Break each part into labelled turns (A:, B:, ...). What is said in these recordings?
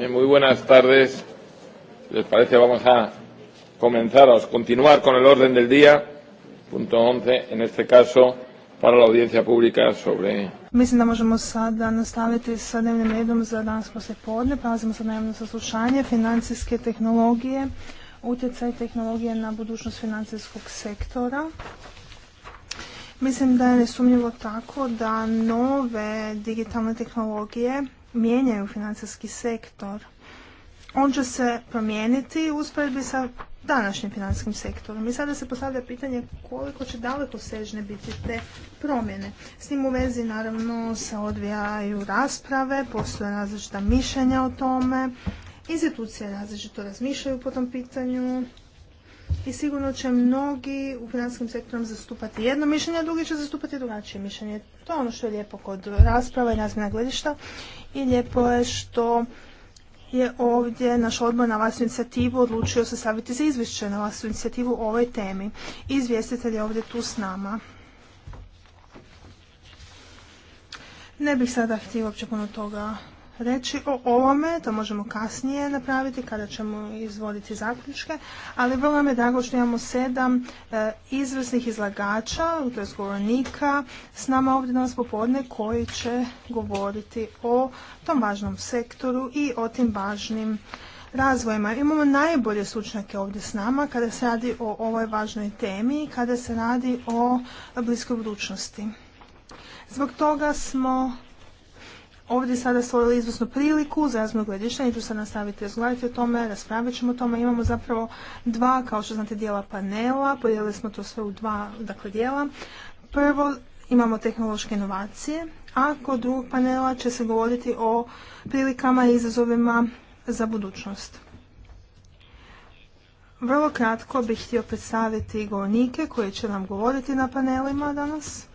A: Eh, muy buenas tardes. Les parece, vamos a comenzar, a continuar con el orden del día. Punto 11, en este caso, para la audiencia pública sobre...
B: Mislim da možemo sada nastaviti sa dnevnim redom za danas poslije podne. Prelazimo sad na saslušanje financijske tehnologije, utjecaj tehnologije na budućnost financijskog sektora. Mislim da je nesumnjivo tako da nove digitalne tehnologije mijenjaju financijski sektor, on će se promijeniti u usporedbi sa današnjim financijskim sektorom. I sada se postavlja pitanje koliko će daleko sežne biti te promjene. S tim u vezi naravno se odvijaju rasprave, postoje različita mišljenja o tome, institucije različito razmišljaju po tom pitanju i sigurno će mnogi u financijskim sektorom zastupati jedno mišljenje, a drugi će zastupati drugačije mišljenje. To je ono što je lijepo kod rasprava i razmjena gledišta i lijepo je što je ovdje naš odbor na vas inicijativu odlučio se staviti za izvješće na vas inicijativu o ovoj temi. Izvjestitelj je ovdje tu s nama. Ne bih sada htio uopće puno toga reći o ovome, to možemo kasnije napraviti kada ćemo izvoditi zaključke, ali vrlo nam drago što imamo sedam e, izvrsnih izlagača, to je govornika s nama ovdje danas popodne koji će govoriti o tom važnom sektoru i o tim važnim razvojima. Imamo najbolje stručnjake ovdje s nama kada se radi o ovoj važnoj temi i kada se radi o bliskoj budućnosti. Zbog toga smo ovdje sada stvorili izvrsnu priliku za razmog gledišta i ću se nastaviti razgovarati o tome, raspravit ćemo o tome. Imamo zapravo dva, kao što znate, dijela panela, podijelili smo to sve u dva dakle, dijela. Prvo imamo tehnološke inovacije, a kod drugog panela će se govoriti o prilikama i izazovima za budućnost. Vrlo kratko bih htio predstaviti govornike koji će nam govoriti na panelima danas.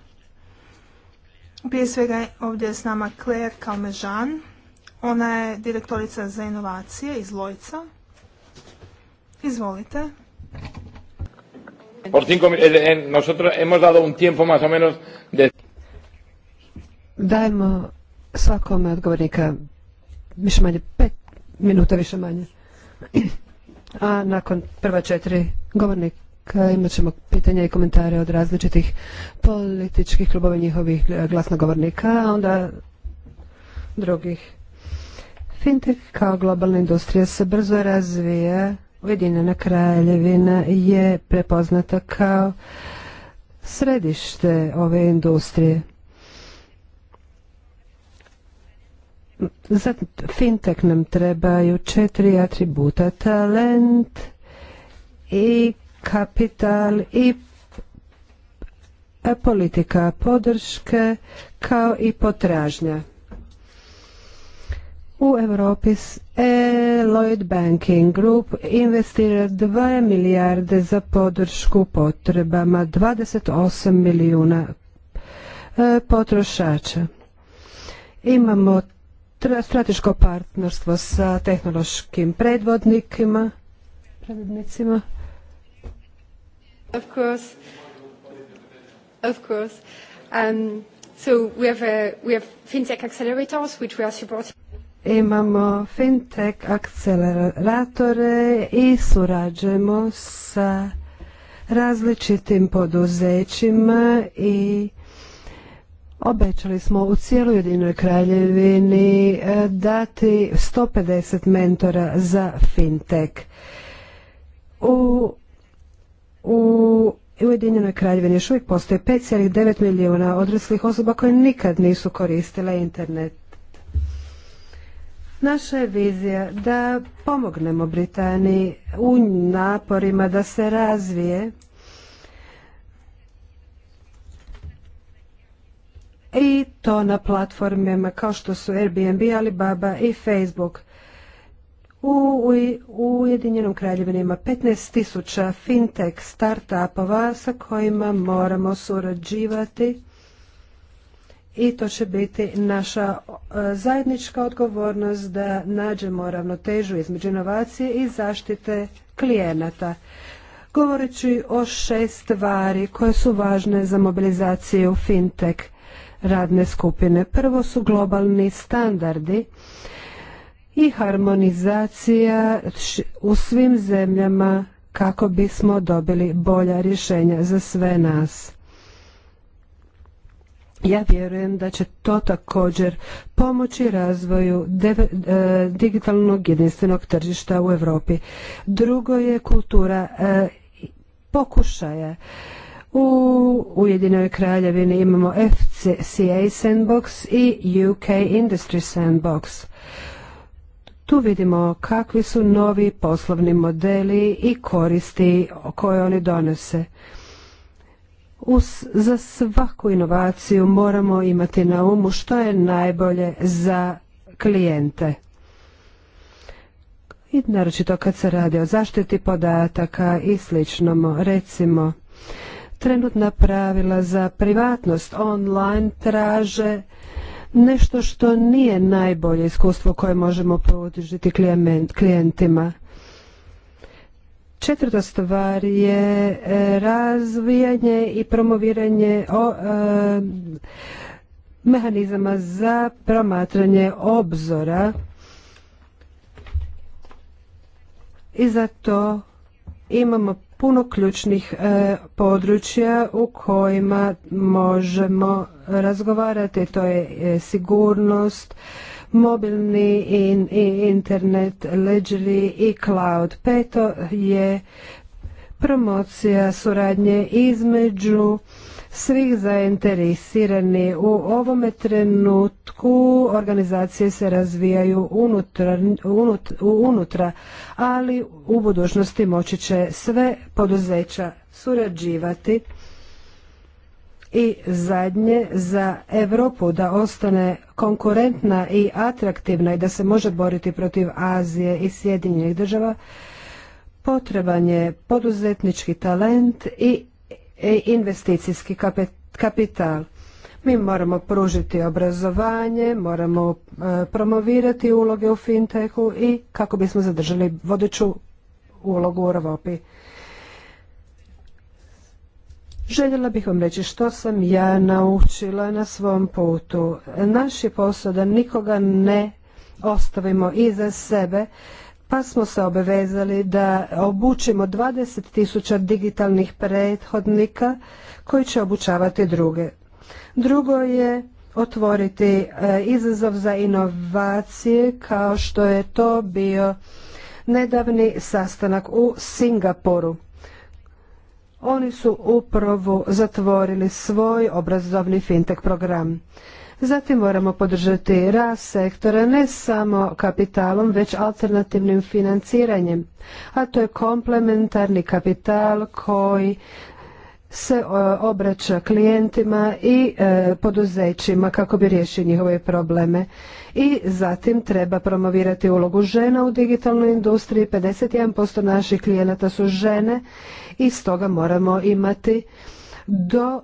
B: Prije svega ovdje je s nama Claire Kalmežan. Ona je direktorica za inovacije iz Lojca. Izvolite.
A: Por eh, eh, nosotros hemos
C: Dajmo svakome odgovornika više manje pet minuta više manje. A nakon prva četiri govornik E, imat ćemo pitanja i komentare od različitih političkih klubova njihovih e, glasnogovornika, a onda drugih. Fintech kao globalna industrija se brzo razvija. Ujedinjena kraljevina je prepoznata kao središte ove industrije. Za fintech nam trebaju četiri atributa. Talent i kapital i politika podrške kao i potražnja. U Europi e, Lloyd Banking Group investira 2 milijarde za podršku potrebama 28 milijuna e, potrošača. Imamo strateško partnerstvo sa tehnološkim predvodnicima, predvodnicima Of course. Of course. Um, so we have, we have fintech accelerators which we are supporting. Imamo fintech akceleratore i surađujemo sa različitim poduzećima i Obećali smo u cijeloj jedinoj kraljevini e, dati 150 mentora za fintech. U u Ujedinjenoj kraljevini još uvijek postoje 5,9 milijuna odraslih osoba koje nikad nisu koristile internet. Naša je vizija da pomognemo Britaniji u naporima da se razvije i to na platformama kao što su Airbnb, Alibaba i Facebook. U Ujedinjenom kraljevini ima 15.000 fintech startupova sa kojima moramo surađivati i to će biti naša e, zajednička odgovornost da nađemo ravnotežu između inovacije i zaštite klijenata. Govoreći o šest stvari koje su važne za mobilizaciju fintech radne skupine. Prvo su globalni standardi i harmonizacija u svim zemljama kako bismo dobili bolja rješenja za sve nas. Ja vjerujem da će to također pomoći razvoju e, digitalnog jedinstvenog tržišta u Europi. Drugo je kultura e, pokušaja. U Ujedinoj kraljevini imamo FCA Sandbox i UK Industry Sandbox. Tu vidimo kakvi su novi poslovni modeli i koristi koje oni donose. za svaku inovaciju moramo imati na umu što je najbolje za klijente. I naročito kad se radi o zaštiti podataka i sličnom, recimo trenutna pravila za privatnost online traže nešto što nije najbolje iskustvo koje možemo pružiti klijentima. Četvrta stvar je e, razvijanje i promoviranje o, e, mehanizama za promatranje obzora i zato imamo puno ključnih e, područja u kojima možemo razgovarati. To je e, sigurnost, mobilni i internet, ledgeri i cloud. Peto je promocija suradnje između svih zainteresirani. U ovome trenutku organizacije se razvijaju unutra, unutra, ali u budućnosti moći će sve poduzeća surađivati. I zadnje, za Europu da ostane konkurentna i atraktivna i da se može boriti protiv Azije i Sjedinjenih država, potreban je poduzetnički talent i investicijski kapital. Mi moramo pružiti obrazovanje, moramo e, promovirati uloge u fintechu i kako bismo zadržali vodeću ulogu u Europi. Željela bih vam reći što sam ja naučila na svom putu. Naš je posao da nikoga ne ostavimo iza sebe pa smo se obavezali da obučimo 20.000 digitalnih prethodnika koji će obučavati druge. Drugo je otvoriti e, izazov za inovacije kao što je to bio nedavni sastanak u Singapuru. Oni su upravo zatvorili svoj obrazovni fintech program. Zatim moramo podržati rast sektora ne samo kapitalom, već alternativnim financiranjem, a to je komplementarni kapital koji se e, obraća klijentima i e, poduzećima kako bi riješili njihove probleme. I zatim treba promovirati ulogu žena u digitalnoj industriji. 51% naših klijenata su žene i stoga moramo imati do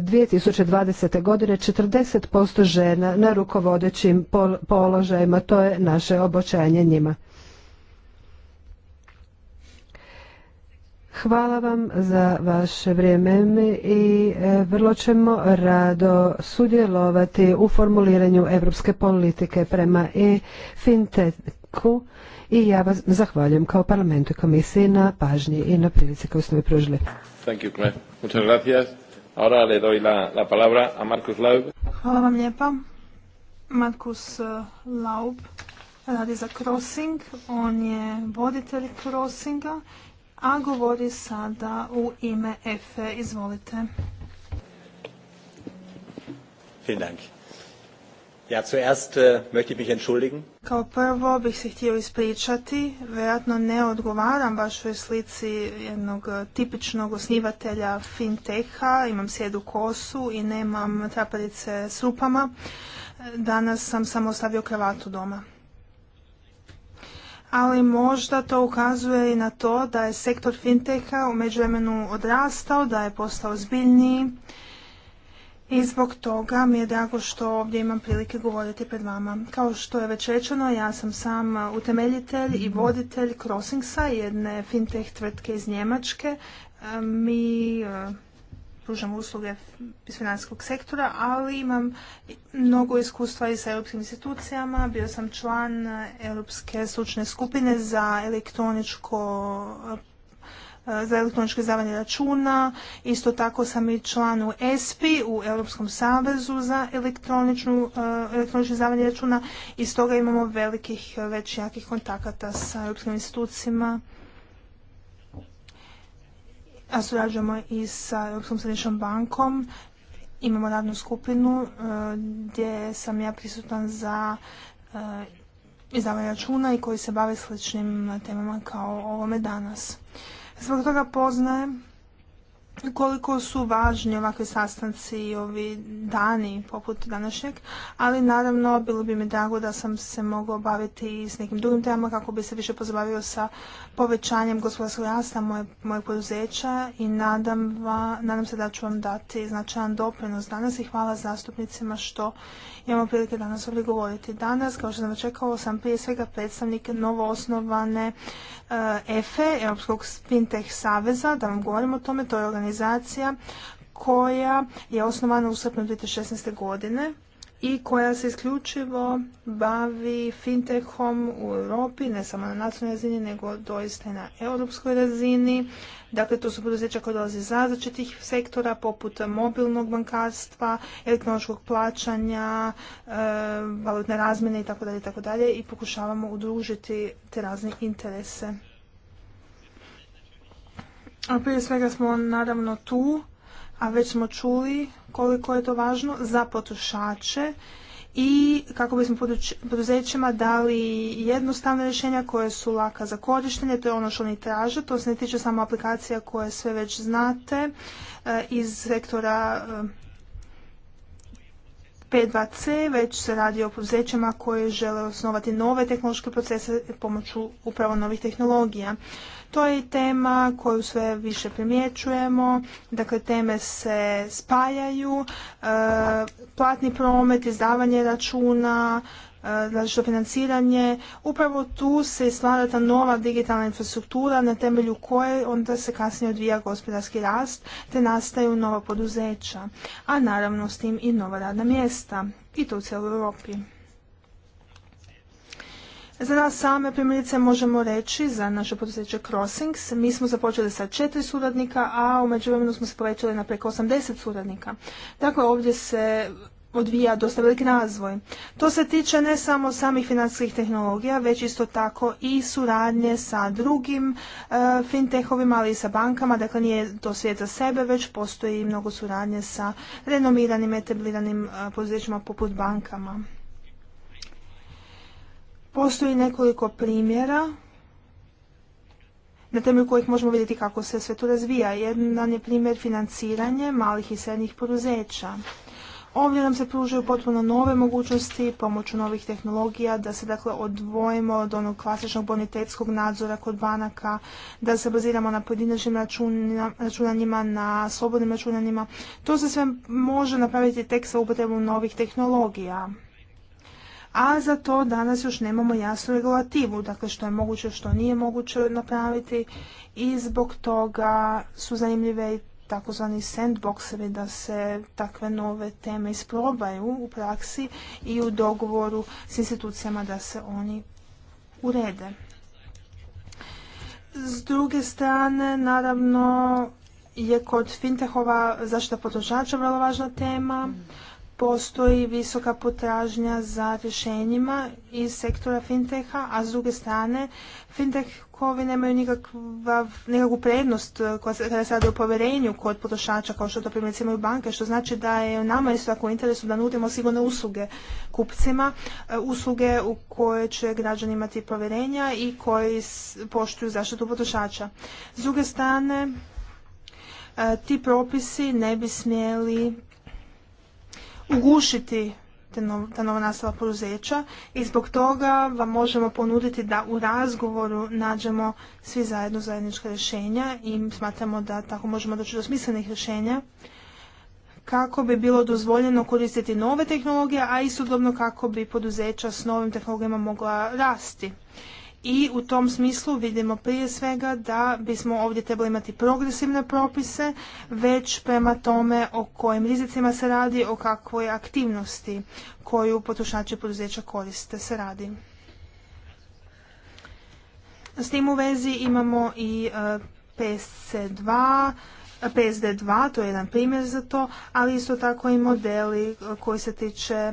C: 2020. E, godine 40% žena na rukovodećim položajima. To je naše obočajanje njima. Hvala vam za vaše vrijeme i e, vrlo ćemo rado sudjelovati u formuliranju evropske politike prema i finteku i ja vas zahvaljujem kao parlamentu i komisiji na pažnji i na prilici koju ste mi pružili.
A: Thank you, Claire. Muchas gracias. Ahora le doy la, la palabra a Markus Laub.
B: Hvala vam lijepa. Markus eh, Laub radi za Crossing. On je voditelj Crossinga, a govori sada u ime EFE. Izvolite.
C: Vielen Dank. Ja, zuerst äh, möchte ich mich entschuldigen.
B: Kao prvo bih se htio ispričati, vjerojatno ne odgovaram vašoj slici jednog e, tipičnog osnivatelja finteha, imam sjedu kosu i nemam trapadice s rupama. Danas sam samo ostavio kravatu doma. Ali možda to ukazuje i na to da je sektor finteha u međuvremenu odrastao, da je postao zbiljniji, i zbog toga mi je drago što ovdje imam prilike govoriti pred vama. Kao što je već rečeno, ja sam sam utemeljitelj i voditelj Crossingsa, jedne fintech tvrtke iz Njemačke. E, mi e, pružamo usluge iz financijskog sektora, ali imam mnogo iskustva i sa europskim institucijama. Bio sam član Europske stručne skupine za elektroničko za elektroničko izdavanje računa. Isto tako sam i član u ESPI u Europskom savezu za elektroničko eh, izdavanje računa i stoga imamo velikih, već jakih kontakata sa europskim institucijama a surađujemo i sa Europskom središnjom bankom. Imamo radnu skupinu eh, gdje sam ja prisutan za eh, izdavanje računa i koji se bave sličnim temama kao ovome danas. Zbog toga poznajem koliko su važni ovakvi sastanci i ovi dani poput današnjeg, ali naravno bilo bi mi drago da sam se mogla baviti i s nekim drugim temama kako bi se više pozabavio sa povećanjem gospodarskog rasta mojeg moje poduzeća i nadam, se da ću vam dati značajan doprinos danas i hvala zastupnicima što imamo prilike danas ovdje govoriti. Danas, kao što sam očekao, sam prije svega predstavnik novoosnovane EFE, eh, Europskog Fintech Saveza, da vam govorim o tome, to je organizacija koja je osnovana u srpnju 2016. godine i koja se isključivo bavi fintechom u Europi, ne samo na nacionalnoj razini, nego doista i na europskoj razini. Dakle, to su poduzeća koja dolaze iz različitih sektora, poput mobilnog bankarstva, elektroničkog plaćanja, e, valutne razmjene itd. itd. i pokušavamo udružiti te razne interese. A prije svega smo naravno tu, a već smo čuli koliko je to važno za potrošače i kako bismo poduzećima dali jednostavna rješenja koje su laka za korištenje, to je ono što oni traže, to se ne tiče samo aplikacija koje sve već znate e, iz sektora e, P2C, već se radi o poduzećima koje žele osnovati nove tehnološke procese pomoću upravo novih tehnologija. To je tema koju sve više primjećujemo, dakle teme se spajaju, e, platni promet, izdavanje računa, različito financiranje. Upravo tu se stvara ta nova digitalna infrastruktura na temelju koje onda se kasnije odvija gospodarski rast te nastaju nova poduzeća, a naravno s tim i nova radna mjesta i to u cijeloj Europi. Za nas same primjerice možemo reći za naše poduzeće Crossings. Mi smo započeli sa četiri suradnika, a u međuvremenu smo se povećali na preko 80 suradnika. Dakle, ovdje se odvija dosta velik razvoj. To se tiče ne samo samih financijskih tehnologija, već isto tako i suradnje sa drugim e, fintechovima, ali i sa bankama. Dakle, nije to svijet za sebe, već postoji i mnogo suradnje sa renomiranim, etabliranim e, poduzećima poput bankama. Postoji nekoliko primjera na temelju kojih možemo vidjeti kako se sve to razvija. Jedan je primjer financiranje malih i srednjih poduzeća. Ovdje nam se pružaju potpuno nove mogućnosti pomoću novih tehnologija da se dakle odvojimo od onog klasičnog bonitetskog nadzora kod banaka, da se baziramo na pojedinačnim računanjima, na slobodnim računanjima. To se sve može napraviti tek sa upotrebom novih tehnologija. A za to danas još nemamo jasnu regulativu, dakle što je moguće, što nije moguće napraviti i zbog toga su zanimljive takozvani sandboxevi da se takve nove teme isprobaju u praksi i u dogovoru s institucijama da se oni urede. S druge strane, naravno, je kod fintehova zaštita potrošača vrlo važna tema. Postoji visoka potražnja za rješenjima iz sektora finteha, a s druge strane fintech Ovi nemaju nikakvu prednost eh, kada se radi o povjerenju kod potrošača kao što to primjerice imaju banke, što znači da je nama isto tako u interesu da nudimo sigurne usluge kupcima, eh, usluge u koje će građani imati povjerenja i koji poštuju zaštitu potrošača. S druge strane, eh, ti propisi ne bi smjeli ugušiti te ta nova nastala poduzeća i zbog toga vam možemo ponuditi da u razgovoru nađemo svi zajedno zajednička rješenja i smatramo da tako možemo doći do smislenih rješenja kako bi bilo dozvoljeno koristiti nove tehnologije, a istodobno kako bi poduzeća s novim tehnologijama mogla rasti i u tom smislu vidimo prije svega da bismo ovdje trebali imati progresivne propise, već prema tome o kojim rizicima se radi, o kakvoj aktivnosti koju potrošači poduzeća koriste se radi. S tim u vezi imamo i PSC2, e, PSD2, to je jedan primjer za to, ali isto tako i modeli e, koji se tiče e,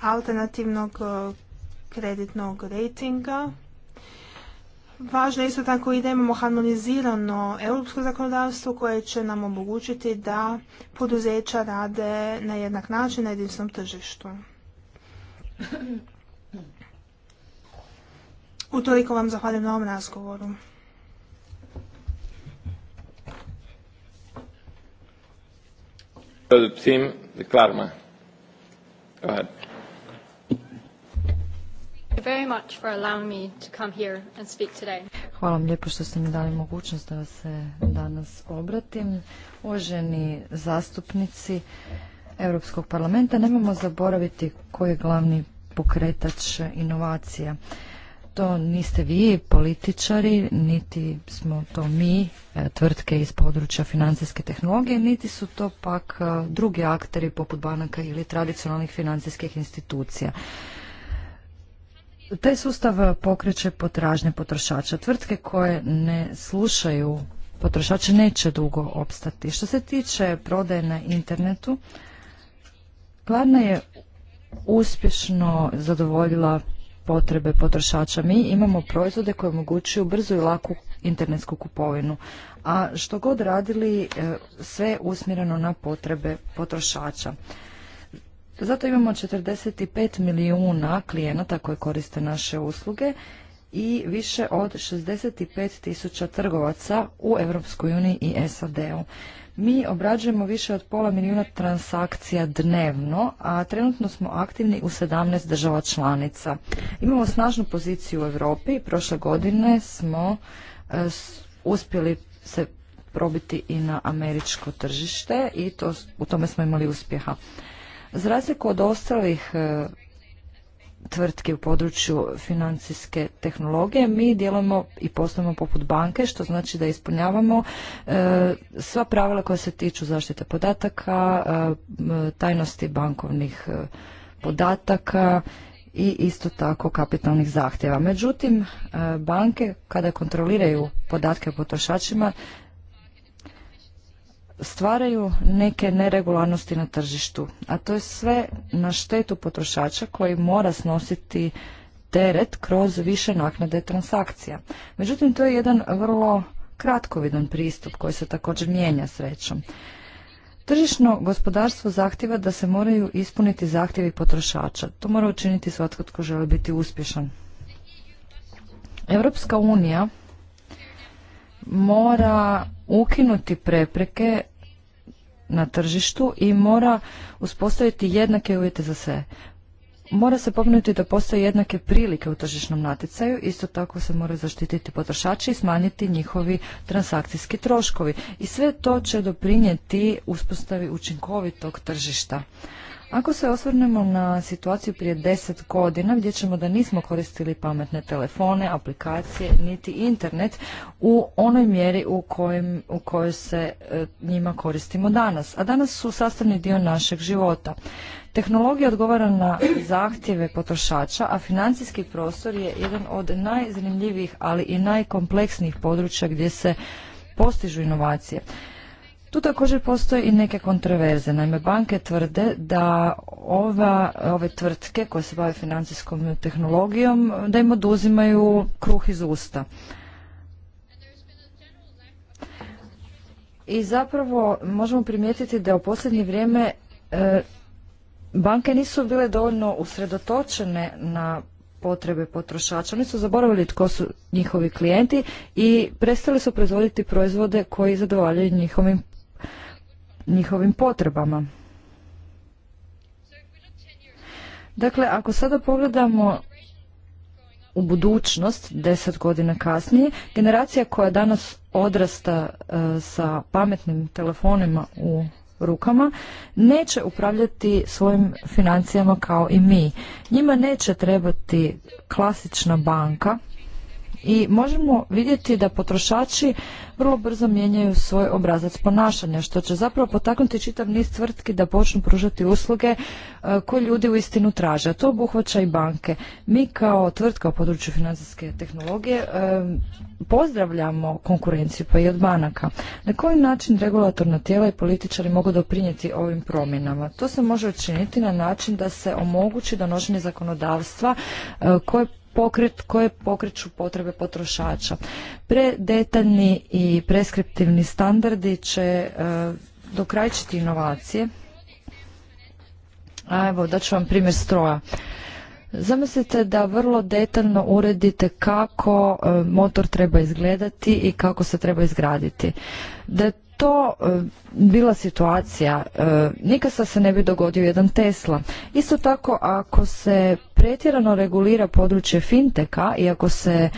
B: alternativnog kreditnog rejtinga Važno je isto tako i da imamo harmonizirano europsko zakonodavstvo koje će nam omogućiti da poduzeća rade na jednak način na jedinstvenom tržištu. Utoliko vam zahvaljujem na ovom razgovoru.
A: Go
D: Hvala vam lijepo što ste mi dali mogućnost da se danas obratim. Uvaženi zastupnici Europskog parlamenta, nemojmo zaboraviti koji je glavni pokretač inovacija. To niste vi, političari, niti smo to mi, e, tvrtke iz područja financijske tehnologije, niti su to pak e, drugi akteri poput banaka ili tradicionalnih financijskih institucija. Taj sustav pokreće potražnje potrošača. Tvrtke koje ne slušaju potrošače neće dugo opstati. Što se tiče prodaje na internetu, Klarna je uspješno zadovoljila potrebe potrošača. Mi imamo proizvode koje omogućuju brzu i laku internetsku kupovinu. A što god radili, e, sve usmjereno na potrebe potrošača. Zato imamo 45 milijuna klijenata koji koriste naše usluge i više od 65 tisuća trgovaca u EU i SAD-u. Mi obrađujemo više od pola milijuna transakcija dnevno, a trenutno smo aktivni u 17 država članica. Imamo snažnu poziciju u Europi. Prošle godine smo e, uspjeli se probiti i na američko tržište i to, u tome smo imali uspjeha. Za razliku od ostalih e, tvrtki u području financijske tehnologije, mi djelujemo i poslujemo poput banke, što znači da ispunjavamo e, sva pravila koja se tiču zaštite podataka, e, tajnosti bankovnih podataka i isto tako kapitalnih zahtjeva. Međutim, banke kada kontroliraju podatke o potrošačima stvaraju neke neregularnosti na tržištu, a to je sve na štetu potrošača koji mora snositi teret kroz više naknade transakcija. Međutim, to je jedan vrlo kratkovidan pristup koji se također mijenja srećom. Tržišno gospodarstvo zahtjeva da se moraju ispuniti zahtjevi potrošača. To mora učiniti svatko tko želi biti uspješan. Europska unija mora ukinuti prepreke na tržištu i mora uspostaviti jednake uvjete za sve. Mora se pobrinuti da postoje jednake prilike u tržišnom natjecaju, isto tako se mora zaštititi potrošači i smanjiti njihovi transakcijski troškovi. I sve to će doprinijeti uspostavi učinkovitog tržišta. Ako se osvrnemo na situaciju prije deset godina gdje ćemo da nismo koristili pametne telefone, aplikacije niti internet u onoj mjeri u, kojoj se e, njima koristimo danas, a danas su sastavni dio našeg života. Tehnologija odgovara na zahtjeve potrošača, a financijski prostor je jedan od najzanimljivijih, ali i najkompleksnijih područja gdje se postižu inovacije. Tu također postoje i neke kontroverze. Naime, banke tvrde da ova, ove tvrtke koje se bave financijskom tehnologijom, da im oduzimaju kruh iz usta. I zapravo možemo primijetiti da u posljednje vrijeme e, banke nisu bile dovoljno usredotočene na potrebe potrošača. Oni su zaboravili tko su njihovi klijenti i prestali su proizvoditi proizvode koji zadovoljaju njihovim njihovim potrebama. Dakle, ako sada pogledamo u budućnost, deset godina kasnije, generacija koja danas odrasta e, sa pametnim telefonima u rukama, neće upravljati svojim financijama kao i mi. Njima neće trebati klasična banka i možemo vidjeti da potrošači vrlo brzo mijenjaju svoj obrazac ponašanja, što će zapravo potaknuti čitav niz tvrtki da počnu pružati usluge e, koje ljudi u istinu traže. A to obuhvaća i banke. Mi kao tvrtka u području financijske tehnologije e, pozdravljamo konkurenciju pa i od banaka. Na koji način regulatorna tijela i političari mogu doprinijeti ovim promjenama? To se može učiniti na način da se omogući donošenje zakonodavstva e, koje pokret koje pokreću potrebe potrošača. Predetaljni i preskriptivni standardi će e, dokrajčiti inovacije. A evo, ću vam primjer stroja. Zamislite da vrlo detaljno uredite kako e, motor treba izgledati i kako se treba izgraditi. Da to e, bila situacija, e, nikada se ne bi dogodio jedan Tesla. Isto tako, ako se pretjerano regulira područje finteka i ako se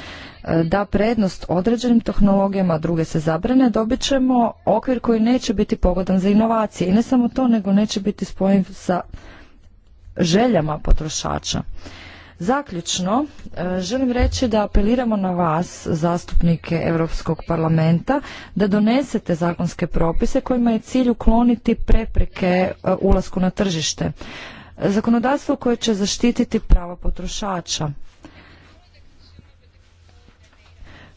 D: e, da prednost određenim tehnologijama, druge se zabrane, dobit ćemo okvir koji neće biti pogodan za inovacije. I ne samo to, nego neće biti spojen sa željama potrošača. Zaključno, e, želim reći da apeliramo na vas, zastupnike Europskog parlamenta, da donesete zakonske propise kojima je cilj ukloniti prepreke e, ulasku na tržište. Zakonodavstvo koje će zaštititi prava potrošača.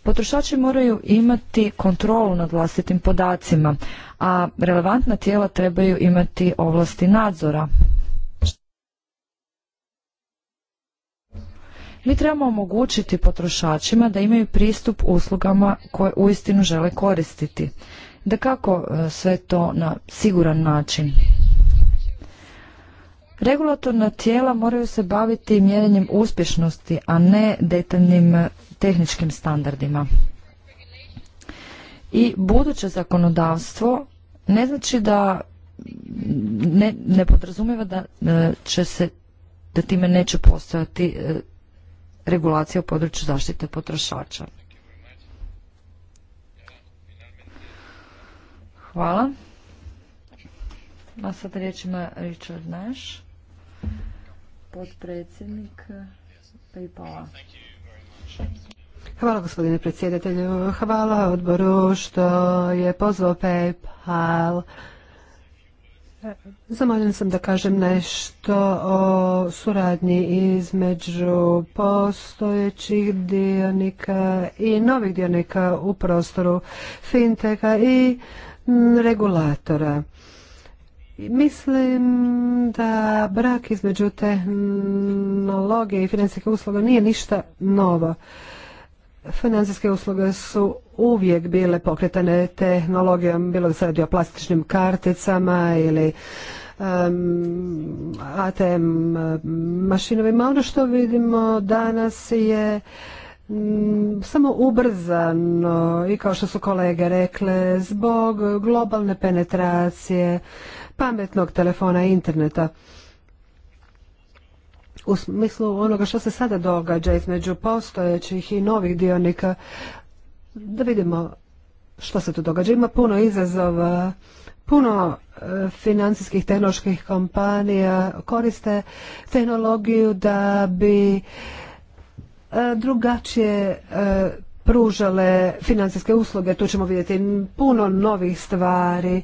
D: Potrošači moraju imati kontrolu nad vlastitim podacima, a relevantna tijela trebaju imati ovlasti nadzora. Mi trebamo omogućiti potrošačima da imaju pristup uslugama koje uistinu žele koristiti. Da kako e, sve to na siguran način. Regulatorna tijela moraju se baviti mjerenjem uspješnosti, a ne detaljnim e, tehničkim standardima. I buduće zakonodavstvo ne znači da ne, podrazumijeva da e, će se da time neće postojati regulacija u području zaštite potrošača. Hvala. A sad riječ ima Richard Nash, potpredsjednik paypal Hvala
C: gospodine predsjedatelju, hvala odboru što je pozvao PayPal Zamoljen sam da kažem nešto o suradnji između postojećih dionika i novih dionika u prostoru finteka i regulatora. Mislim da brak između tehnologije i financijskih usluga nije ništa novo. Financijske usluge su uvijek bile pokretane tehnologijom, bilo da se radi o plastičnim karticama ili ATM mašinovima. Ono što vidimo danas je mm, samo ubrzano i kao što su kolege rekle, zbog globalne penetracije pametnog telefona i interneta u smislu onoga što se sada događa između postojećih i novih dionika da vidimo što se tu događa. Ima puno izazova, puno e, financijskih tehnoloških kompanija koriste tehnologiju da bi e, drugačije e, pružale financijske usluge. Tu ćemo vidjeti puno novih stvari.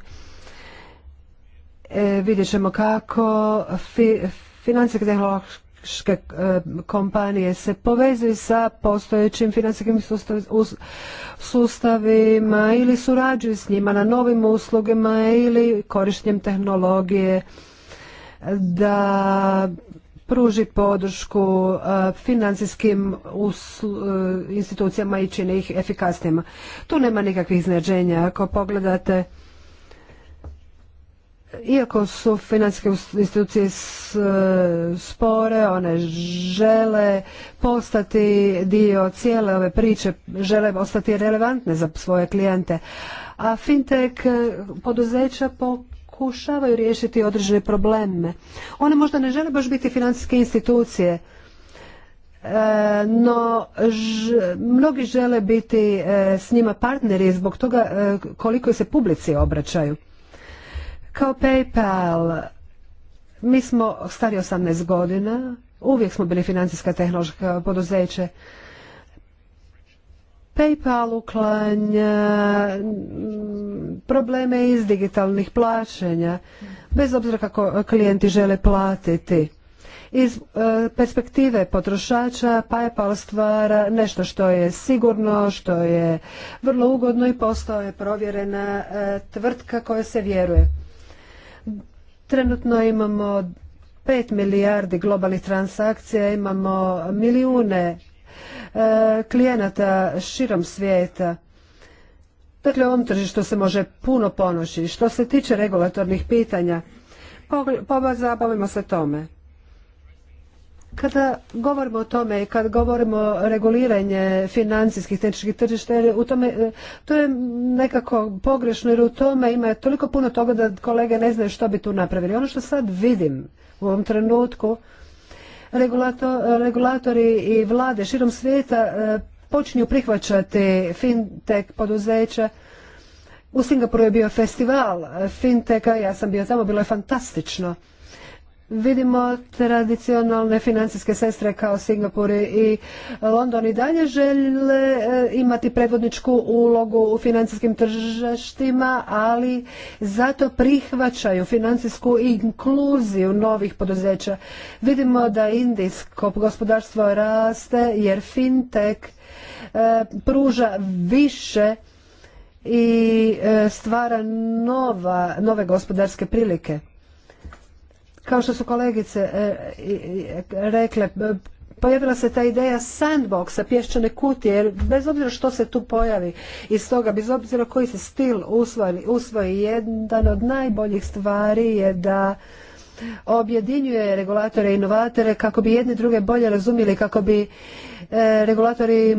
C: vidjet ćemo kako financijske E, kompanije se povezuju sa postojećim financijskim sustavima ili surađuju s njima na novim uslugama ili korištenjem tehnologije da pruži podršku e, financijskim e, institucijama i čini ih efikasnijima. Tu nema nikakvih iznenađenja. Ako pogledate iako su financijske institucije e, spore, one žele postati dio cijele ove priče, žele ostati relevantne za svoje klijente, a fintech e, poduzeća pokušavaju riješiti određene probleme. One možda ne žele baš biti financijske institucije, e, no mnogi žele biti s njima partneri zbog toga koliko se publici obraćaju. Kao PayPal mi smo stari 18 godina, uvijek smo bili financijska tehnološka poduzeće. PayPal uklanja mm, probleme iz digitalnih plaćanja, bez obzira kako klijenti žele platiti. Iz e, perspektive potrošača PayPal stvara nešto što je sigurno, što je vrlo ugodno i postao je provjerena e, tvrtka koja se vjeruje. Trenutno imamo 5 milijardi globalnih transakcija, imamo milijune e, klijenata širom svijeta. Dakle, u ovom tržištu se može puno ponoći. Što se tiče regulatornih pitanja, pobavimo se tome. Kada govorimo o tome i kad govorimo o reguliranje financijskih tehničkih tržišta, u tome, e, to je nekako pogrešno jer u tome ima toliko puno toga da kolege ne znaju što bi tu napravili. Ono što sad vidim u ovom trenutku, regulatori i vlade širom svijeta e, počinju prihvaćati fintech poduzeća. U Singapuru je bio festival finteka, ja sam bio tamo, bilo je fantastično vidimo tradicionalne financijske sestre kao Singapur i London i dalje žele eh, imati predvodničku ulogu u financijskim tržištima, ali zato prihvaćaju financijsku inkluziju novih poduzeća. Vidimo da indijsko gospodarstvo raste jer fintech eh, pruža više i eh, stvara nove gospodarske prilike. Kao što su kolegice e, rekle, pojavila se ta ideja sandboxa, pješčane kutije, jer bez obzira što se tu pojavi iz toga, bez obzira koji se stil usvoji, usvoji jedan od najboljih stvari je da objedinjuje regulatore i inovatore kako bi jedni druge bolje razumjeli, kako bi e, regulatori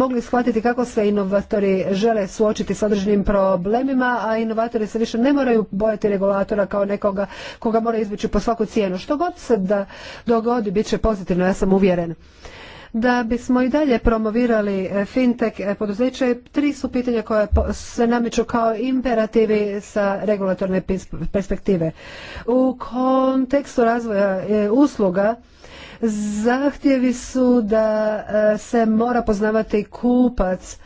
C: mogli shvatiti kako se inovatori žele suočiti s određenim problemima, a inovatori se više ne moraju bojati regulatora kao nekoga koga mora izbjeći po svaku cijenu. Što god se da dogodi, bit će pozitivno, ja sam uvjeren. Da bismo i dalje promovirali e, fintech e, poduzeće, tri su pitanja koja se nameću kao imperativi sa regulatorne perspektive. U kontekstu razvoja e, usluga zahtjevi su da se mora poznavati kupac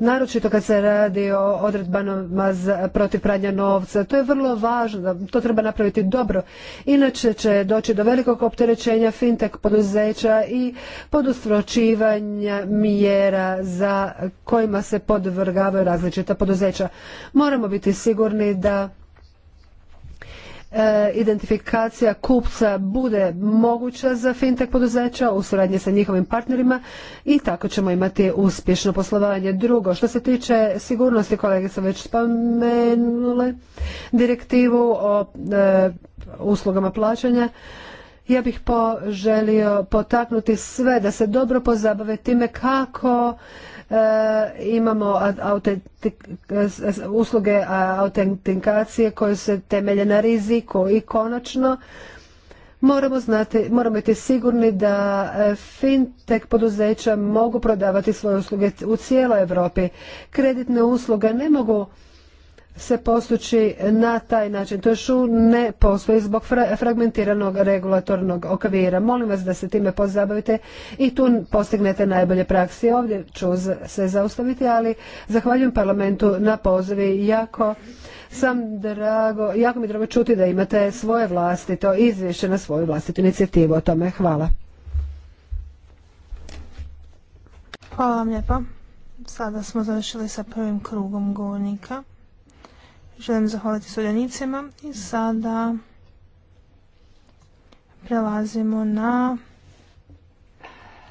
C: naročito kad se radi o odredbama protiv pranja novca. To je vrlo važno, to treba napraviti dobro. Inače će doći do velikog opterećenja fintech poduzeća i podustročivanja mjera za kojima se podvrgavaju različita poduzeća. Moramo biti sigurni da E, identifikacija kupca bude moguća za fintech poduzeća u suradnji sa njihovim partnerima i tako ćemo imati uspješno poslovanje. Drugo, što se tiče sigurnosti, kolege su već spomenule, direktivu o e, uslugama plaćanja, ja bih poželio potaknuti sve da se dobro pozabave time kako E, imamo usluge autentikacije koje se temelje na riziku i konačno moramo znati, moramo biti sigurni da e, fintech poduzeća mogu prodavati svoje usluge u cijeloj Europi. Kreditne usluge ne mogu se postući na taj način. To još ne postoji zbog fragmentiranog regulatornog okvira. Molim vas da se time pozabavite i tu postignete najbolje prakse. Ovdje ću se zaustaviti, ali zahvaljujem parlamentu na pozivi. Jako sam drago, jako mi drago čuti da imate svoje vlastito izvješće na svoju vlastitu inicijativu o tome. Hvala.
B: Hvala vam lijepo. Sada smo završili sa prvim krugom govornika. Želim zahvaliti sudjenicima i sada prelazimo na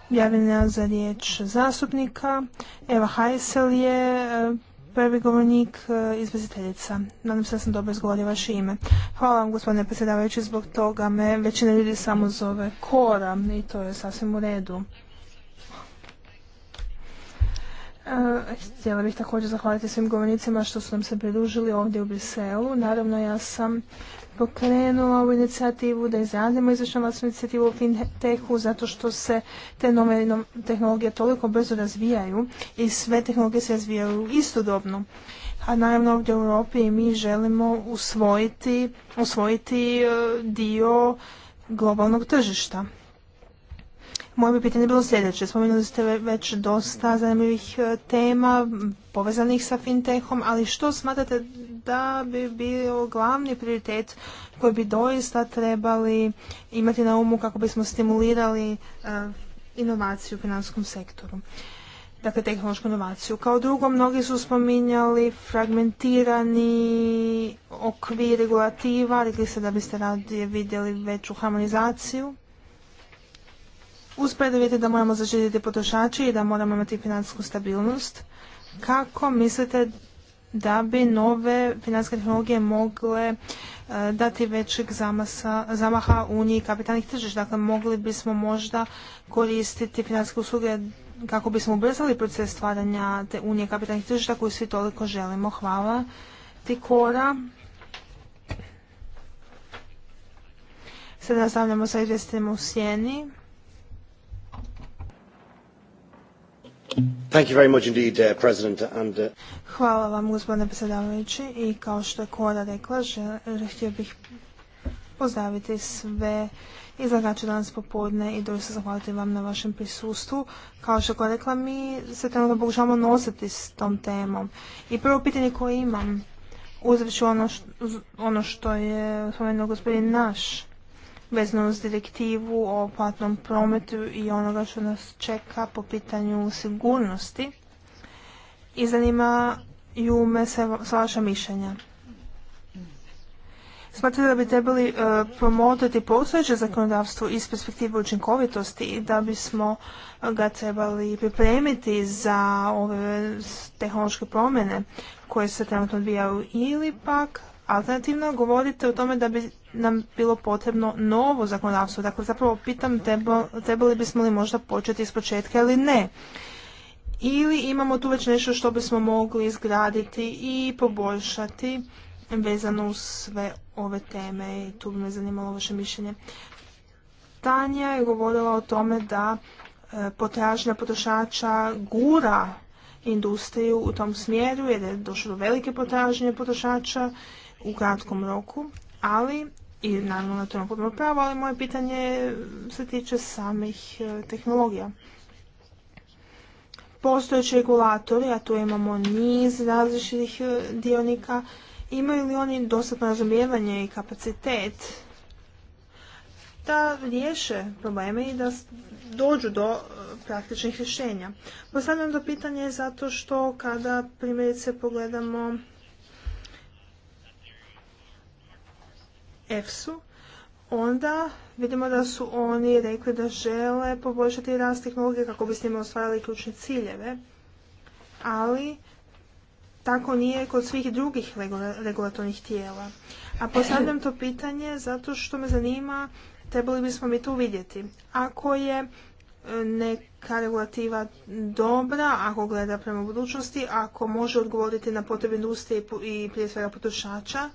B: javljenja za riječ zastupnika. Eva Hajsel je e, prvi govornik e, izvjestiteljica. Nadam se da sam dobro izgovorio vaše ime. Hvala vam gospodine predsjedavajući, zbog toga me većina ljudi samo zove Kora i to je sasvim u redu. Htjela bih također zahvaliti svim govornicima što su nam se pridružili ovdje u Briselu. Naravno, ja sam pokrenula ovu inicijativu da izradimo izvršnu vlastnu inicijativu u fintechu zato što se te nove tehnologije toliko brzo razvijaju i sve tehnologije se razvijaju istodobno. A naravno ovdje u Europi i mi želimo usvojiti, usvojiti e, dio globalnog tržišta. Moje bi pitanje bilo sljedeće. Spominjali ste već dosta zanimljivih e, tema povezanih sa fintechom, ali što smatrate da bi bio glavni prioritet koji bi doista trebali imati na umu kako bismo stimulirali e, inovaciju u finanskom sektoru? dakle tehnološku inovaciju. Kao drugo, mnogi su spominjali fragmentirani okvir regulativa, rekli ste da biste radije vidjeli veću harmonizaciju uz da moramo zaštititi potrošače i da moramo imati financijsku stabilnost, kako mislite da bi nove financijske tehnologije mogle e, dati većeg zamaha Uniji kapitalnih tržišta. Dakle, mogli bismo možda koristiti financijske usluge kako bismo ubrzali proces stvaranja te Unije kapitalnih tržišta koju svi toliko želimo. Hvala. Tikora. Sada nastavljamo sa izvjestima u Sjeni.
C: Uh, uh,
B: Hvala vam gospodine predsjedavajući i kao što je Kora rekla, htio bih pozdraviti sve izlagače danas popodne i doista zahvaliti vam na vašem prisustvu. Kao što je rekla, mi se trenutno pokušavamo nositi s tom temom. I prvo pitanje koje imam, uzet ono, ono što je spomenuo gospodin Naš, vezano uz direktivu o platnom prometu i onoga što nas čeka po pitanju sigurnosti i ju me sa vaša mišljenja. Smatrate da bi trebali e, promotriti postojeće zakonodavstvo iz perspektive učinkovitosti i da bismo ga trebali pripremiti za ove tehnološke promjene koje se trenutno odvijaju ili pak alternativno govorite o tome da bi nam bilo potrebno novo zakonodavstvo. Dakle, zapravo pitam trebali bismo li možda početi iz početka ili ne. Ili imamo tu već nešto što bismo mogli izgraditi i poboljšati vezano uz sve ove teme i tu bi me zanimalo vaše mišljenje. Tanja je govorila o tome da e, potražnja potrošača gura industriju u tom smjeru jer je došlo do velike potražnje potrošača u kratkom roku ali i naravno na to potpuno pravo, ali moje pitanje se tiče samih e, tehnologija. Postojeći regulatori, a tu imamo niz različitih e, dionika, imaju li oni dostatno razumijevanje i kapacitet da riješe probleme i da dođu do e, praktičnih rješenja. Postavljam to pitanje zato što kada primjerice pogledamo EFSU, onda vidimo da su oni rekli da žele poboljšati rast tehnologije kako bi s njima ostvarili ključne ciljeve, ali tako nije kod svih drugih regulatornih tijela. A postavljam to pitanje zato što me zanima trebali bismo mi to vidjeti. Ako je e, neka regulativa dobra, ako gleda prema budućnosti, ako može odgovoriti na potrebe industrije i prije svega potrošača,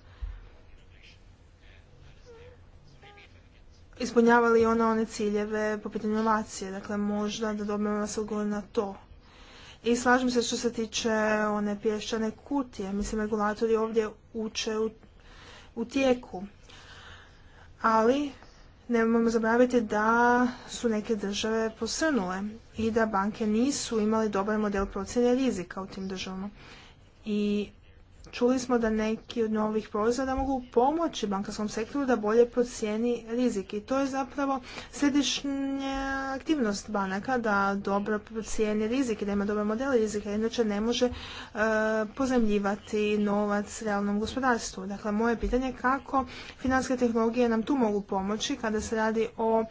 B: ispunjavali ona one ciljeve po pitanju inovacije. Dakle, možda da dobijemo vas odgovor na to. I slažem se što se tiče one pješčane kutije. Mislim, regulatori ovdje uče u, tijeku. Ali, nemojmo zaboraviti da su neke države posrnule i da banke nisu imali dobar model procjene rizika u tim državama. I Čuli smo da neki od novih proizvoda mogu pomoći bankarskom sektoru da bolje procijeni rizik i to je zapravo središnja aktivnost banaka da dobro procijeni rizik i da ima dobar model rizika, inače ne može e, pozemljivati novac realnom gospodarstvu. Dakle, moje pitanje je kako financijske tehnologije nam tu mogu pomoći kada se radi o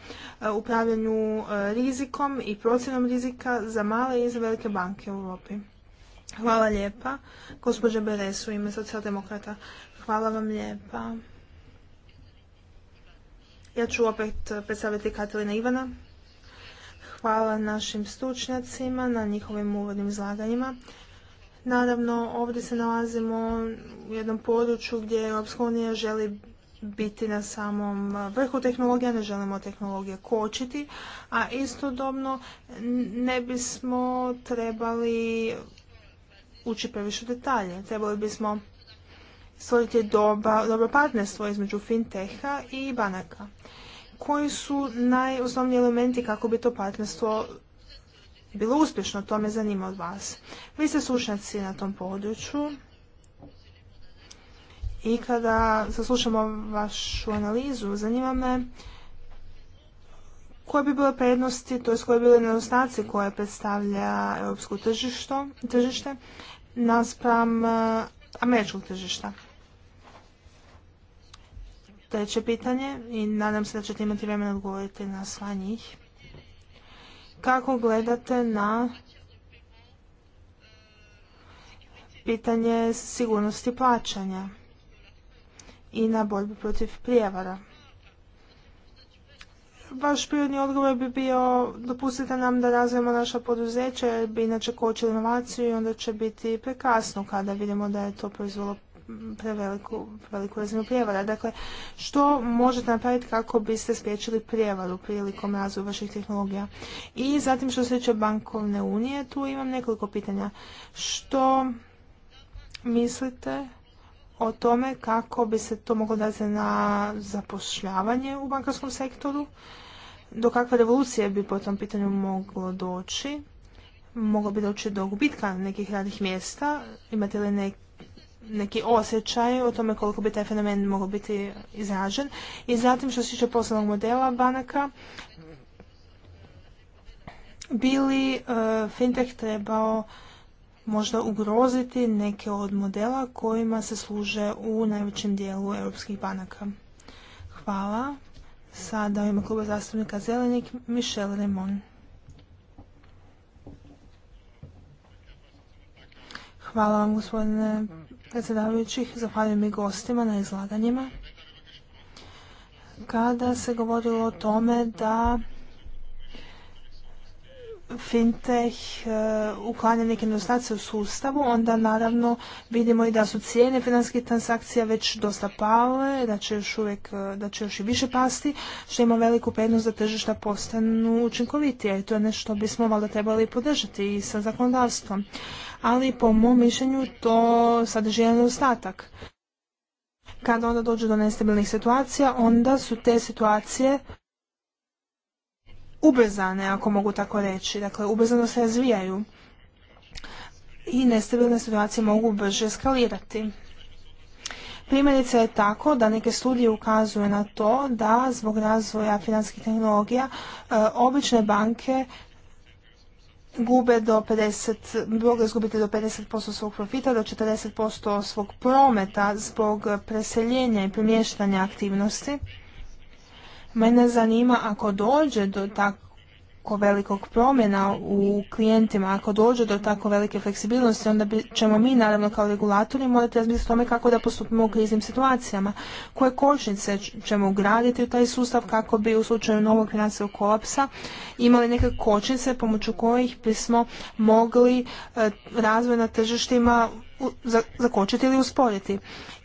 B: e, upravljanju e, rizikom i procjenom rizika za male i za velike banke u Europi. Hvala lijepa. Gospođa Beres u ime socijaldemokrata. Hvala vam lijepa. Ja ću opet predstaviti Katalina Ivana. Hvala našim stručnjacima na njihovim uvodnim izlaganjima. Naravno, ovdje se nalazimo u jednom području gdje Europska želi biti na samom vrhu tehnologija, ne želimo tehnologije kočiti, a istodobno ne bismo trebali ući previše detalje. Trebali bismo stvoriti dobro partnerstvo između finteha i banaka. Koji su najosnovniji elementi kako bi to partnerstvo bilo uspješno, to me zanima od vas. Vi ste slušnjaci na tom području i kada saslušamo vašu analizu, zanima me koje bi bile prednosti, to koje bi bile nedostaci koje predstavlja europsko tržište naspram e, američkog tržišta? Treće pitanje i nadam se da ćete imati vremena odgovoriti na sva njih. Kako gledate na pitanje sigurnosti plaćanja i na borbu protiv prijevara? vaš prirodni odgovor bi bio dopustite nam da razvijemo naša poduzeća jer bi inače kočili inovaciju i onda će biti prekasno kada vidimo da je to proizvelo preveliku, preveliku razinu prijevara. Dakle, što možete napraviti kako biste spriječili prijevaru prilikom razvoja vaših tehnologija? I zatim što se tiče bankovne unije, tu imam nekoliko pitanja. Što mislite o tome kako bi se to moglo dati na zapošljavanje u bankarskom sektoru, do kakve revolucije bi po tom pitanju moglo doći, moglo bi doći do gubitka nekih radnih mjesta, imate li neki osjećaj o tome koliko bi taj fenomen mogao biti izražen. I zatim što se tiče poslovnog modela banaka, bili e, fintech trebao možda ugroziti neke od modela kojima se služe u najvećem dijelu europskih banaka. Hvala. Sada u ime kluba zastupnika Zelenik, Michel Remon. Hvala vam gospodine predsjedavajući, zahvaljujem i gostima na izlaganjima. Kada se govorilo o tome da fintech e, uklanja neke nedostace u sustavu, onda naravno vidimo i da su cijene finanskih transakcija već dosta pale, da će još uvijek, e, da će još i više pasti, što ima veliku prednost da tržišta postanu učinkovitije i to je nešto bismo valjda trebali podržati i sa zakonodavstvom. Ali po mom mišljenju to sadrži jedan nedostatak. Kada onda dođe do nestabilnih situacija, onda su te situacije ubrzane, ako mogu tako reći. Dakle, ubrzano se razvijaju i nestabilne situacije mogu brže eskalirati. Primjerice je tako da neke studije ukazuju na to da zbog razvoja finanskih tehnologija e, obične banke gube do 50, mogu izgubiti do 50% svog profita, do 40% svog prometa zbog preseljenja i premještanja aktivnosti Mene zanima ako dođe do tako velikog promjena u klijentima, ako dođe do tako velike fleksibilnosti, onda ćemo mi naravno kao regulatori morati razmisliti o tome kako da postupimo u kriznim situacijama. Koje kočnice ćemo ugraditi u taj sustav kako bi u slučaju novog financijskog kolapsa imali neke kočnice pomoću kojih bismo mogli e, razvoj na tržištima zakočiti ili usporiti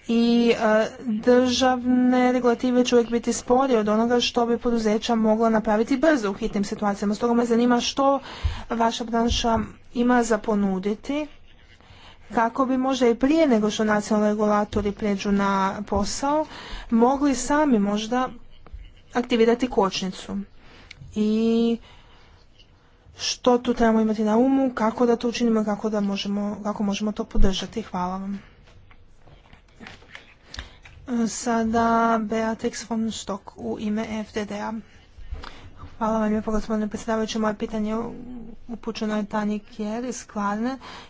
B: i e, državne regulative će uvijek biti sporije od onoga što bi poduzeća mogla napraviti brzo u hitnim situacijama. Stoga me zanima što vaša branša ima za ponuditi kako bi možda i prije nego što nacionalni regulatori pređu na posao mogli sami možda aktivirati kočnicu. I što tu trebamo imati na umu, kako da to učinimo, kako kako možemo to podržati. Hvala vam. Sada Beatrix von Stock u ime fdd Hvala vam lijepo gospodine predsjedavajući. Moje pitanje upućeno je Tanji Kjer iz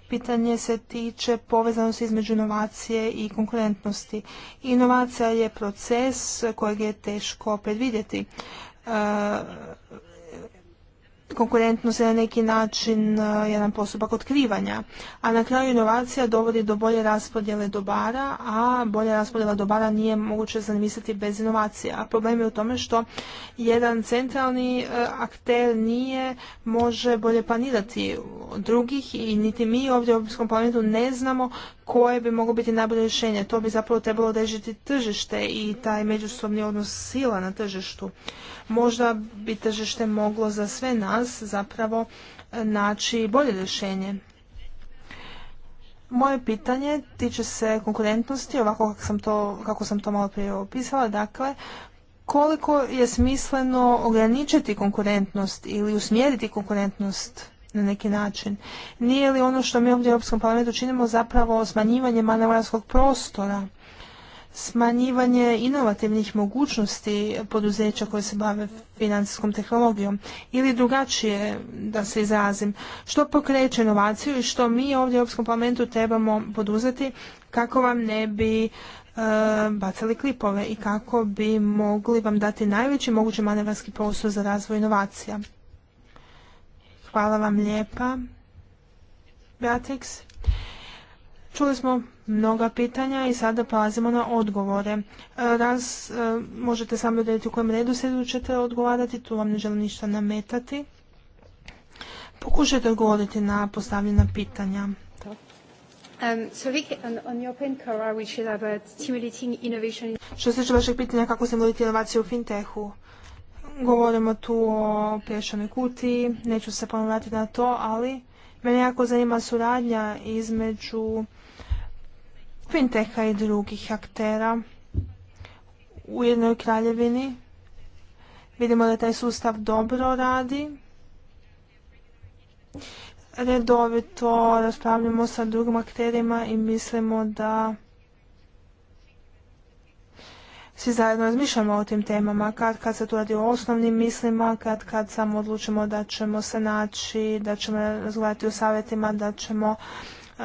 B: Pitanje se tiče povezanosti između inovacije i konkurentnosti. Inovacija je proces kojeg je teško predvidjeti. E, konkurentnost je na neki način e, jedan postupak otkrivanja. A na kraju inovacija dovodi do bolje raspodjele dobara, a bolja raspodjela dobara nije moguće zamisliti bez inovacija. A problem je u tome što jedan centralni e, akter nije može bolje planirati drugih i niti mi ovdje u Europskom parlamentu ne znamo koje bi moglo biti najbolje rješenje. To bi zapravo trebalo odrežiti tržište i taj međusobni odnos sila na tržištu. Možda bi tržište moglo za sve nas zapravo e, naći bolje rješenje. Moje pitanje tiče se konkurentnosti, ovako kako sam to, kako sam to malo prije opisala, dakle, koliko je smisleno ograničiti konkurentnost ili usmjeriti konkurentnost na neki način. Nije li ono što mi ovdje u Europskom parlamentu činimo zapravo smanjivanje manevarskog prostora, smanjivanje inovativnih mogućnosti poduzeća koje se bave financijskom tehnologijom ili drugačije da se izrazim, što pokreće inovaciju i što mi ovdje u Europskom parlamentu trebamo poduzeti kako vam ne bi e, bacali klipove i kako bi mogli vam dati najveći mogući manevarski prostor za razvoj inovacija. Hvala vam lijepa. Beatrix, čuli smo mnoga pitanja i sada prelazimo na odgovore. E, Raz, e, možete sami odrediti u kojem redu se ćete odgovarati, tu vam ne želim ništa nametati. Pokušajte odgovoriti na postavljena pitanja. Što se tiče vašeg pitanja kako se inovaciju u fintehu, Govorimo tu o pješanoj kutiji, neću se ponovrati na to, ali mene jako zanima suradnja između finteha i drugih aktera u jednoj kraljevini. Vidimo da taj sustav dobro radi. Redovito raspravljamo sa drugim akterima i mislimo da svi zajedno razmišljamo o tim temama, kad, kad se tu radi o osnovnim mislima, kad, kad samo odlučimo da ćemo se naći, da ćemo razgovarati u savjetima, da ćemo eh,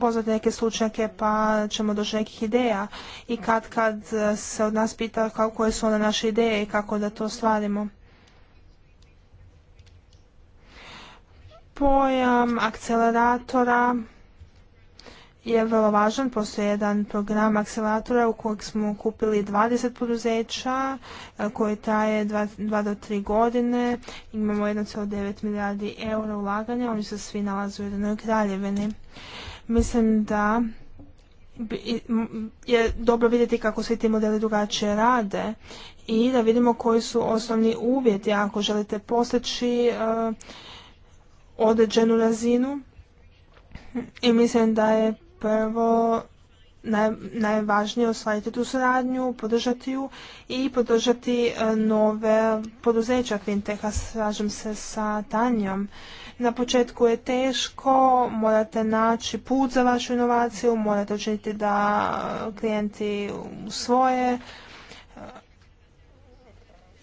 B: pozvati neke stručnjake pa ćemo doći nekih ideja i kad kad se od nas pita koje su one naše ideje i kako da to stvarimo. Pojam akceleratora je vrlo važan. Postoji jedan program akceleratora u kojeg smo kupili 20 poduzeća e, koji traje 2 do 3 godine. Imamo 1,9 milijardi eura ulaganja. Oni se svi nalaze u jednoj kraljevini. Mislim da je dobro vidjeti kako svi ti modeli drugačije rade i da vidimo koji su osnovni uvjeti ako želite postići e, određenu razinu i mislim da je prvo pa naj, najvažnije osvajati tu suradnju, podržati ju i podržati e, nove poduzeća finteha. Slažem se sa Tanjom. Na početku je teško, morate naći put za vašu inovaciju, morate učiniti da e, klijenti svoje e,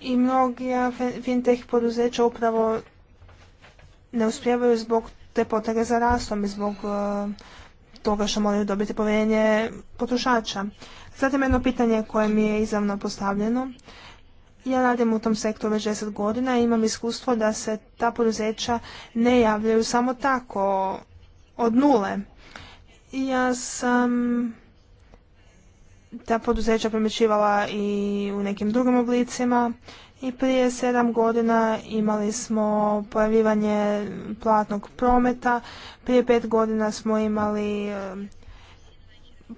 B: i mnogi fintech poduzeća upravo ne uspjevaju zbog te potrebe za rastom i zbog toga što moraju dobiti povjerenje potrošača. Zatim jedno pitanje koje mi je izravno postavljeno. Ja radim u tom sektoru već 10 godina i imam iskustvo da se ta poduzeća ne javljaju samo tako, od nule. Ja sam ta poduzeća primjećivala i u nekim drugim oblicima i prije sedam godina imali smo pojavljivanje platnog prometa, prije pet godina smo imali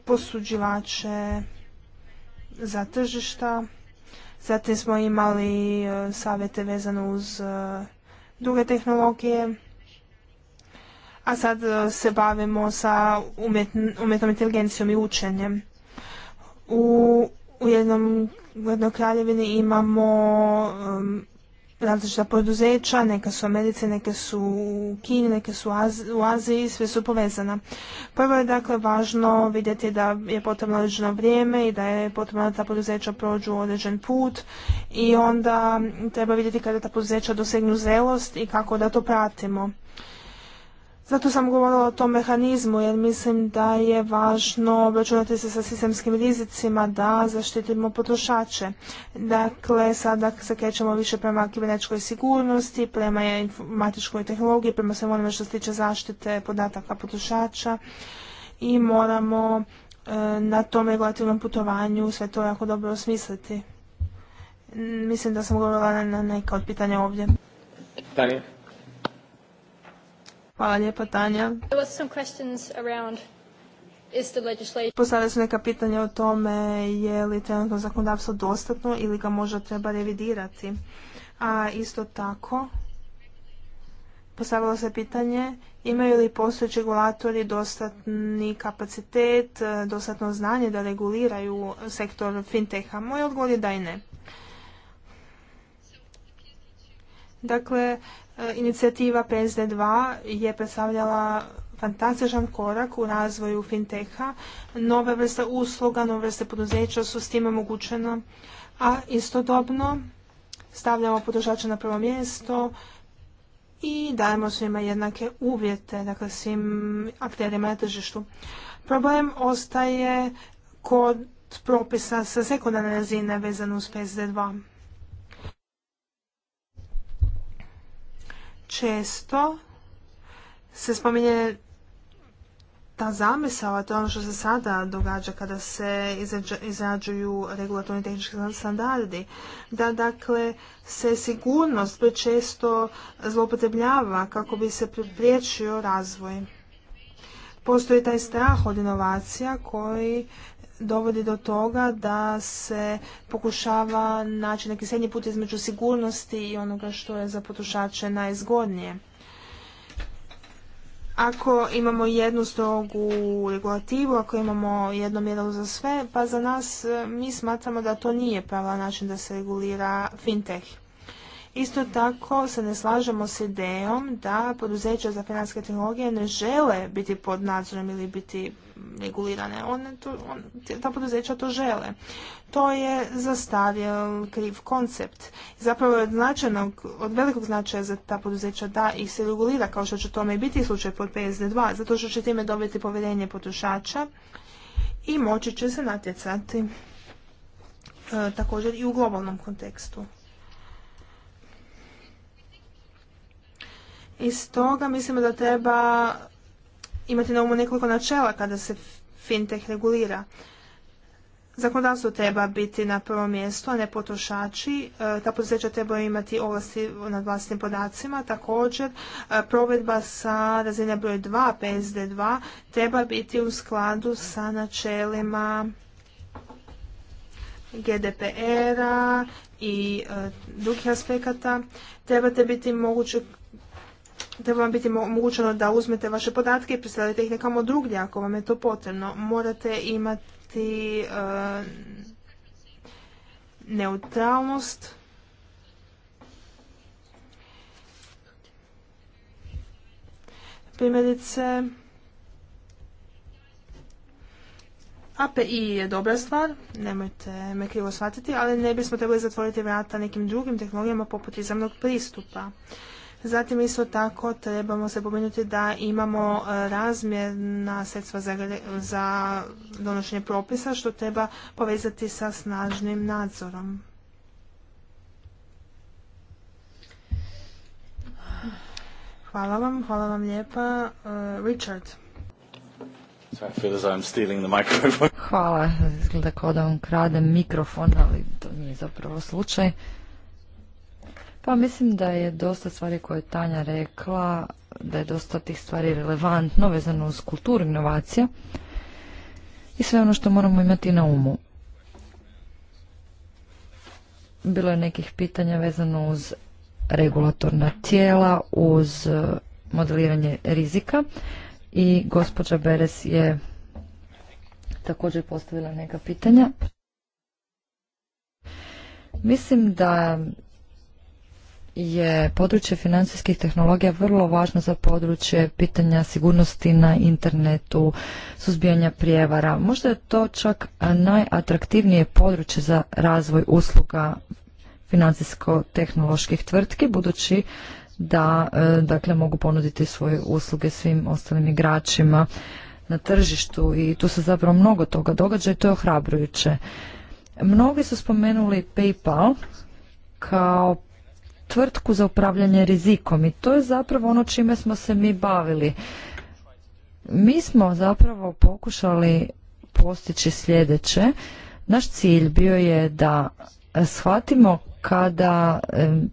B: posuđivače za tržišta, zatim smo imali savjete vezano uz druge tehnologije, a sad se bavimo sa umjetnom inteligencijom i učenjem. U u jednom Jednoj kraljevini imamo um, različita poduzeća, neka su u Americi, neke su u Kini, neke su u Aziji, sve su povezana. Prvo je dakle važno vidjeti da je potrebno određeno vrijeme i da je potrebno da ta poduzeća prođu određen put i onda treba vidjeti kada ta poduzeća dosegnu zrelost i kako da to pratimo. Zato sam govorila o tom mehanizmu jer mislim da je važno obračunati se sa sistemskim rizicima da zaštitimo potrošače. Dakle, sada se krećemo više prema kibernetičkoj sigurnosti, prema informatičkoj tehnologiji, prema svemu onome što se tiče zaštite podataka potrošača i moramo e, na tom regulativnom putovanju sve to jako dobro osmisliti. Mislim da sam govorila na neka od pitanja ovdje. Tanja? Hvala lijepa, Tanja. Postavljaju su neka pitanja o tome je li trenutno zakonodavstvo dostatno ili ga možda treba revidirati. A isto tako, postavilo se pitanje imaju li postojeći regulatori dostatni kapacitet, dostatno znanje da reguliraju sektor finteha. Moj odgovor je da i ne. Dakle, E, inicijativa PSD2 je predstavljala fantastičan korak u razvoju finteha. Nove vrste usluga, nove vrste poduzeća su s time omogućena, a istodobno stavljamo potrošače na prvo mjesto i dajemo svima jednake uvjete, dakle svim akterima na tržištu. Problem ostaje kod propisa sa sekundarne razine vezano uz PSD2. često se spominje ta zamisao, to je ono što se sada događa kada se izrađuju regulatorni tehnički standardi, da dakle se sigurnost prečesto zloupotrebljava kako bi se priječio razvoj. Postoji taj strah od inovacija koji dovodi do toga da se pokušava naći neki srednji put između sigurnosti i onoga što je za potrošače najzgodnije. Ako imamo jednu strogu regulativu, ako imamo jedno mjerilo za sve, pa za nas eh, mi smatramo da to nije prava način da se regulira fintech. Isto tako se ne slažemo s idejom da poduzeća za financijske tehnologije ne žele biti pod nadzorom ili biti regulirane. to, on, ta poduzeća to žele. To je zastavljen kriv koncept. Zapravo je od, od velikog značaja za ta poduzeća da ih se regulira, kao što će tome biti slučaj pod PSD2, zato što će time dobiti povjerenje potrošača i moći će se natjecati e, također i u globalnom kontekstu. I stoga mislimo da treba imati na umu nekoliko načela kada se fintech regulira. Zakonodavstvo treba biti na prvom mjestu, a ne potrošači. E, ta poduzeća trebaju imati ovlasti nad vlastnim podacima. Također, e, provedba sa razine broj 2, PSD2, treba biti u skladu sa načelima GDPR-a i e, drugih aspekata. Trebate biti moguće treba vam biti omogućeno da uzmete vaše podatke i predstavite ih nekamo drugdje ako vam je to potrebno. Morate imati e, neutralnost. Primjerice, API je dobra stvar, nemojte me krivo shvatiti, ali ne bismo trebali zatvoriti vrata nekim drugim tehnologijama poput izravnog pristupa. Zatim isto tako trebamo se pomenuti da imamo e, razmjerna sredstva za, za donošenje propisa što treba povezati sa snažnim nadzorom. Hvala vam, hvala vam lijepa. E, Richard.
D: Hvala, izgleda kao da vam kradem mikrofon, ali to nije zapravo slučaj. Pa mislim da je dosta stvari koje je Tanja rekla, da je dosta tih stvari relevantno vezano uz kulturu inovacija i sve ono što moramo imati na umu. Bilo je nekih pitanja vezano uz regulatorna tijela, uz e, modeliranje rizika i gospođa Beres je također postavila neka pitanja. Mislim da je područje financijskih tehnologija vrlo važno za područje pitanja sigurnosti na internetu, suzbijanja prijevara. Možda je to čak najatraktivnije područje za razvoj usluga financijsko-tehnoloških tvrtki, budući da e, dakle, mogu ponuditi svoje usluge svim ostalim igračima na tržištu i tu se zapravo mnogo toga događa i to je ohrabrujuće. Mnogi su spomenuli PayPal kao tvrtku za upravljanje rizikom i to je zapravo ono čime smo se mi bavili. Mi smo zapravo pokušali postići sljedeće. Naš cilj bio je da shvatimo kada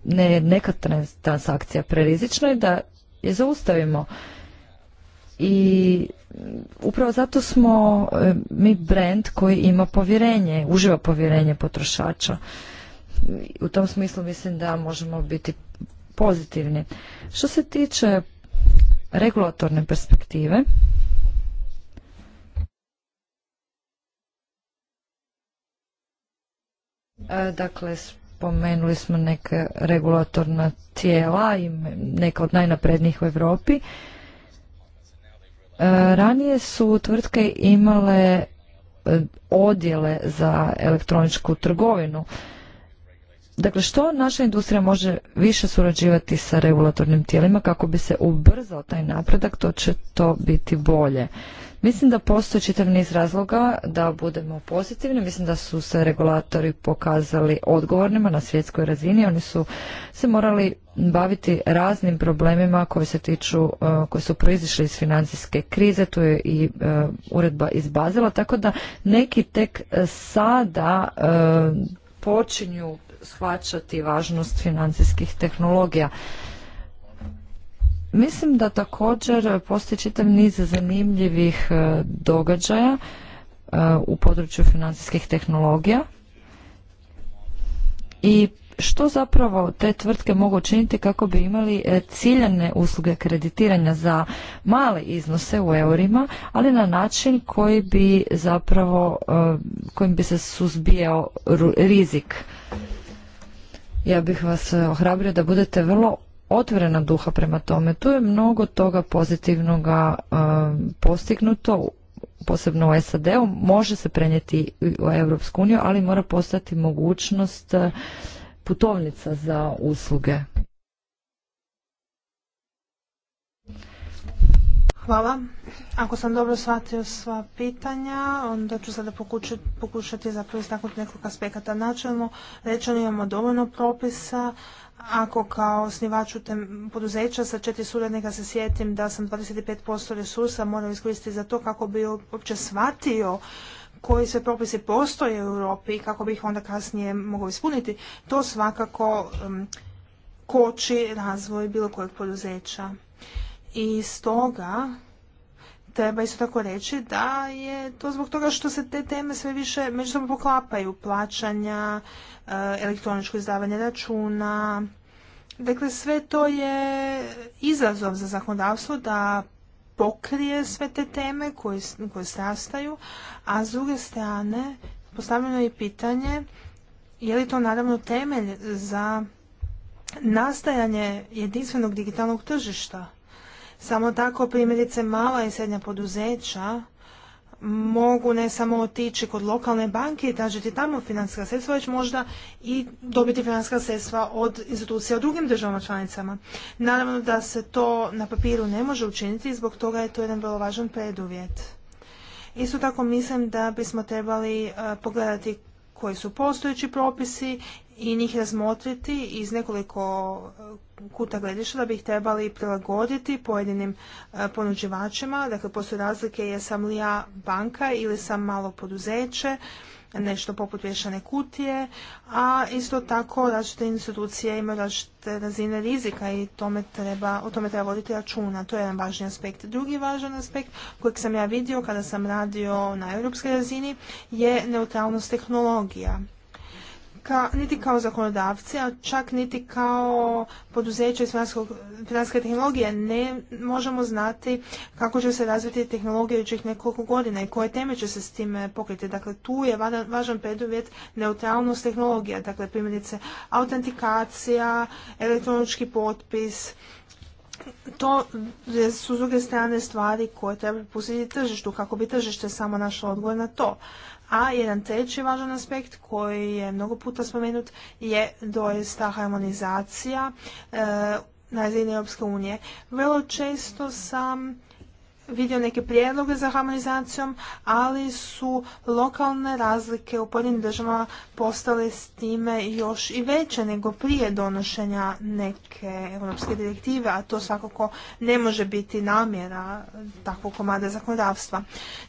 D: ne, neka transakcija prerizična i da je zaustavimo. I upravo zato smo mi brand koji ima povjerenje, uživa povjerenje potrošača u tom smislu mislim da možemo biti pozitivni. Što se tiče regulatorne perspektive, Dakle, spomenuli smo neke regulatorna tijela i neka od najnaprednijih u Europi. Ranije su tvrtke imale odjele za elektroničku trgovinu. Dakle, što naša industrija može više surađivati sa regulatornim tijelima kako bi se ubrzao taj napredak, to će to biti bolje. Mislim da postoji čitav niz razloga da budemo pozitivni. Mislim da su se regulatori pokazali odgovornima na svjetskoj razini. Oni su se morali baviti raznim problemima koji se tiču, e, koji su proizišli iz financijske krize. Tu je i e, uredba izbazila. Tako da neki tek e, sada počinju shvaćati važnost financijskih tehnologija. Mislim da također postoji čitav niz zanimljivih e, događaja e, u području financijskih tehnologija i što zapravo te tvrtke mogu učiniti kako bi imali e, ciljane usluge kreditiranja za male iznose u eurima, ali na način koji bi zapravo, kojim bi se suzbijao rizik ja bih vas e, ohrabrio da budete vrlo otvorena duha prema tome. Tu je mnogo toga pozitivnoga e, postignuto, posebno u SAD-u, može se prenijeti u Europsku uniju, ali mora postati mogućnost e, putovnica za usluge.
B: Hvala. Ako sam dobro shvatio sva pitanja, onda ću sada pokušati, zapravo istaknuti nekog aspekata. Načelno rečeno imamo dovoljno propisa. Ako kao osnivač poduzeća sa četiri suradnika se sjetim da sam 25% resursa morao iskoristiti za to kako bi uopće shvatio koji sve propisi postoje u Europi i kako bi ih onda kasnije mogao ispuniti, to svakako um, koči razvoj bilo kojeg poduzeća. I stoga treba isto tako
C: reći da
B: je to zbog toga što se te teme sve više međusobno poklapaju. Plaćanja, e, elektroničko izdavanje računa. Dakle, sve to je izazov za zakonodavstvo da pokrije sve te teme koje, koje srastaju, a s druge strane postavljeno je pitanje je li to naravno temelj za nastajanje jedinstvenog digitalnog tržišta. Samo tako primjerice mala i srednja poduzeća mogu ne samo otići kod lokalne banke i tražiti tamo financijska sredstva, već možda i dobiti financijska sredstva od institucija u drugim državama članicama. Naravno da se to na papiru ne može učiniti i zbog toga je to jedan vrlo važan preduvjet. Isto tako mislim da bismo trebali e, pogledati koji su postojeći propisi i njih razmotriti iz nekoliko kuta gledišta da bi ih trebali prilagoditi pojedinim e, ponuđivačima. Dakle, postoje razlike jesam li ja banka ili sam malo poduzeće, nešto poput vješane kutije, a isto tako različite institucije imaju različite razine rizika i tome o tome treba voditi računa. To je jedan važni aspekt. Drugi važan aspekt kojeg sam ja vidio kada sam radio na europskoj razini je neutralnost tehnologija niti kao zakonodavci, a čak niti kao poduzeće iz tehnologije ne možemo znati kako će se razviti tehnologija idućih nekoliko godina i koje teme će se s time pokriti. Dakle, tu je važan preduvjet neutralnost tehnologija, dakle primjerice autentikacija, elektronički potpis, to su s druge strane stvari koje treba pustiti tržištu kako bi tržište samo našlo odgovor na to. A jedan treći važan aspekt koji je mnogo puta spomenut je doista harmonizacija e, na razini Europske unije. Vrlo često sam vidio neke prijedloge za harmonizacijom, ali su lokalne razlike u pojedinim državama postale s time još i veće nego prije donošenja neke europske direktive, a to svakako ne može biti namjera takvog komada zakonodavstva.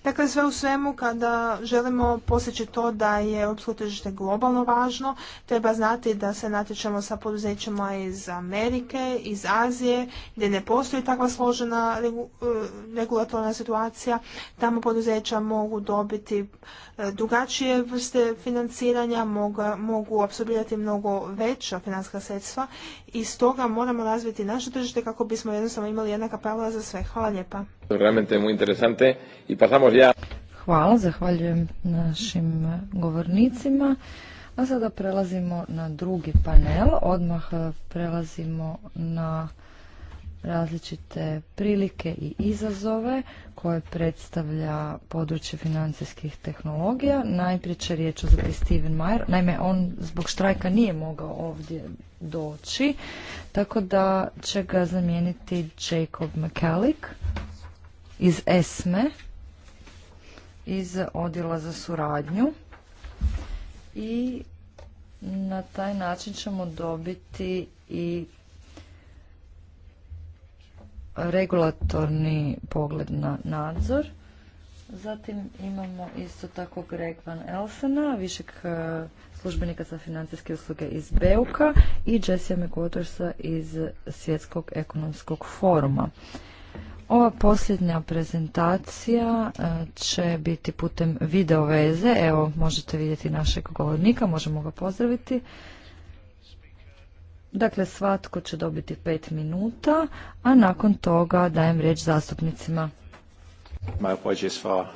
B: Dakle, sve u svemu, kada želimo posjeći to da je europsko tržište globalno važno, treba znati da se natječemo sa poduzećima iz Amerike, iz Azije, gdje ne postoji takva složena regulacija e, regulatorna situacija, tamo poduzeća mogu dobiti e, drugačije vrste financiranja, mogu apsorbirati mnogo veća financijska sredstva i stoga moramo razviti naše tržište kako bismo jednostavno imali jednaka pravila za sve. Hvala lijepa.
D: Hvala, zahvaljujem našim govornicima. A sada prelazimo na drugi panel. Odmah e, prelazimo na različite prilike i izazove koje predstavlja područje financijskih tehnologija. Najprije će riječ uzeti Steven Mayer. Naime, on zbog štrajka nije mogao ovdje doći, tako da će ga zamijeniti Jacob McCallick iz ESME, iz Odjela za suradnju. I na taj način ćemo dobiti i regulatorni pogled na nadzor. Zatim imamo isto tako Greg Van Elsena, višeg e, službenika za financijske usluge iz Beuka i Jessija McWatersa iz Svjetskog ekonomskog foruma. Ova posljednja prezentacija e, će biti putem video veze. Evo, možete vidjeti našeg govornika, možemo ga pozdraviti. Dakle, svatko će dobiti pet minuta, a nakon toga dajem riječ zastupnicima.
A: Uh,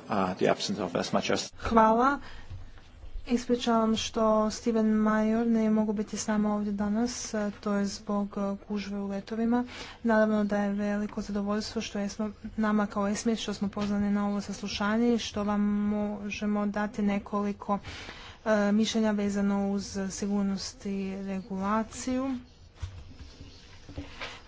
D: Hvala. Ispričavam
B: što Steven Major ne mogu biti s nama ovdje danas, e, to je zbog e, gužve u letovima. Naravno da je veliko zadovoljstvo što jesmo nama kao ESMIS, što smo pozvani na ovo saslušanje i što vam možemo dati nekoliko E, mišljenja vezano uz sigurnost i regulaciju.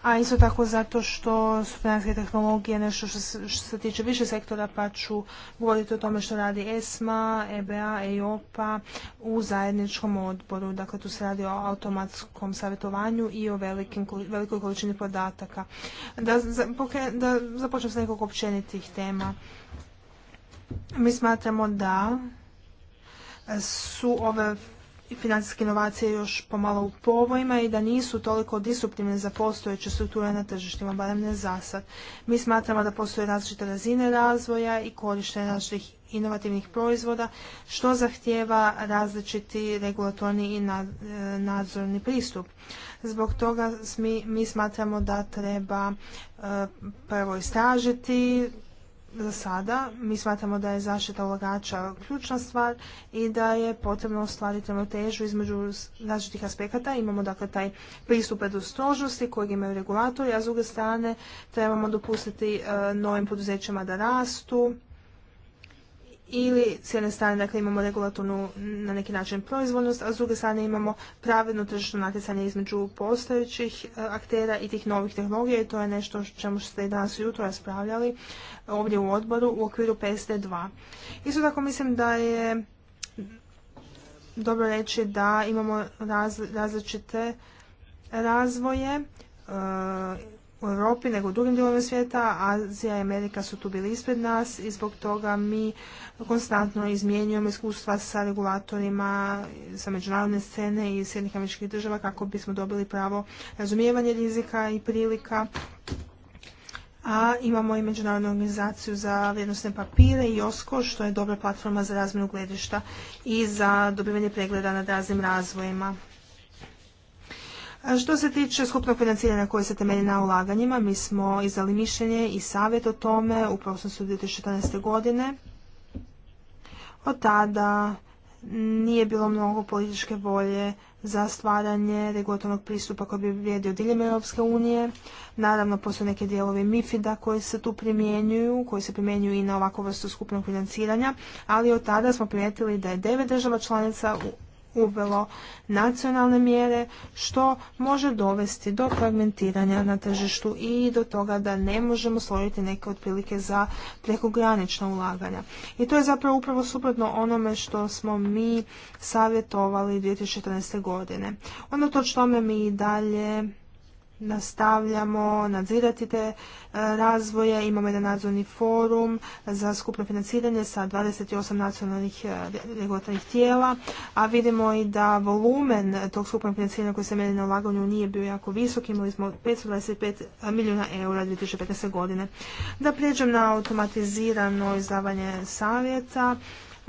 B: A isto tako zato što su financijske tehnologije nešto što se, tiče više sektora, pa ću govoriti o tome što radi ESMA, EBA, EIOPA u zajedničkom odboru. Dakle, tu se radi o automatskom savjetovanju i o velikoj količini podataka. Da, da započnem s nekoliko općenitih tema. Mi smatramo da su ove financijske inovacije još pomalo u povojima i da nisu toliko disruptivne za postojeće strukture na tržištima, barem ne za sad. Mi smatramo da postoje različite razine razvoja i korištenja naših inovativnih proizvoda, što zahtjeva različiti regulatorni i e, nadzorni pristup. Zbog toga mi, mi smatramo da treba e, prvo istražiti za sada mi smatramo da je zaštita ulagača ključna stvar i da je potrebno ostvariti ravnotežu između različitih aspekata. Imamo dakle taj pristup strožnosti kojeg imaju regulatori, a s druge strane trebamo dopustiti e, novim poduzećima da rastu ili s jedne strane dakle, imamo regulatornu na neki način proizvodnost, a s druge strane imamo pravedno tržišno natjecanje između postojećih e, aktera i tih novih tehnologija i to je nešto čemu ste i danas jutro raspravljali ovdje u odboru u okviru PSD2. Isto tako mislim da je dobro reći da imamo različite razvoje e, u Europi nego u drugim dijelovima svijeta. Azija i Amerika su tu bili ispred nas i zbog toga mi konstantno izmjenjujemo iskustva sa regulatorima, sa međunarodne scene i Sjednih američkih država kako bismo dobili pravo razumijevanje rizika i prilika. A imamo i Međunarodnu organizaciju za vrijednostne papire i OSKO, što je dobra platforma za razmjenu gledišta i za dobivanje pregleda nad raznim razvojima. Što se tiče skupnog financiranja koje se temelji na ulaganjima, mi smo izdali mišljenje i savjet o tome u prosincu 2014. godine. Od tada nije bilo mnogo političke volje za stvaranje regulatornog pristupa koji bi vrijedio diljem Europske unije. Naravno, postoje neke dijelovi MIFID-a koji se tu primjenjuju, koji se primjenjuju i na ovakvu vrstu skupnog financiranja, ali od tada smo primijetili da je devet država članica uvelo nacionalne mjere što može dovesti do fragmentiranja na tržištu i do toga da ne možemo stvoriti neke otprilike za prekogranična ulaganja. I to je zapravo upravo suprotno onome što smo mi savjetovali 2014. godine. Onda to tome mi i dalje nastavljamo nadzirati te e, razvoje. Imamo jedan nadzorni forum za skupno financiranje sa 28 nacionalnih e, regulatornih tijela, a vidimo i da volumen tog skupnog financiranja koji se meni na ulaganju nije bio jako visok. Imali smo 525 milijuna eura 2015. godine. Da prijeđem na automatizirano izdavanje savjeta.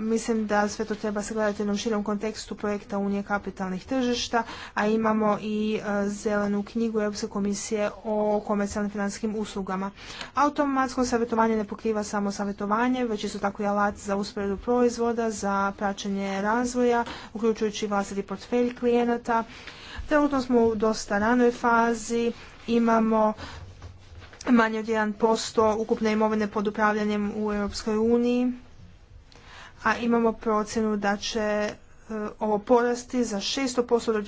B: Mislim da sve to treba sagledati u jednom širom kontekstu projekta Unije kapitalnih tržišta, a imamo i e, zelenu knjigu Europske komisije o komercijalnim financijskim uslugama. Automatsko savjetovanje ne pokriva samo savjetovanje, već isto tako i alat za usporedu proizvoda, za praćenje razvoja, uključujući vlastiti portfelj klijenata. Trenutno smo u dosta ranoj fazi, imamo manje od 1% ukupne imovine pod upravljanjem u Europskoj uniji a imamo procjenu da će e, ovo porasti za 600% do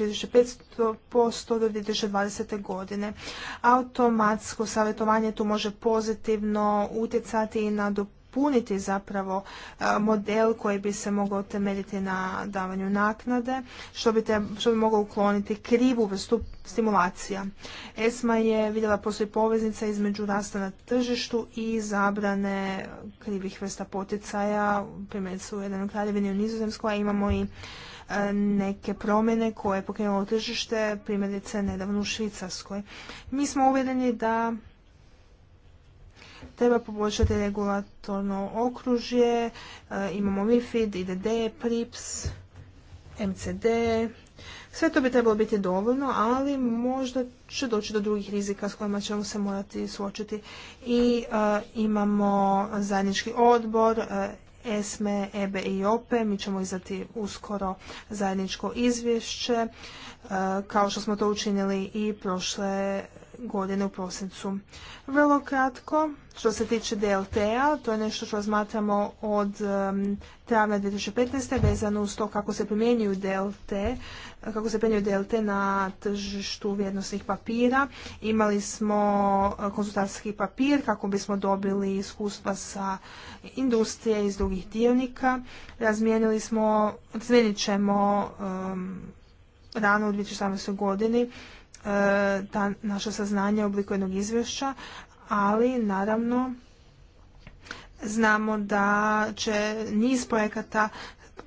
B: 2500% do 2020. godine. Automatsko savjetovanje tu može pozitivno utjecati i na puniti zapravo e, model koji bi se mogao temeljiti na davanju naknade, što bi, mogao ukloniti krivu vrstu stimulacija. ESMA je vidjela postoji poveznica između rasta na tržištu i zabrane krivih vrsta poticaja, primjerice u jednom kraljevini u Nizozemskoj, a imamo i e, neke promjene koje je pokrenulo tržište, primjerice nedavno u Švicarskoj. Mi smo uvjereni da Treba poboljšati regulatorno okružje, e, imamo MIFID, IDD, PRIPS, MCD. Sve to bi trebalo biti dovoljno, ali možda će doći do drugih rizika s kojima ćemo se morati suočiti. I e, imamo zajednički odbor, e, ESME, EBE i OPE. Mi ćemo izdati uskoro zajedničko izvješće, kao što smo to učinili i prošle godine u prosincu. Vrlo kratko, što se tiče DLT-a, to je nešto što razmatramo od um, dvije 2015. vezano uz to kako se primjenjuju DLT, kako se primjenjuju DLT na tržištu vrijednosnih papira. Imali smo uh, konzultacijski papir kako bismo dobili iskustva sa industrije iz drugih dionika. Razmijenili smo, razmijenit ćemo um, rano u 2017. godini E, ta naša saznanja u obliku jednog izvješća, ali naravno znamo da će niz projekata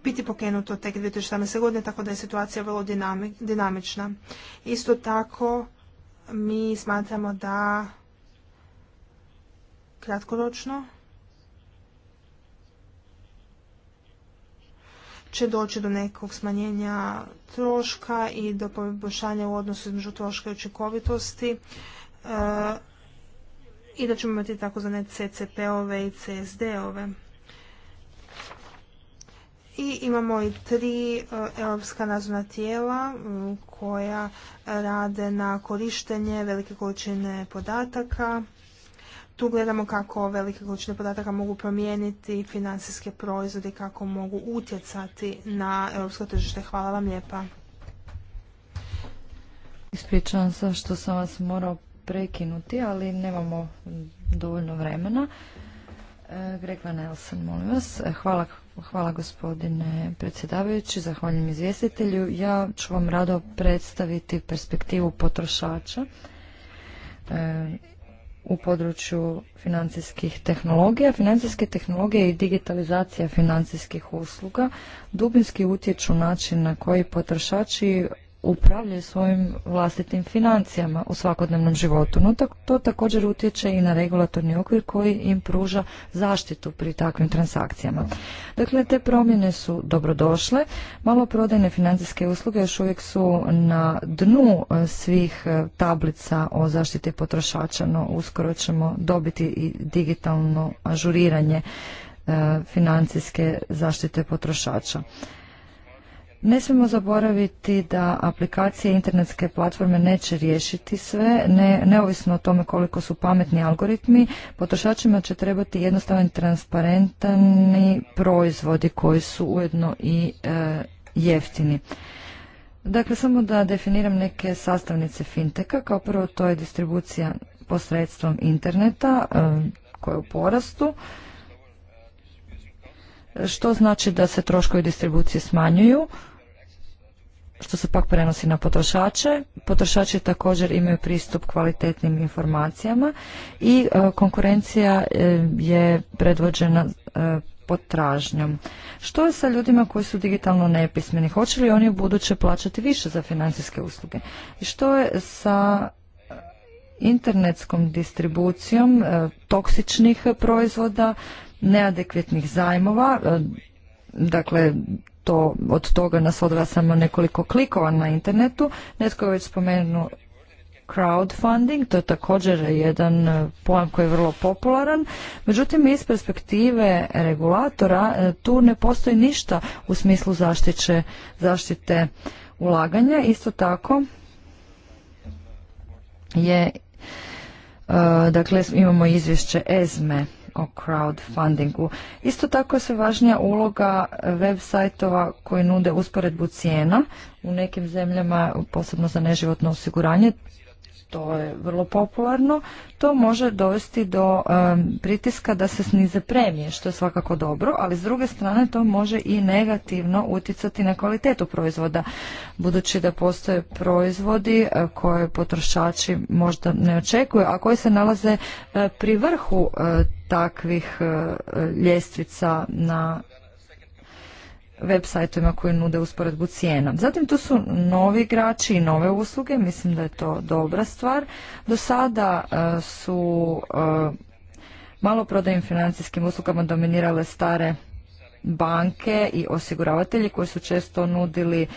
B: biti pokrenuto tek 2017. godine, tako da je situacija vrlo dinamična. Isto tako mi smatramo da kratkoročno će doći do nekog smanjenja troška i do poboljšanja u odnosu između troška i učinkovitosti e, i da ćemo imati takozvane CCP-ove i CSD-ove. I imamo i tri e, europska nadzorna tijela koja rade na korištenje velike količine podataka tu gledamo kako velike količine podataka mogu promijeniti financijske proizvode i kako mogu utjecati na europsko tržište. Hvala vam lijepa.
D: Ispričavam se što sam vas morao prekinuti, ali nemamo dovoljno vremena. E, Greg Van Elsen, molim vas. E, hvala, hvala gospodine predsjedavajući, zahvaljujem izvjestitelju. Ja ću vam rado predstaviti perspektivu potrošača e, u području financijskih tehnologija. Financijske tehnologije i digitalizacija financijskih usluga dubinski utječu način na koji potrošači upravljaju svojim vlastitim financijama u svakodnevnom životu. No to također utječe i na regulatorni okvir koji im pruža zaštitu pri takvim transakcijama. Dakle, te promjene su dobrodošle. Maloprodajne financijske usluge još uvijek su na dnu e, svih e, tablica o zaštiti potrošača, no uskoro ćemo dobiti i digitalno ažuriranje e, financijske zaštite potrošača. Ne smijemo zaboraviti da aplikacije internetske platforme neće riješiti sve, ne, neovisno o tome koliko su pametni algoritmi, potrošačima će trebati jednostavni transparentni proizvodi koji su ujedno i e, jeftini. Dakle, samo da definiram neke sastavnice finteka. Kao prvo to je distribucija posredstvom interneta e, koja je u porastu što znači da se troškovi distribucije smanjuju što se pak prenosi na potrošače. Potrošači također imaju pristup kvalitetnim informacijama i e, konkurencija e, je predvođena e, potražnjom. Što je sa ljudima koji su digitalno nepismeni? Hoće li oni u buduće plaćati više za financijske usluge? I što je sa internetskom distribucijom toksičnih proizvoda, neadekvatnih zajmova, dakle to, od toga nas odva samo nekoliko klikova na internetu. Netko je već spomenuo crowdfunding, to je također jedan e, pojam koji je vrlo popularan. Međutim, iz perspektive regulatora e, tu ne postoji ništa u smislu zaštite, zaštite ulaganja. Isto tako je, e, dakle, imamo izvješće ESME o crowdfundingu. Isto tako je sve važnija uloga web sajtova koji nude usporedbu cijena u nekim zemljama, posebno za neživotno osiguranje što je vrlo popularno, to može dovesti do pritiska da se snize premije, što je svakako dobro, ali s druge strane to može i negativno utjecati na kvalitetu proizvoda, budući da postoje proizvodi e, koje potrošači možda ne očekuju, a koji se nalaze e, pri vrhu e, takvih ljestvica na web sajtovima koji nude usporedbu cijena. Zatim tu su novi igrači i nove usluge, mislim da je to dobra stvar. Do sada e, su malo e, maloprodajnim financijskim uslugama dominirale stare banke i osiguravatelji koji su često nudili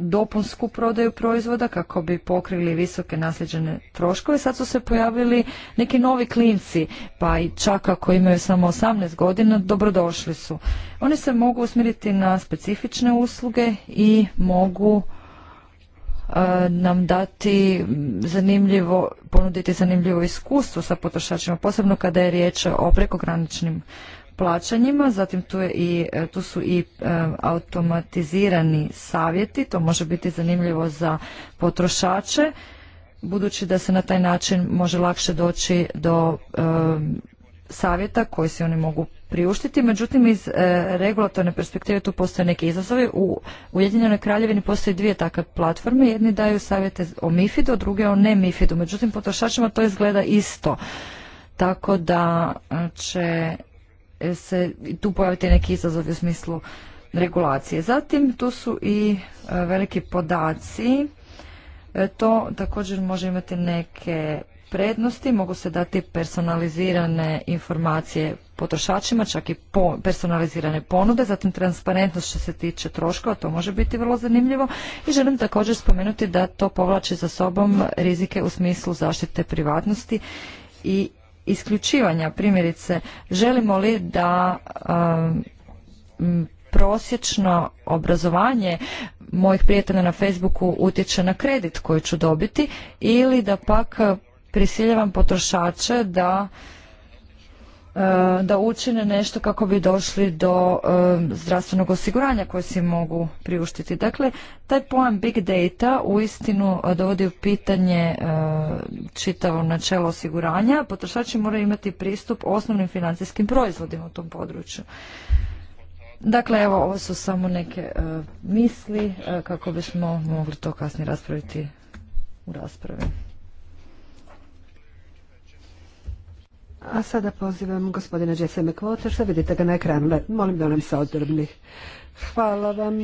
D: dopunsku prodaju proizvoda kako bi pokrili visoke nasljeđene troškove. Sad su se pojavili neki novi klinci, pa i čak ako imaju samo 18 godina, dobrodošli su. Oni se mogu usmjeriti na specifične usluge i mogu e, nam dati zanimljivo, ponuditi zanimljivo iskustvo sa potrošačima, posebno kada je riječ o prekograničnim plaćanjima, zatim tu, je i, e, tu su i e, automatizirani savjeti, to može biti zanimljivo za potrošače, budući da se na taj način može lakše doći do e, savjeta koji se oni mogu priuštiti, međutim iz regulatorne perspektive tu postoje neki izazovi. U Ujedinjenoj kraljevini postoje dvije takve platforme, jedni daju savjete o MIFID-u, druge o ne mifid međutim potrošačima to izgleda isto. Tako da će se tu pojaviti neki izazovi u smislu regulacije. Zatim tu su i e, veliki podaci. E, to također može imati neke prednosti, mogu se dati personalizirane informacije potrošačima, čak i personalizirane ponude, zatim transparentnost što se tiče troškova, to može biti vrlo zanimljivo i želim također spomenuti da to povlači za sobom rizike u smislu zaštite privatnosti i isključivanja, primjerice, želimo li da um, prosječno obrazovanje mojih prijatelja na Facebooku utječe na kredit koji ću dobiti ili da pak prisiljavam potrošače da E, da učine nešto kako bi došli do e, zdravstvenog osiguranja koje si mogu priuštiti. Dakle, taj pojam big data uistinu e, dovodi u pitanje čitavo načelo osiguranja. Potrošači moraju imati pristup osnovnim financijskim proizvodima u tom području. Dakle, evo, ovo su samo neke misli kako bismo mogli to kasnije raspraviti u raspravi.
C: A sada pozivam gospodina Jesse McWater, što vidite ga na ekranu. Molim da nam se odrbni. Hvala vam.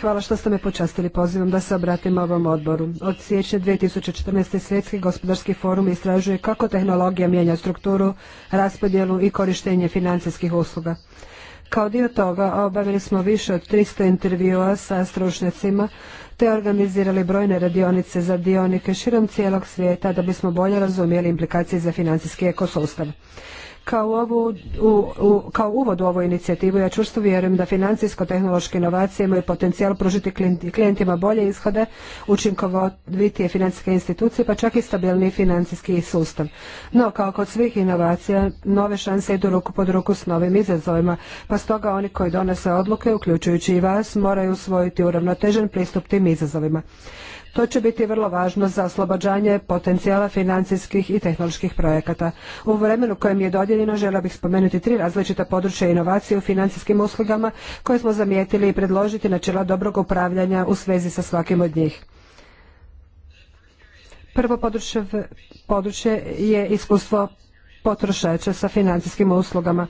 C: Hvala što ste me počastili. Pozivam da se obratim ovom odboru. Od siječnja 2014. Svjetski gospodarski forum istražuje kako tehnologija mijenja strukturu, raspodjelu i korištenje financijskih usluga. Kao dio toga obavili smo više od 300 intervjua sa stručnjacima te organizirali brojne radionice za dionike širom cijelog svijeta da bismo bolje razumjeli implikacije za financijski ekosustav. Kao, uvod u ovu inicijativu ja čvrsto vjerujem da financijsko-tehnološke inovacije imaju potencijal pružiti klijentima bolje ishode, učinkovitije financijske institucije pa čak i stabilniji financijski sustav. No, kao kod svih inovacija, nove šanse idu ruku pod ruku s novim izazovima, pa stoga oni koji donose odluke, uključujući i vas, moraju usvojiti uravnotežen pristup tim izazovima. To će biti vrlo važno za oslobađanje potencijala financijskih i tehnoloških projekata. U vremenu kojem je dodijeljeno želio bih spomenuti tri različita područja inovacije u financijskim uslugama koje smo zamijetili i predložiti načela dobrog upravljanja u svezi sa svakim od njih. Prvo područje, područje je iskustvo potrošača sa financijskim uslugama.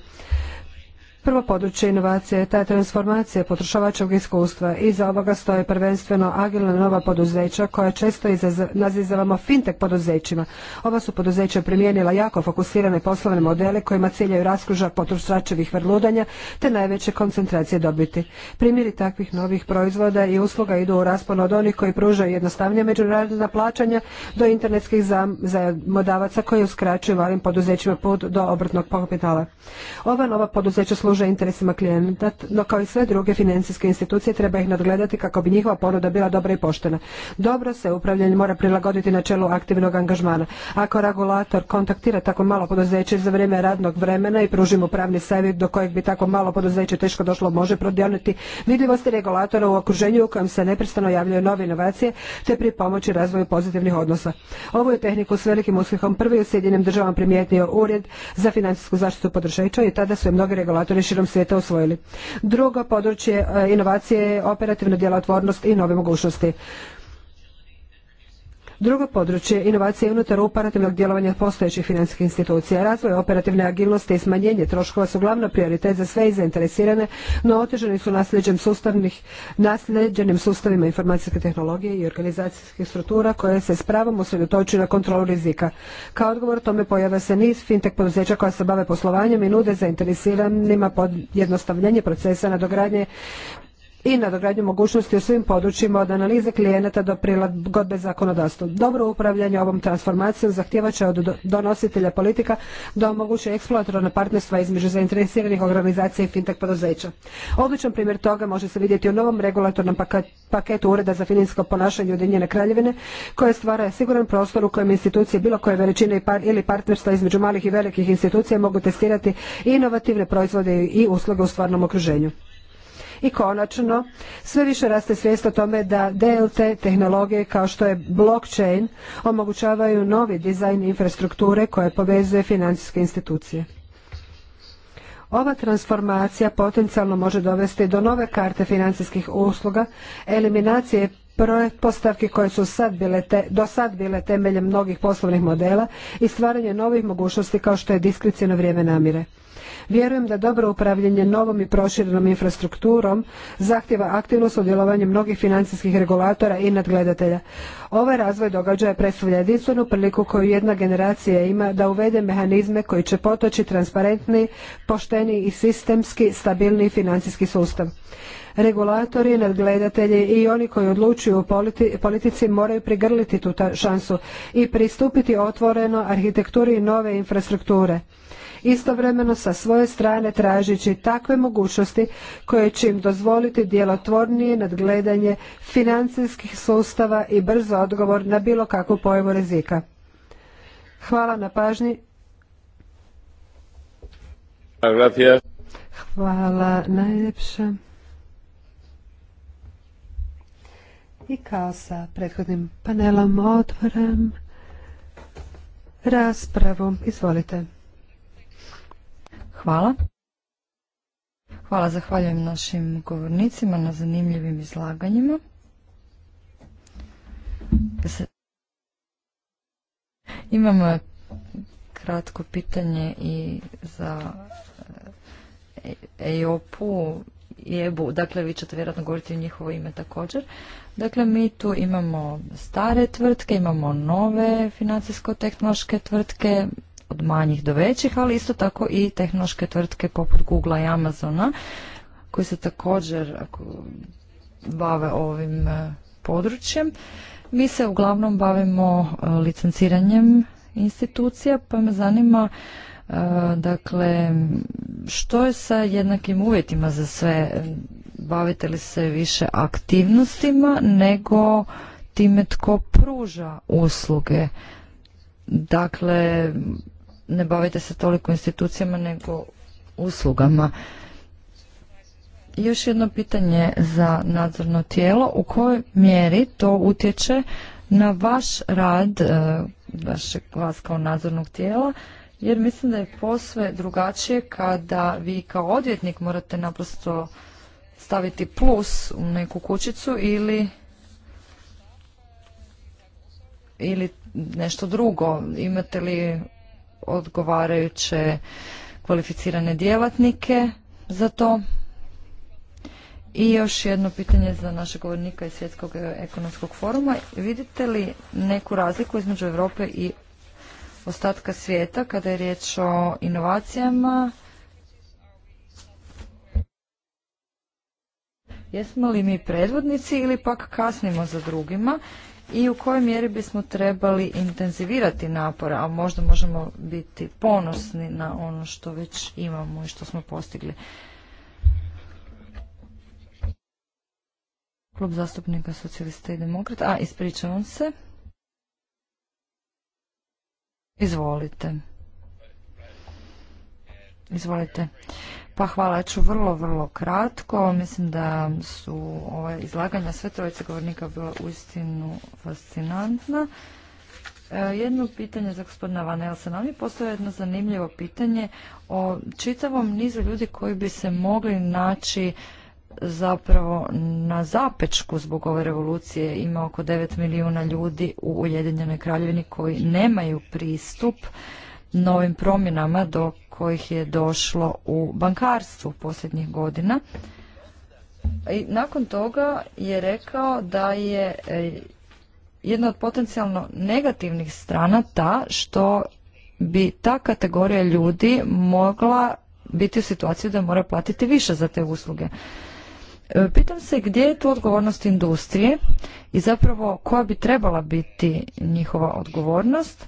C: Prvo područje inovacije je ta transformacija potrošačkog iskustva. Iza ovoga stoje prvenstveno agilna nova poduzeća koja često nazivamo fintech poduzećima. Ova su poduzeća primijenila jako fokusirane poslovne modele kojima ciljaju raskruža potrošačevih vrludanja te najveće koncentracije dobiti. Primjeri takvih novih proizvoda i usluga idu u raspon od onih koji pružaju jednostavnije međunarodna plaćanja do internetskih zajmodavaca koji uskraćuju ovim poduzećima put do obrtnog kapitala. Ova nova poduzeća služe interesima klijenata, no kao i sve druge financijske institucije treba ih nadgledati kako bi njihova ponuda bila dobra i poštena. Dobro se upravljanje mora prilagoditi načelu aktivnog angažmana. Ako regulator kontaktira tako malo poduzeće za vrijeme radnog vremena i pruži mu pravni savjet do kojeg bi tako malo poduzeće teško došlo može prodjeliti vidljivosti regulatora u okruženju u kojem se neprestano javljaju nove inovacije te pri pomoći razvoju pozitivnih odnosa. Ovu je tehniku s velikim uspjehom prvi u Sjedinim državama primijetio ured za financijsku zaštitu potrošača i tada su je mnogi regulatori širom svijeta usvojili. Drugo područje e, inovacije je operativna djelotvornost i nove mogućnosti. Drugo područje inovacije unutar operativnog djelovanja postojećih financijskih institucija. Razvoj operativne agilnosti i smanjenje troškova su glavno prioritet za sve i zainteresirane, no oteženi su nasljeđen sustavnih, nasljeđenim sustavima informacijske tehnologije i organizacijskih struktura koje se s pravom usredotočuju na kontrolu rizika. Kao odgovor tome pojava se niz fintech poduzeća koja se bave poslovanjem i nude zainteresiranima pod jednostavljenje procesa nadogradnje i nadogradnju mogućnosti u svim područjima od analize klijenata do prilagodbe zakonodavstva. Dobro upravljanje ovom transformacijom zahtijevat će od donositelja politika da omogući eksploatorna partnerstva između zainteresiranih organizacija i fintech poduzeća. Odličan primjer toga može se vidjeti u novom regulatornom paketu Ureda za financijsko ponašanje Ujedinjene kraljevine koje stvara siguran prostor u kojem institucije bilo koje veličine ili partnerstva između malih i velikih institucija mogu testirati inovativne proizvode i usluge u stvarnom okruženju. I konačno, sve više raste svijest o tome da DLT tehnologije kao što je blockchain omogućavaju novi dizajn infrastrukture koje povezuje financijske institucije. Ova transformacija potencijalno može dovesti do nove karte financijskih usluga, eliminacije pretpostavki koje su sad bile do sad bile temeljem mnogih poslovnih modela i stvaranje novih mogućnosti kao što je diskrecijno vrijeme namire. Vjerujem da dobro upravljanje novom i proširenom infrastrukturom zahtjeva aktivno sudjelovanje mnogih financijskih regulatora i nadgledatelja. Ovaj razvoj događaja predstavlja jedinstvenu priliku koju jedna generacija ima da uvede mehanizme koji će potoći transparentni, pošteni i sistemski stabilni financijski sustav. Regulatori, nadgledatelji i oni koji odlučuju u politici moraju prigrliti tu šansu i pristupiti otvoreno arhitekturi nove infrastrukture istovremeno sa svoje strane tražeći takve mogućnosti koje će im dozvoliti djelotvornije nadgledanje financijskih sustava i brz odgovor na bilo kakvu pojavu rizika. Hvala na pažnji. Hvala najljepša. I kao sa prethodnim panelom otvaram
D: raspravu. Izvolite. Hvala. Hvala, zahvaljujem našim govornicima na zanimljivim izlaganjima. Imamo eh, kratko pitanje i za EOP-u eh, i EBU. Dakle, vi ćete vjerojatno govoriti u njihovo ime također. Dakle, mi tu imamo stare tvrtke, imamo nove financijsko-tehnološke tvrtke, od manjih do većih, ali isto tako i tehnološke tvrtke poput Google i Amazona koji se također bave ovim e, područjem. Mi se uglavnom bavimo e, licenciranjem institucija, pa me zanima e, dakle što je sa jednakim uvjetima za sve? Bavite li se više aktivnostima nego time tko pruža usluge? Dakle, ne bavite se toliko institucijama nego uslugama. Još jedno pitanje za nadzorno tijelo. U kojoj mjeri to utječe na vaš rad, e, vaš, vas kao nadzornog tijela, jer mislim da je posve drugačije kada vi kao odvjetnik morate naprosto staviti plus u neku kućicu ili ili nešto drugo. Imate li odgovarajuće kvalificirane djelatnike za to. I još jedno pitanje za našeg govornika iz Svjetskog ekonomskog foruma. Vidite li neku razliku između Europe i ostatka svijeta kada je riječ o inovacijama? Jesmo li mi predvodnici ili pak kasnimo za drugima? i u kojoj mjeri bismo trebali intenzivirati napore, a možda možemo biti ponosni na ono što već imamo i što smo postigli. Klub zastupnika socijalista i demokrata. A, ispričavam se. Izvolite. Izvolite. Pa hvala, ja ću vrlo, vrlo kratko. Mislim da su izlaganja sve trojice govornika bila uistinu fascinantna. E, jedno pitanje za gospodina Van Elsena. Mi postoje jedno zanimljivo pitanje o čitavom nizu ljudi koji bi se mogli naći zapravo na zapečku zbog ove revolucije. Ima oko 9 milijuna ljudi u Ujedinjenoj kraljevini koji nemaju pristup novim promjenama dok kojih je došlo u bankarstvu posljednjih godina. I nakon toga je rekao da je e, jedna od potencijalno negativnih strana ta što bi ta kategorija ljudi mogla biti u situaciji da mora platiti više za te usluge. E, pitam se gdje je tu odgovornost industrije i zapravo koja bi trebala biti njihova odgovornost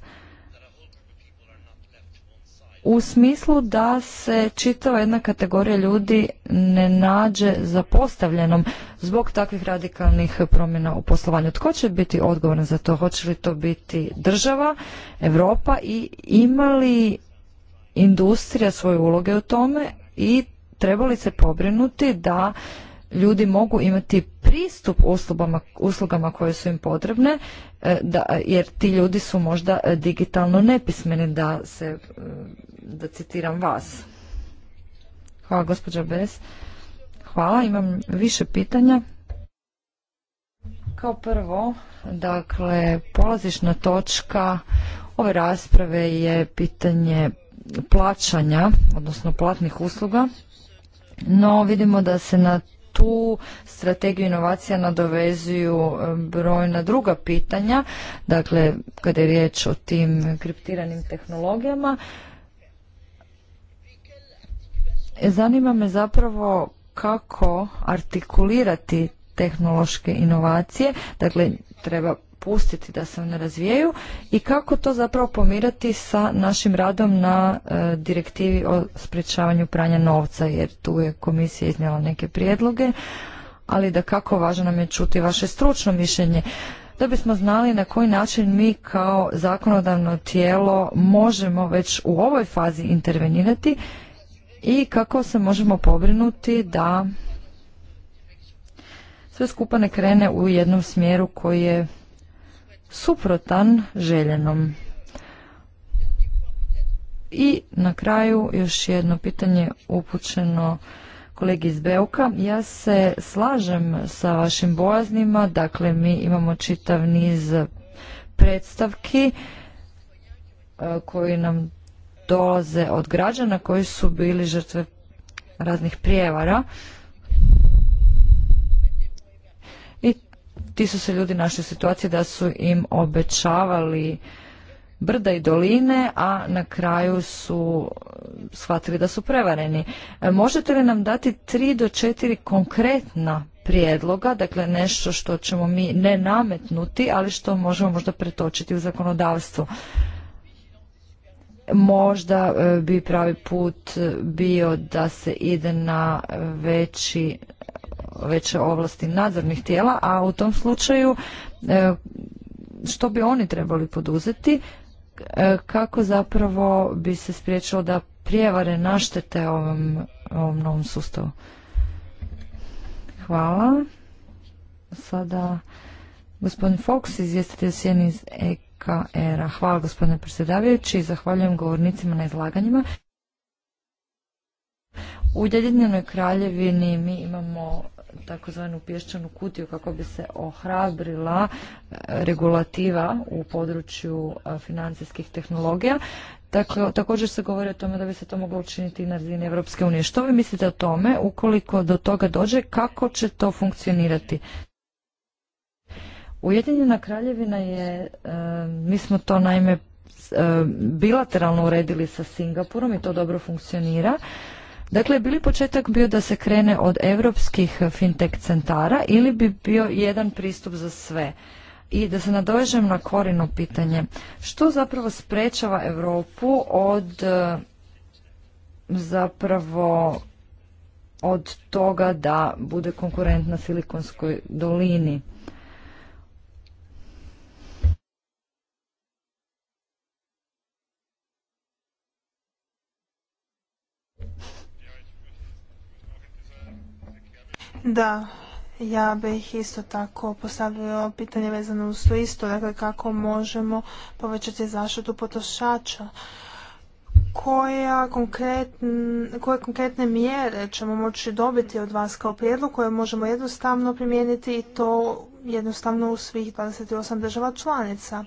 D: u smislu da se čitava jedna kategorija ljudi ne nađe zapostavljenom zbog takvih radikalnih promjena u poslovanju. Tko će biti odgovoran za to? Hoće li to biti država, Europa i ima li industrija svoje uloge u tome i treba li se pobrinuti da ljudi mogu imati pristup uslugama, uslugama koje su im potrebne, e, da, jer ti ljudi su možda e, digitalno nepismeni, da, se, e, da citiram vas. Hvala gospođa Bes. Hvala, imam više pitanja. Kao prvo, dakle, polazišna točka ove rasprave je pitanje plaćanja, odnosno platnih usluga, no vidimo da se na tu strategiju inovacija nadovezuju brojna druga pitanja, dakle kada je riječ o tim kriptiranim tehnologijama. Zanima me zapravo kako artikulirati tehnološke inovacije, dakle treba pustiti da se one razvijaju i kako to zapravo pomirati sa našim radom na e, direktivi o sprječavanju pranja novca jer tu je komisija iznijela neke prijedloge ali da kako važno nam je čuti vaše stručno mišljenje da bismo znali na koji način mi kao zakonodavno tijelo možemo već u ovoj fazi intervenirati i kako se možemo pobrinuti da sve skupa ne krene u jednom smjeru koji je suprotan željenom. I na kraju još jedno pitanje upućeno kolegi iz Beuka. Ja se slažem sa vašim bojaznima, dakle mi imamo čitav niz predstavki e, koji nam dolaze od građana koji su bili žrtve raznih prijevara ti su se ljudi našli u situaciji da su im obećavali brda i doline, a na kraju su shvatili da su prevareni. E, možete li nam dati tri do četiri konkretna prijedloga, dakle nešto što ćemo mi ne nametnuti, ali što možemo možda pretočiti u zakonodavstvo? Možda e, bi pravi put bio da se ide na veći veće ovlasti nadzornih tijela, a u tom slučaju e, što bi oni trebali poduzeti e, kako zapravo bi se spriječilo da prijevare naštete ovom, novom sustavu. Hvala. Sada gospodin Fox, izvjestitelj sjeni iz EKR-a. Hvala gospodine predsjedavajući i zahvaljujem govornicima na izlaganjima. U Ujedinjenoj kraljevini mi imamo takozvanu pješčanu kutiju kako bi se ohrabrila e, regulativa u području e, financijskih tehnologija. Dakle, također se govori o tome da bi se to moglo učiniti i na razini Europske unije. Što vi mislite o tome, ukoliko do toga dođe, kako će to funkcionirati? Ujedinjena kraljevina je, e, mi smo to naime bilateralno uredili sa Singapurom i to dobro funkcionira. Dakle, bili početak bio da se krene od europskih fintech centara ili bi bio jedan pristup za sve? I da se nadovežem na korino pitanje, što zapravo sprečava Europu od eh, zapravo od toga da bude konkurentna Silikonskoj dolini?
B: Da, ja bih isto tako postavio pitanje vezano uz to isto, dakle kako možemo povećati zaštitu potrošača. Koja koje konkretne mjere ćemo moći dobiti od vas kao prijedlog koje možemo jednostavno primijeniti i to jednostavno u svih 28 država članica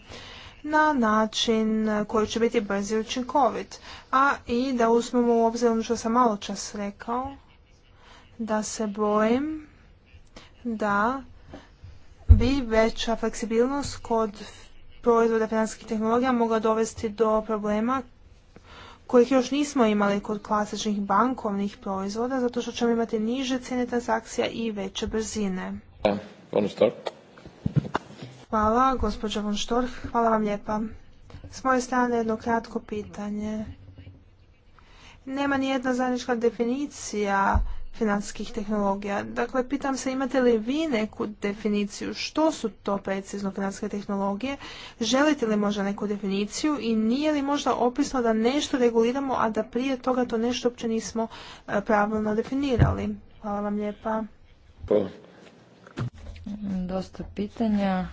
B: na način koji će biti brzi učinkovit. A i da uzmemo u obzir ono što sam malo čas rekao, da se bojim da bi veća fleksibilnost kod proizvoda financijskih tehnologija mogla dovesti do problema kojih još nismo imali kod klasičnih bankovnih proizvoda, zato što ćemo imati niže cijene transakcija i veće brzine. Hvala, gospođa von Hvala vam lijepa. S moje strane jedno kratko pitanje. Nema ni jedna zajednička definicija financijskih tehnologija. Dakle, pitam se imate li vi neku definiciju što su to precizno financijske tehnologije, želite li možda neku definiciju i nije li možda opisno da nešto reguliramo, a da prije toga to nešto uopće nismo e, pravilno
D: definirali. Hvala vam lijepa. Dosta pitanja.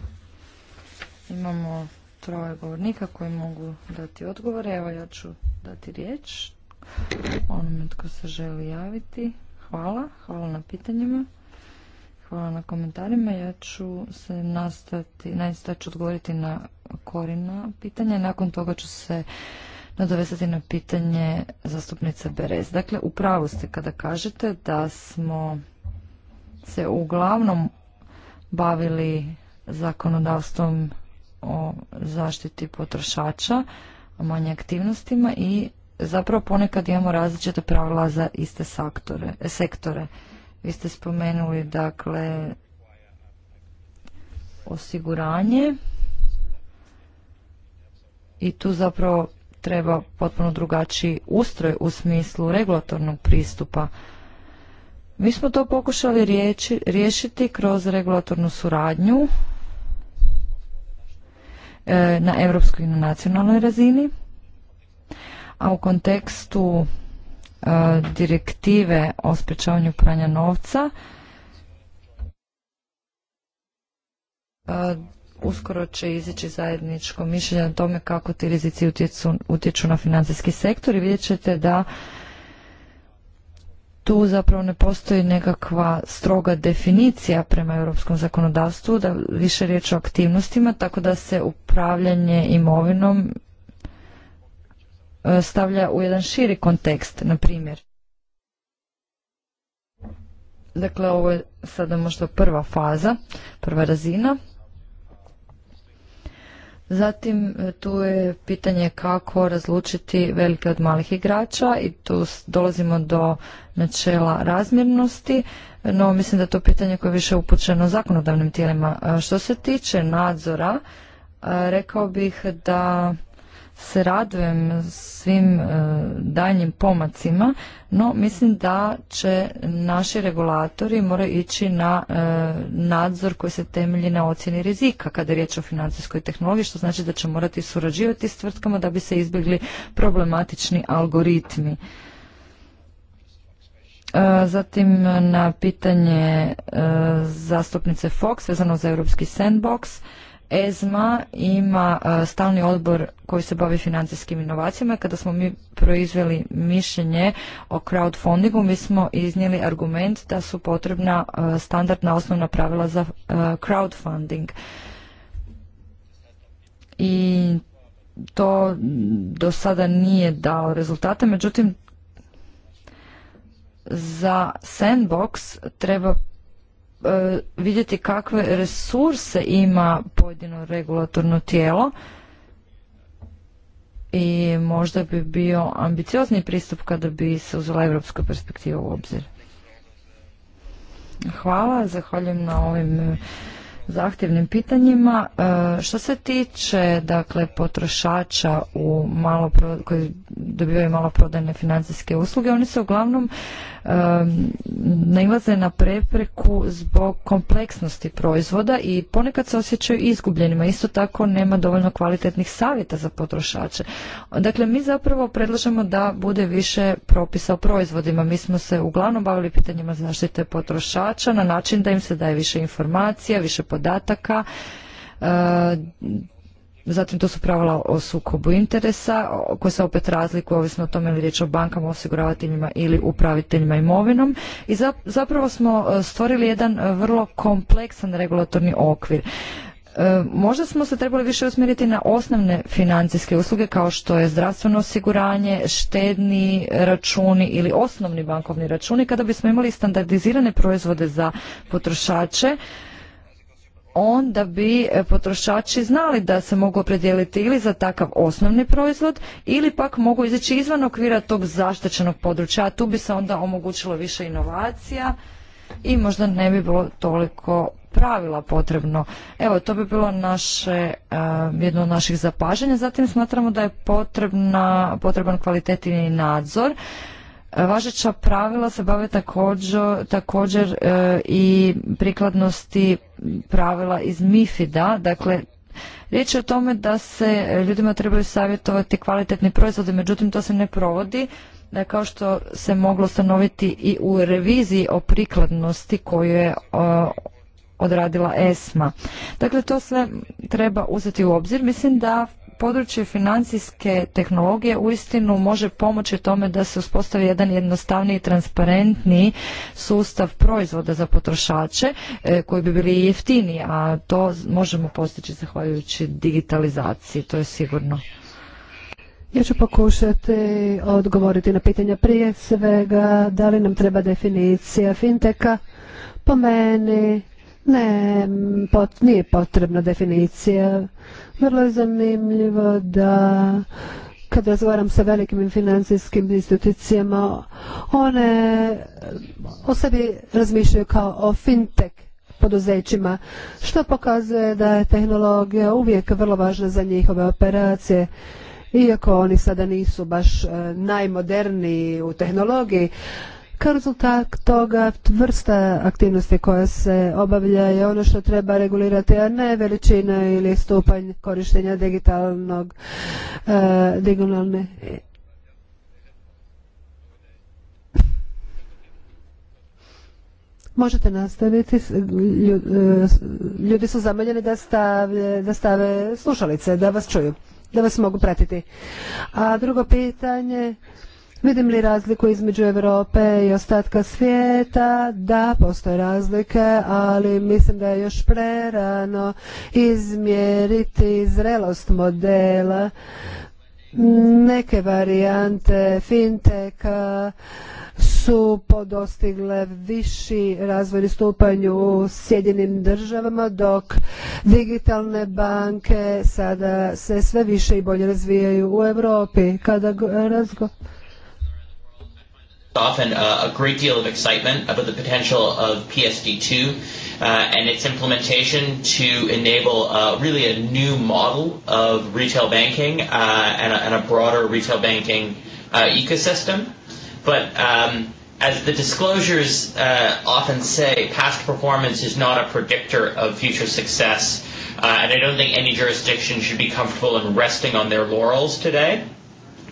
D: Imamo troje govornika koji mogu dati odgovore. Evo ja ću dati riječ onome tko se želi javiti. Hvala, hvala na pitanjima. Hvala na komentarima. Ja ću se nastati, nastaviti ću odgovoriti na korina pitanja. Nakon toga ću se nadovezati na pitanje zastupnice Berez. Dakle, u pravu ste kada kažete da smo se uglavnom bavili zakonodavstvom o zaštiti potrošača, o manje aktivnostima i zapravo ponekad imamo različite pravila za iste saktore, e, sektore. Vi ste spomenuli dakle osiguranje i tu zapravo treba potpuno drugačiji ustroj u smislu regulatornog pristupa. Mi smo to pokušali riješiti kroz regulatornu suradnju e, na europskoj i na nacionalnoj razini a u kontekstu e, direktive o sprečavanju pranja novca e, uskoro će izići zajedničko mišljenje o tome kako ti rizici utječu na financijski sektor i vidjet ćete da tu zapravo ne postoji nekakva stroga definicija prema europskom zakonodavstvu, da više riječ o aktivnostima, tako da se upravljanje imovinom E, stavlja u jedan širi kontekst, na primjer. Dakle, ovo je sada možda prva faza, prva razina. Zatim e, tu je pitanje kako razlučiti velike od malih igrača i tu dolazimo do načela razmjernosti, no mislim da je to pitanje koje je više upućeno zakonodavnim tijelima. E, što se tiče nadzora, rekao bih da se radujem svim e, daljnjim pomacima, no mislim da će naši regulatori moraju ići na e, nadzor koji se temelji na ocjeni rizika kada je riječ o financijskoj tehnologiji, što znači da će morati surađivati s tvrtkama da bi se izbjegli problematični algoritmi. E, zatim na pitanje zastupnice Fox vezano za europski sandbox ESMA ima e, stalni odbor koji se bavi financijskim inovacijama. Kada smo mi proizveli mišljenje o crowdfundingu, mi smo iznijeli argument da su potrebna e, standardna osnovna pravila za e, crowdfunding. I to do sada nije dao rezultate, međutim za sandbox treba E, vidjeti kakve resurse ima pojedino regulatorno tijelo i možda bi bio ambiciozni pristup kada bi se uzela evropska perspektiva u obzir. Hvala, zahvaljujem na ovim zahtjevnim pitanjima. E, što se tiče dakle potrošača u malo koji dobivaju maloprodajne financijske usluge, oni se uglavnom nailaze na prepreku zbog kompleksnosti proizvoda i ponekad se osjećaju izgubljenima. Isto tako nema dovoljno kvalitetnih savjeta za potrošače. Dakle, mi zapravo predlažemo da bude više propisa o proizvodima. Mi smo se uglavnom bavili pitanjima zaštite potrošača na način da im se daje više informacija, više podataka, Zatim to su pravila o sukobu interesa koje se opet razlikuju ovisno o tome li riječ o bankama, osiguravateljima ili upraviteljima imovinom. I zapravo smo e, stvorili jedan e, vrlo kompleksan regulatorni okvir. E, možda smo se trebali više usmjeriti na osnovne financijske usluge kao što je zdravstveno osiguranje, štedni računi ili osnovni bankovni računi kada bismo imali standardizirane proizvode za potrošače onda bi e, potrošači znali da se mogu opredijeliti ili za takav osnovni proizvod ili pak mogu izaći izvan okvira tog zaštićenog područja, tu bi se onda omogućilo više inovacija i možda ne bi bilo toliko pravila potrebno. Evo, to bi bilo naše, e, jedno od naših zapažanja. Zatim smatramo da je potrebna, potreban kvalitetni nadzor Važeća pravila se bave također, e, i prikladnosti pravila iz MIFID-a, dakle Riječ je o tome da se ljudima trebaju savjetovati kvalitetni proizvodi, međutim to se ne provodi, da kao što se moglo stanoviti i u reviziji o prikladnosti koju je odradila ESMA. Dakle, to sve treba uzeti u obzir. Mislim da područje financijske tehnologije uistinu može pomoći tome da se uspostavi jedan jednostavniji, transparentniji sustav proizvoda za potrošače e, koji bi bili jeftiniji, a to možemo postići zahvaljujući digitalizaciji, to je sigurno.
C: Ja ću pokušati odgovoriti na pitanja prije svega da li nam treba definicija finteka. Po meni ne, nije potrebna definicija. Vrlo je zanimljivo da kad razgovaram sa velikim financijskim institucijama, one o sebi razmišljaju kao o fintech poduzećima, što pokazuje da je tehnologija uvijek vrlo važna za njihove operacije. Iako oni sada nisu baš eh, najmoderniji u tehnologiji, kao rezultat toga vrsta aktivnosti koja se obavlja je ono što treba regulirati, a ne veličina ili stupanj korištenja digitalnog, e, digitalne Možete nastaviti. E, ljudi su zamoljeni da da stave slušalice, da vas čuju, da vas mogu pratiti. A drugo pitanje Vidim li razliku između Europe i ostatka svijeta? Da, postoje razlike, ali mislim da je još prerano izmjeriti zrelost modela neke varijante finteka su podostigle viši razvojni stupanju u Sjedinim državama, dok digitalne banke sada se sve više i bolje razvijaju u Europi. Kada razgo
D: often uh, a great deal of
B: excitement about the potential of PSD2 uh, and its implementation to enable uh, really a new model of retail banking uh, and, a, and a broader retail banking uh, ecosystem. But um, as the disclosures uh, often say, past performance is not a predictor of future success. Uh, and I don't think any jurisdiction should be comfortable in resting on their laurels today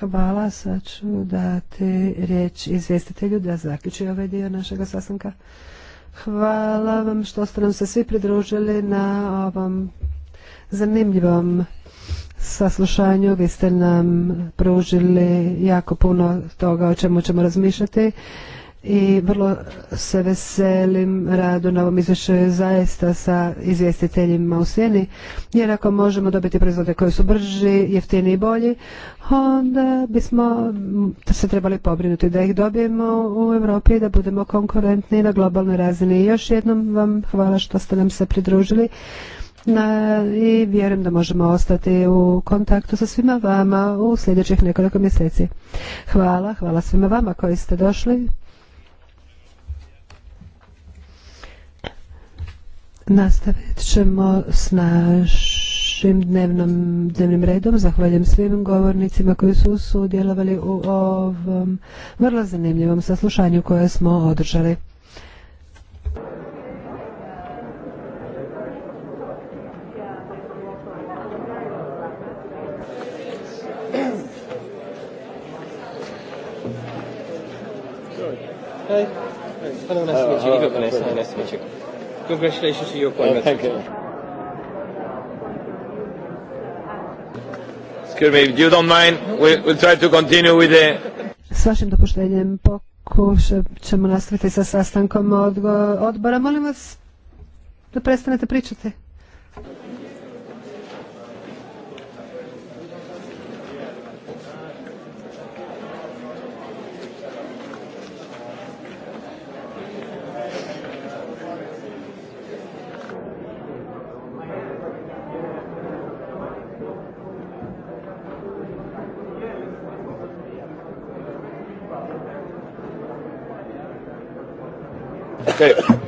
C: Hvala, sad ću dati riječ izvjestitelju da zaključi ovaj dio našega sastanka. Hvala vam što ste nam se svi pridružili na ovom zanimljivom saslušanju. Vi ste nam pružili jako puno toga o čemu ćemo razmišljati i vrlo se veselim radu na ovom izvješću zaista sa izvjestiteljima u sjeni jer ako možemo dobiti proizvode koji su brži, jeftiniji i bolji onda bismo se trebali pobrinuti da ih dobijemo u Europi i da budemo konkurentni na globalnoj razini. I još jednom vam hvala što ste nam se pridružili i vjerujem da možemo ostati u kontaktu sa svima vama u sljedećih nekoliko mjeseci. Hvala, hvala svima vama koji ste došli. Nastavit ćemo s našim dnevnom, dnevnim redom. Zahvaljujem svim govornicima koji su sudjelovali u ovom vrlo zanimljivom saslušanju koje smo održali. Congratulations to your
A: oh, appointment. thank you. Excuse me, if you don't mind, we, we'll try to continue with the...
C: S vašim dopuštenjem pokušat ćemo nastaviti sa sastankom odbora. Molim vas da prestanete pričati.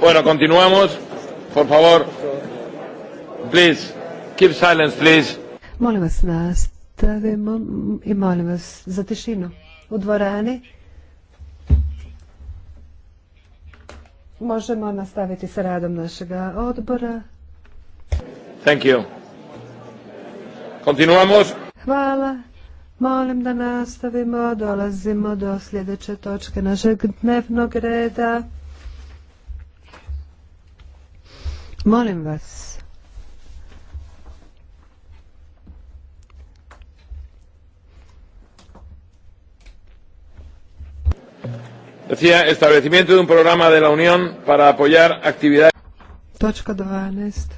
A: Bueno, continuamos. Por favor. Please. Keep silence, please.
C: Molim vas nastavimo i molim vas za tišinu. U dvorani možemo nastaviti sa radom našega odbora.
A: Thank you. Continuamos.
C: Hvala. Molim da nastavimo. Dolazimo do sljedeće točke našeg dnevnog reda. Molim vas.
A: Decía, establecimiento de un programa de la Unión para apoyar actividades.
C: Točka 12.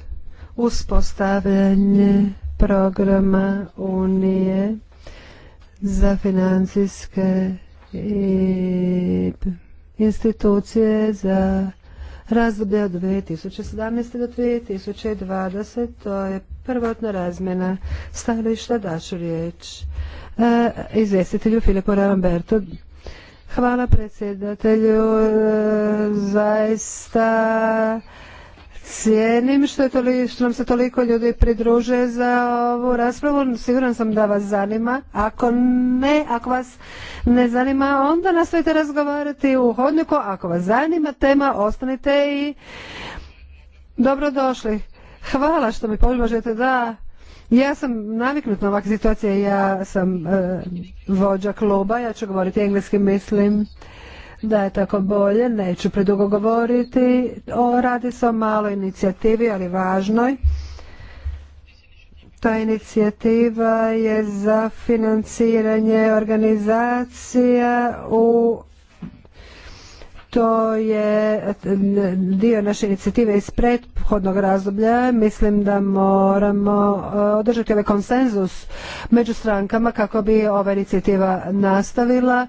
C: Uspostavljanje programa Unije za financijske i institucije za razdoblje od 2017. do 2020. To je prvotna razmjena stajališta daću riječ e, izvjestitelju Filipu Hvala predsjedatelju, e, zaista cijenim što, je toli, što nam se toliko ljudi pridruže za ovu raspravu. Siguran sam da vas zanima. Ako ne, ako vas ne zanima, onda nastavite razgovarati u hodniku. Ako vas zanima tema, ostanite i dobrodošli. Hvala što mi pomažete da ja sam naviknut na ovakve situacije, ja sam eh, vođa kluba, ja ću govoriti engleski, mislim da je tako bolje, neću predugo govoriti. O, radi se o maloj inicijativi, ali važnoj. Ta inicijativa je za financiranje organizacija u to je dio naše inicijative iz prethodnog razdoblja. Mislim da moramo e, održati ovaj konsenzus među strankama kako bi ova inicijativa nastavila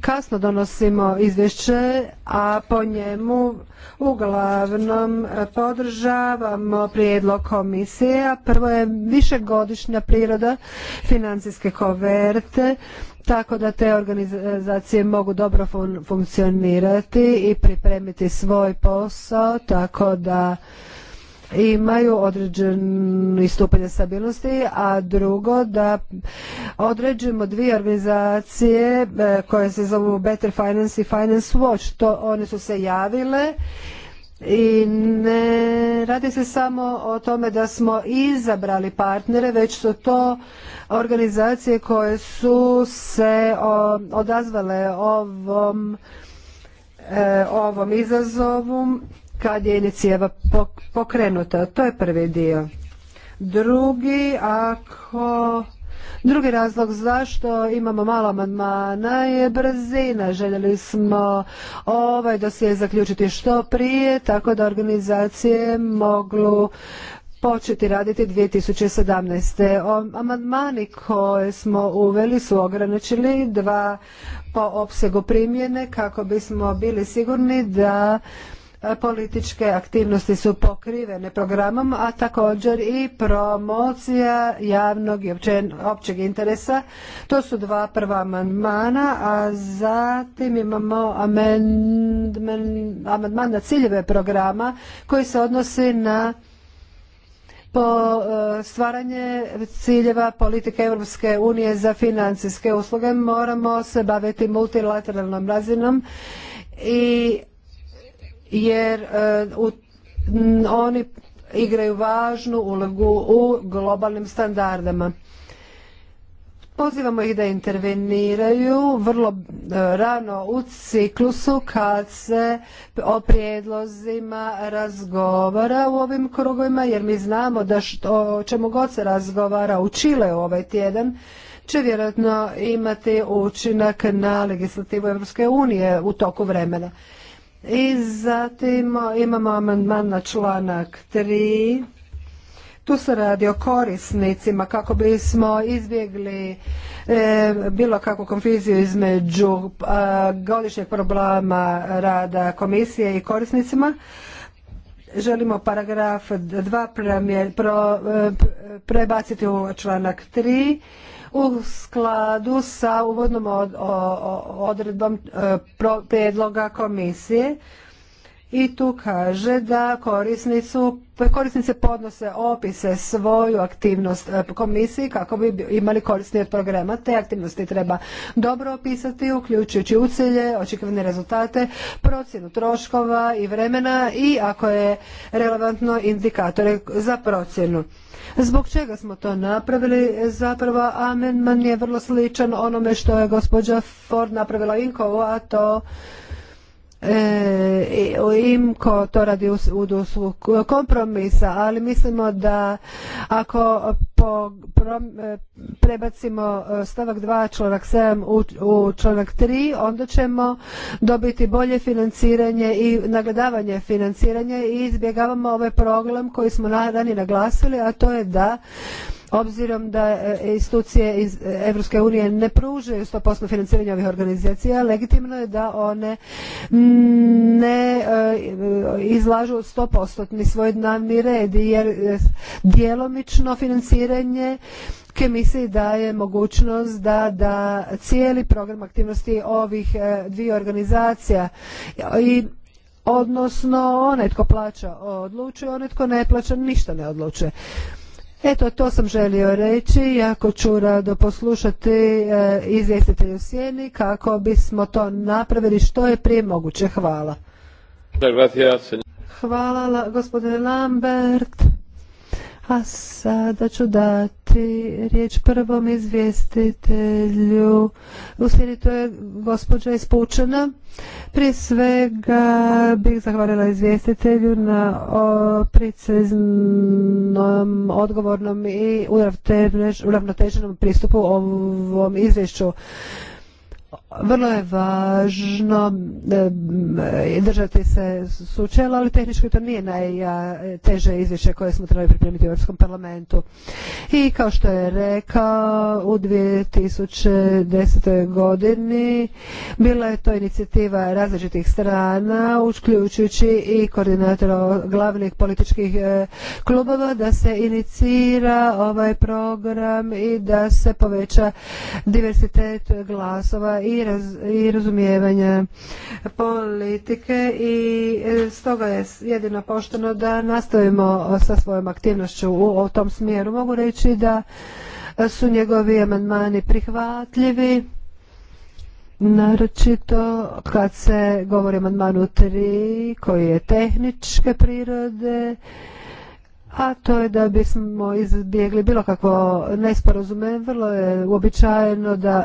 C: kasno donosimo izvješće, a po njemu uglavnom podržavamo prijedlog komisije, prvo je višegodišnja priroda financijske koverte, tako da te organizacije mogu dobro funkcionirati i pripremiti svoj posao, tako da imaju određeni stupanj stabilnosti, a drugo da određujemo dvije organizacije e, koje se zovu Better Finance i Finance Watch. To, one su se javile i ne radi se samo o tome da smo izabrali partnere, već su to organizacije koje su se odazvale ovom, e, ovom izazovu kad je inicijeva pokrenuta. To je prvi dio. Drugi, ako... Drugi razlog zašto imamo malo amandmana je brzina. Željeli smo ovaj dosije zaključiti što prije, tako da organizacije moglu početi raditi 2017. Amandmani koje smo uveli su ograničili dva po opsegu primjene kako bismo bili sigurni da političke aktivnosti su pokrivene programom, a također i promocija javnog i općeg interesa. To su dva prva amandmana, a zatim imamo amandman na ciljeve programa koji se odnosi na po e, stvaranje ciljeva politike Europske unije za financijske usluge moramo se baviti multilateralnom razinom i jer e, oni igraju važnu ulogu u globalnim standardama. Pozivamo ih da interveniraju vrlo e, rano u ciklusu kad se o prijedlozima razgovara u ovim krugovima jer mi znamo da o čemu god se razgovara u Čile ovaj tjedan će vjerojatno imati učinak na legislativu Europske unije u toku vremena. I zatim imamo amandman na članak 3. Tu se radi o korisnicima kako bismo izbjegli e, bilo kakvu konfiziju između godišnjeg problema rada komisije i korisnicima. Želimo paragraf 2 e, prebaciti u članak 3 u skladu sa uvodnom odredbom e, predloga komisije i tu kaže da korisnicu, korisnice podnose opise svoju aktivnost e, komisiji kako bi imali korisni od programa. Te aktivnosti treba dobro opisati, uključujući ucelje, očekivane rezultate, procjenu troškova i vremena i ako je relevantno indikatore za procjenu. Zbog čega smo to napravili? Zapravo, amendman je vrlo sličan onome što je gospođa Ford napravila Inkovo, a to E, imko to radi u, u kompromisa, ali mislimo da ako po, e, prebacimo e, stavak 2 članak 7 u, u članak 3, onda ćemo dobiti bolje financiranje i nagledavanje financiranja i izbjegavamo ovaj problem koji smo ranije naglasili, a to je da Obzirom da e, institucije iz Europske unije ne pružaju 100% financiranje ovih organizacija, legitimno je da one ne e, izlažu 100% ni svoj dnevni red, jer e, djelomično financiranje Kemisiji daje mogućnost da, da cijeli program aktivnosti ovih dvije organizacija i odnosno onaj tko plaća odlučuje, onaj tko ne plaća ništa ne odlučuje. Eto, to sam želio reći, jako ću rado poslušati e, izvjestitelju Sjeni kako bismo to napravili što je prije moguće. Hvala. Hvala gospodine Lambert. A sada ću dati riječ prvom izvjestitelju. U slijedi to je gospođa Ispučena. Prije svega bih zahvalila izvjestitelju na preciznom, odgovornom i uravnoteženom pristupu ovom izvješću vrlo je važno eh, držati se sučela, ali tehnički to nije najteže izvješće koje smo trebali pripremiti u Europskom parlamentu. I kao što je rekao, u 2010. godini bila je to inicijativa različitih strana, uključujući i koordinatora glavnih političkih eh, klubova, da se inicira ovaj program i da se poveća diversitet glasova i i, razumijevanja politike i e, stoga je jedino pošteno da nastavimo sa svojom aktivnošću u, tom smjeru. Mogu reći da su njegovi amandmani prihvatljivi naročito kad se govori o amandmanu 3 koji je tehničke prirode a to je da bismo izbjegli bilo kakvo nesporazume vrlo je uobičajeno da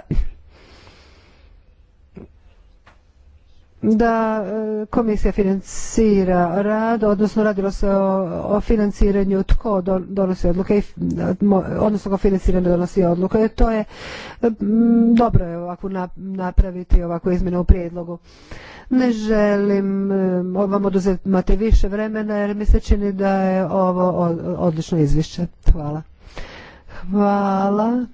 C: da e, komisija financira rad, odnosno radilo se o, financiranju tko donosi odluke, odnosno ko financiranje donosi odluke. To je e, dobro je ovako napraviti ovako izmjenu u prijedlogu. Ne želim e, vam oduzeti više vremena jer mi se čini da je ovo odlično izvješće. Hvala. Hvala.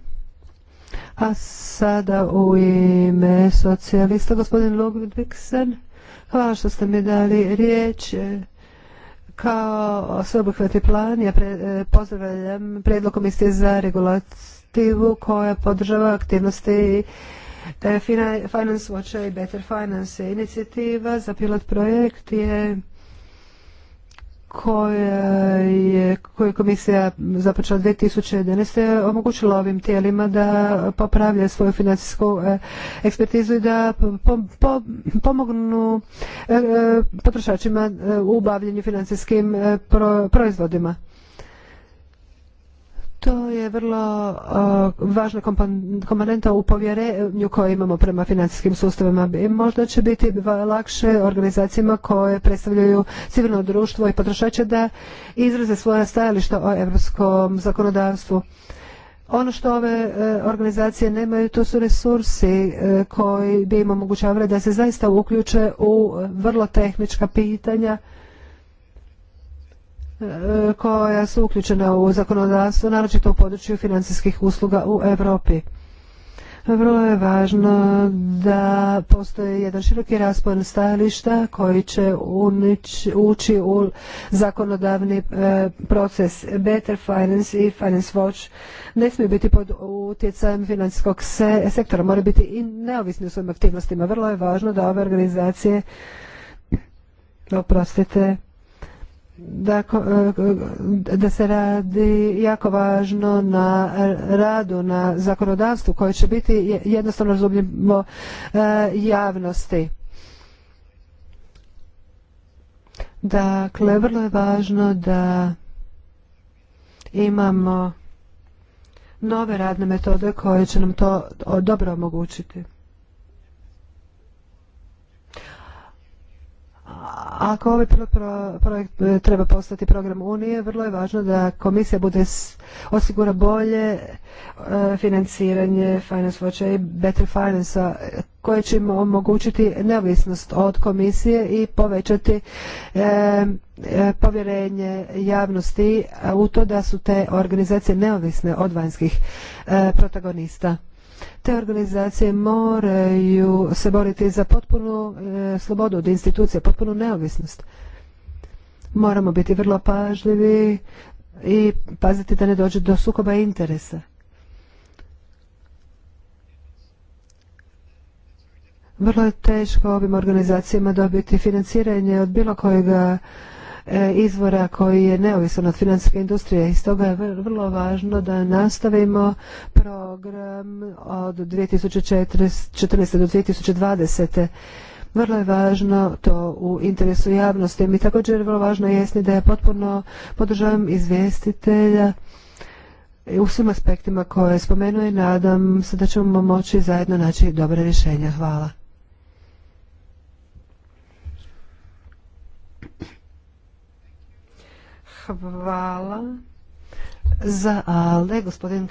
C: A sada u ime socijalista gospodin Ludvigsen. Hvala što ste mi dali riječ. Kao sveobuhvatni plan ja e, pozdravljam prijedlog komisije za regulativu koja podržava aktivnosti e, Finance Watcha i Better Finance inicijativa za pilot projekt je koje je, koju je komisija započela 2011. omogućila ovim tijelima da popravlja svoju financijsku e, ekspertizu i da pomognu e, e, potrošačima u bavljenju financijskim proizvodima. To je vrlo važna komponenta u povjerenju koje imamo prema financijskim sustavima. možda će biti lakše organizacijama koje predstavljaju civilno društvo i potrošače da izraze svoja stajališta o europskom zakonodavstvu. Ono što ove e, organizacije nemaju, to su resursi e, koji bi im omogućavali da se zaista uključe u vrlo tehnička pitanja E, koja su uključena u zakonodavstvo, naročito u području financijskih usluga u Europi. Vrlo je važno da postoji jedan široki raspon stajališta koji će ući u zakonodavni e, proces. Better Finance i Finance Watch ne smije biti pod utjecajem financijskog sektora, mora biti i neovisni u svojim aktivnostima. Vrlo je važno da ove organizacije, oprostite, da, e, e, da se radi jako važno na radu, na zakonodavstvu koje će biti jednostavno razumljivo e, javnosti. Dakle, vrlo je važno da imamo nove radne metode koje će nam to dobro omogućiti. ako ovaj projekt e, treba postati program Unije, vrlo je važno da komisija bude osigura bolje e, financiranje Finance Watcha i Better Finance koje će im omogućiti neovisnost od komisije i povećati e, povjerenje javnosti u to da su te organizacije neovisne od vanjskih protagonista. Te organizacije moraju se boriti za potpunu e, slobodu od institucije, potpunu neovisnost. Moramo biti vrlo pažljivi i paziti da ne dođe do sukoba interesa. Vrlo je teško ovim organizacijama dobiti financiranje od bilo kojega E, izvora koji je neovisan od financijske industrije i stoga je vrlo važno da nastavimo program od 2014. do 2020. Vrlo je važno to u interesu javnosti. Mi također je vrlo važno jesni da ja potpuno podržavam izvjestitelja u svim aspektima koje spomenuje i nadam se da ćemo moći zajedno naći dobre rješenja. Hvala. Hvala. Za ale, gospodin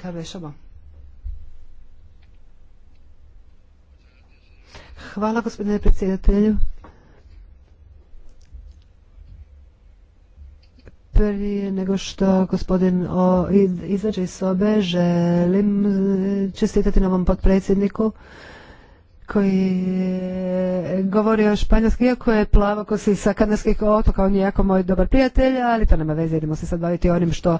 C: Hvala, gospodine predsjedatelju. prije nego što gospodin izađe iz sobe, želim čestitati novom potpredsjedniku koji govori o španjolski, iako je plavo ko si sa kanarskih otoka, on je jako moj dobar prijatelj, ali to nema veze, idemo se sad baviti onim što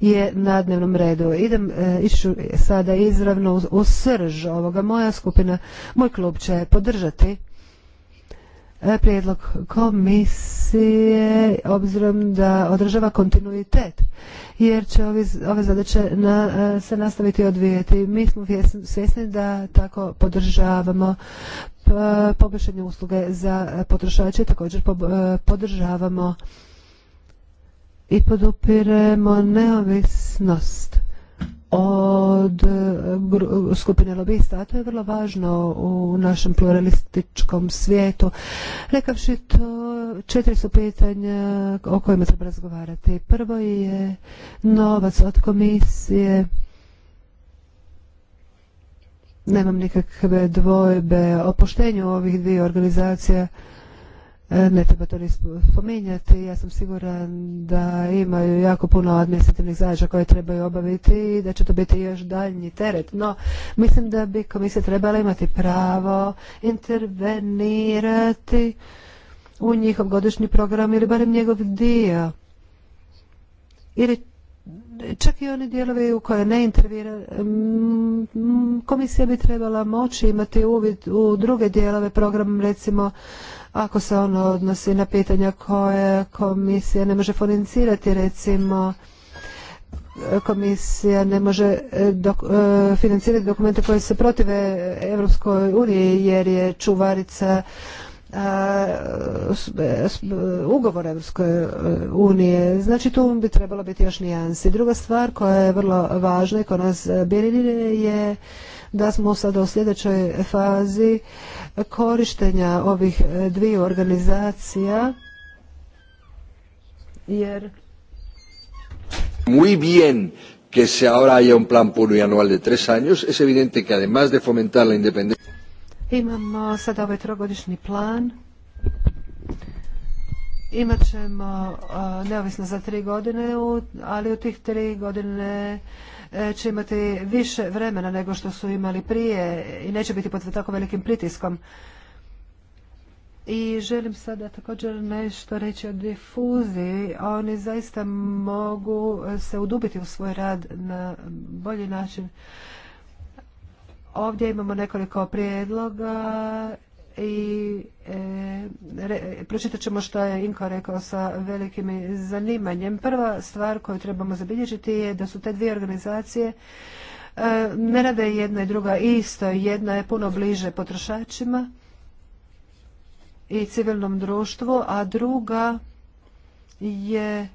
C: je na dnevnom redu. Idem, e, išću sada izravno u srž ovoga. Moja skupina, moj klub će podržati E, prijedlog komisije obzirom da održava kontinuitet jer će ove zadaće na, e, se nastaviti odvijeti. Mi smo svjesni da tako podržavamo poboljšanje usluge za potrošače, također e, podržavamo i podupiremo neovisnost od e, skupine lobista, a to je vrlo važno u našem pluralističkom svijetu. Rekavši to, četiri su pitanja o kojima treba razgovarati. Prvo je novac od komisije. Nemam nikakve dvojbe o poštenju ovih dvije organizacija E, ne treba to ni spominjati. Ja sam siguran da imaju jako puno administrativnih zadaća koje trebaju obaviti i da će to biti još daljnji teret. No, mislim da bi komisija trebala imati pravo intervenirati u njihov godišnji program ili barem njegov dio. Ili čak i oni dijelovi u koje ne intervira, komisija bi trebala moći imati uvid u druge dijelove program, recimo ako se ono odnosi na pitanja koje komisija ne može financirati, recimo komisija ne može e, e, financirati dokumente koje se protive Europskoj uniji jer je čuvarica ugovor Europskoj unije. Znači tu bi trebalo biti još nijansi. Druga stvar koja je vrlo važna i koja nas brine je da smo sada u sljedećoj fazi korištenja ovih e, dviju organizacija jer
A: Muy bien que se ahora haya un plan plurianual de tres años, es evidente que además de fomentar la independencia.
C: Imamo sada ovaj trogodišnji plan. Imat ćemo e, neovisno za tri godine, ali u tih tri godine E, će imati više vremena nego što su imali prije i neće biti pod tako velikim pritiskom. I želim sada također nešto reći o difuziji. Oni zaista mogu se udubiti u svoj rad na bolji način. Ovdje imamo nekoliko prijedloga i e, pročitat ćemo što je Inko rekao sa velikim zanimanjem. Prva stvar koju trebamo zabilježiti je da su te dvije organizacije e, ne rade jedna i druga isto. Jedna je puno bliže potrošačima i civilnom društvu, a druga je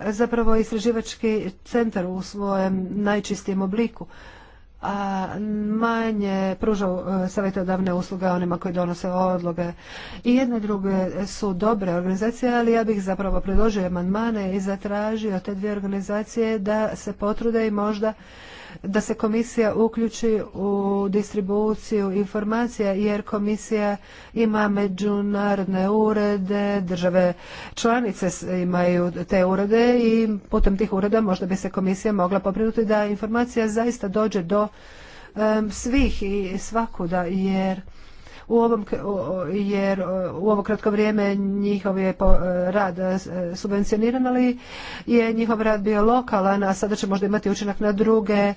C: zapravo istraživački centar u svojem najčistijem obliku a manje pružao e, savjetodavne usluge onima koji donose odloge. I jedne i druge su dobre organizacije, ali ja bih zapravo predložio amandmane i zatražio te dvije organizacije da se potrude i možda da se komisija uključi u distribuciju informacija jer komisija ima međunarodne urede, države članice imaju te urede i putem tih ureda možda bi se komisija mogla pobrinuti da informacija zaista dođe do svih i svakuda jer u ovom, jer u ovo kratko vrijeme njihov je e, rad e, e, subvencioniran, ali je njihov rad bio lokalan, a sada će možda imati učinak na druge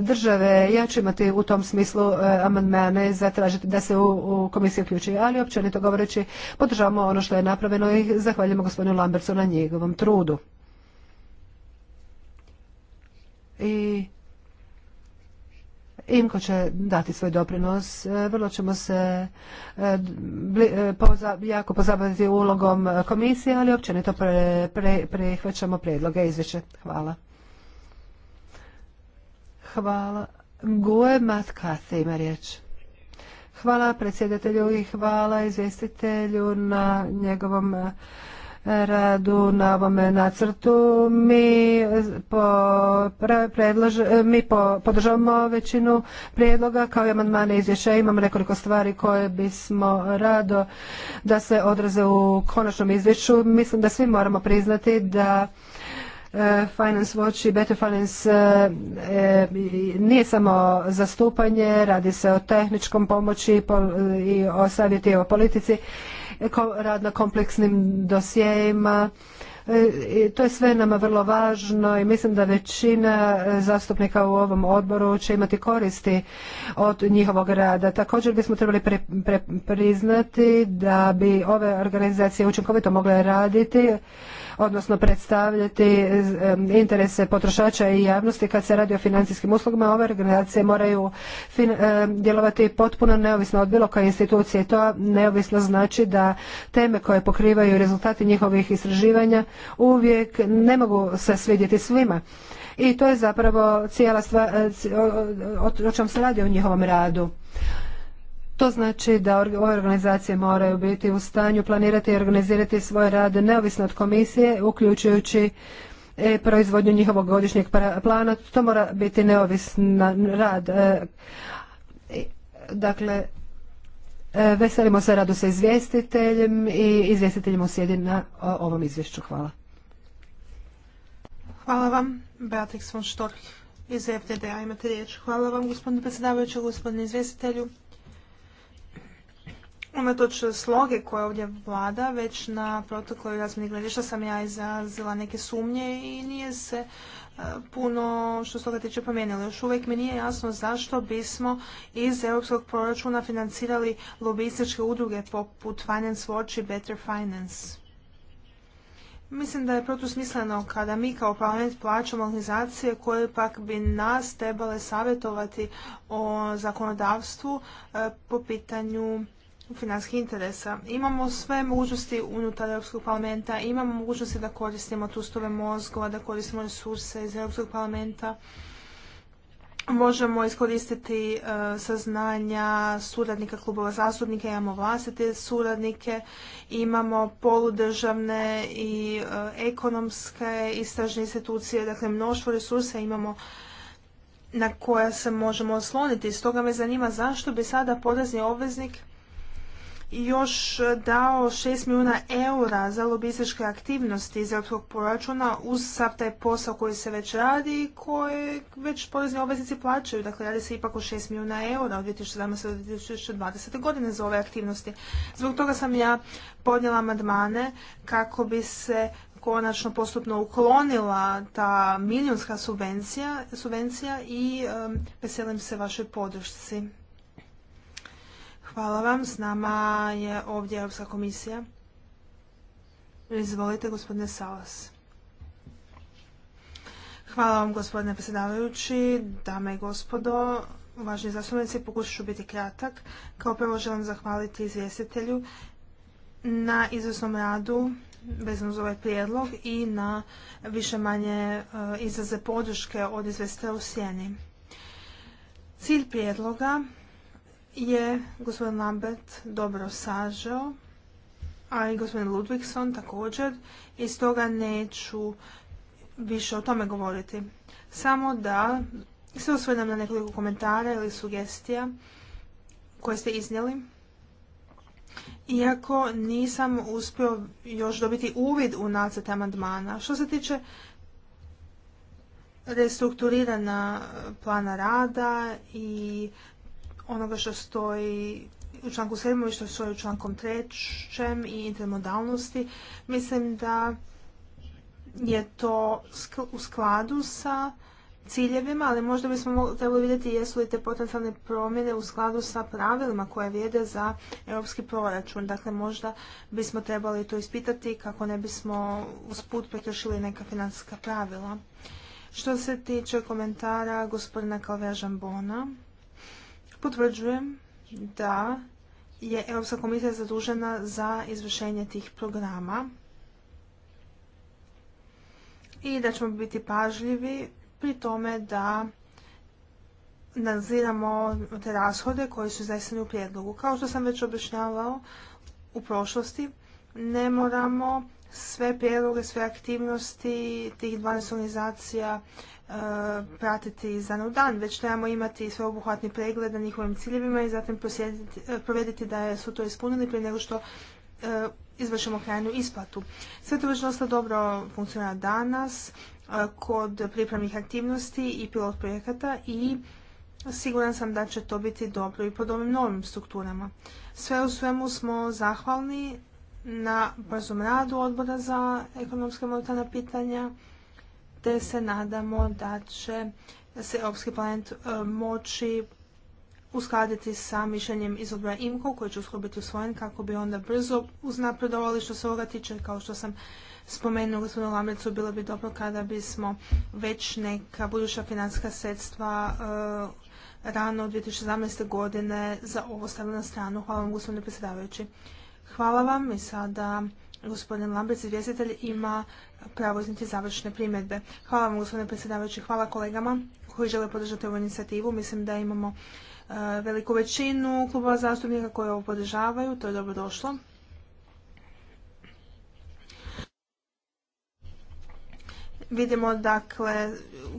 C: države. Ja ću imati u tom smislu amandmane zatražiti da se u komisiju uključi, ali općenito govoreći podržavamo ono što je napravljeno i zahvaljujemo gospodinu Lambercu na njegovom trudu. I Imko će dati svoj doprinos. E, vrlo ćemo se e, e, jako pozabaviti ulogom komisije, ali općenito ne to prihvaćamo predloge izvješća. Hvala. Hvala. Gue ima riječ. Hvala predsjedatelju i hvala izvjestitelju na njegovom radu na ovome nacrtu. Mi, eh, po, eh, mi podržavamo većinu prijedloga kao i amandmane izvješća. Imamo nekoliko stvari koje bismo rado da se odraze u konačnom izvješću. Mislim da svi moramo priznati da eh, Finance Watch i Better Finance nije samo zastupanje, radi se o tehničkom pomoći i o savjeti o politici rad na kompleksnim dosjejima. E, to je sve nama vrlo važno i mislim da većina e, zastupnika u ovom odboru će imati koristi od njihovog rada. Također bismo trebali pre, priznati da bi ove organizacije učinkovito mogle raditi odnosno predstavljati interese potrošača i javnosti kad se radi o financijskim uslugama. Ove organizacije moraju djelovati potpuno neovisno od bilo koje institucije. To neovisno znači da teme koje pokrivaju rezultati njihovih istraživanja uvijek ne mogu se svidjeti svima. I to je zapravo cijela stvar, o čem se radi u njihovom radu. To znači da ove organizacije moraju biti u stanju planirati i organizirati svoj rad neovisno od komisije, uključujući e, proizvodnju njihovog godišnjeg plana. To mora biti neovisna rad. E, dakle, e, veselimo se radu sa izvjestiteljem i izvjestiteljem usjedi na ovom izvješću. Hvala.
B: Hvala vam, Beatrix von Storch iz fdd imate riječ. Hvala vam, gospodine predsjedavajući, gospodine izvjestitelju. Unatoč sloge koja ovdje vlada, već na protokolu razmjeni gledišta sam ja izrazila neke sumnje i nije se e, puno što se toga tiče promijenilo. Još uvijek mi nije jasno zašto bismo iz europskog proračuna financirali lobističke udruge poput Finance Watch i Better Finance. Mislim da je protusmisleno kada mi kao parlament plaćamo organizacije koje pak bi nas trebale savjetovati o zakonodavstvu e, po pitanju financijskih interesa. Imamo sve mogućnosti unutar Europskog parlamenta, imamo mogućnosti da koristimo tustove mozgova, da koristimo resurse iz Europskog parlamenta. Možemo iskoristiti e, saznanja suradnika klubova zastupnika, imamo vlastite suradnike, imamo poludržavne i e, ekonomske istražne institucije, dakle mnoštvo resursa imamo na koja se možemo osloniti. Stoga me zanima zašto bi sada porezni obveznik još dao 6 milijuna eura za lobističke aktivnosti iz europskog proračuna uz sav taj posao koji se već radi i koji već porezni obveznici plaćaju. Dakle, radi se ipak o 6 milijuna eura od 2017. do 2020. godine za ove aktivnosti. Zbog toga sam ja podnijela amandmane kako bi se konačno postupno uklonila ta milijunska subvencija, subvencija i veselim se vašoj podršci. Hvala vam. S nama je ovdje Europska komisija. Izvolite, gospodine Salas. Hvala vam, gospodine predsjedavajući, dame i gospodo, uvaženi zastupnici, pokušat ću biti kratak. Kao prvo želim zahvaliti izvjestitelju na izvrsnom radu vezano uz ovaj prijedlog i na više manje e, izraze podrške od izvjestitelja u sjeni. Cilj prijedloga je gospodin Lambert dobro sažao, a i gospodin Ludvigson također, i stoga neću više o tome govoriti. Samo da se osvrnem na nekoliko komentara ili sugestija koje ste iznijeli. Iako nisam uspio još dobiti uvid u nacrte amandmana. Što se tiče restrukturirana plana rada i onoga što stoji u članku 7. i što stoji u člankom 3. i intermodalnosti, mislim da je to u skladu sa ciljevima, ali možda bismo trebali vidjeti jesu li te potencijalne promjene u skladu sa pravilima koje vrijede za europski proračun. Dakle, možda bismo trebali to ispitati kako ne bismo usput prekršili neka financijska pravila. Što se tiče komentara gospodina Kalveja potvrđujem da je Europska komisija zadužena za izvršenje tih programa i da ćemo biti pažljivi pri tome da nadziramo te rashode koji su izneseni u prijedlogu. Kao što sam već objašnjavao u prošlosti, ne moramo sve prijedloge, sve aktivnosti tih 12 organizacija pratiti iz dan u dan, već trebamo imati sveobuhvatni pregled na njihovim ciljevima i zatim provjeriti da su to ispunili prije nego što e, izvršimo krajnu isplatu. Sve to već dosta dobro funkcionira danas e, kod pripremnih aktivnosti i pilot projekata i siguran sam da će to biti dobro i pod ovim novim strukturama. Sve u svemu smo zahvalni na brzom radu odbora za ekonomske monetarne pitanja te se nadamo da će se Europski parlament e, moći uskladiti sa mišljenjem iz odbora IMCO koji će uskoro biti usvojen kako bi onda brzo uznapredovali što se ovoga tiče. Kao što sam spomenuo gospodinu Lamrecu, bilo bi dobro kada bismo već neka buduća financijska sredstva e, rano rano 2017. godine za ovo stavili na stranu. Hvala vam gospodine predsjedavajući. Hvala vam i sada gospodin Lambrec, izvjestitelj, ima pravo završne primjedbe. Hvala vam gospodine predsjedavajući, hvala kolegama koji žele podržati ovu inicijativu. Mislim da imamo e, veliku većinu klubova zastupnika koji ovo podržavaju, to je dobro došlo. Vidimo dakle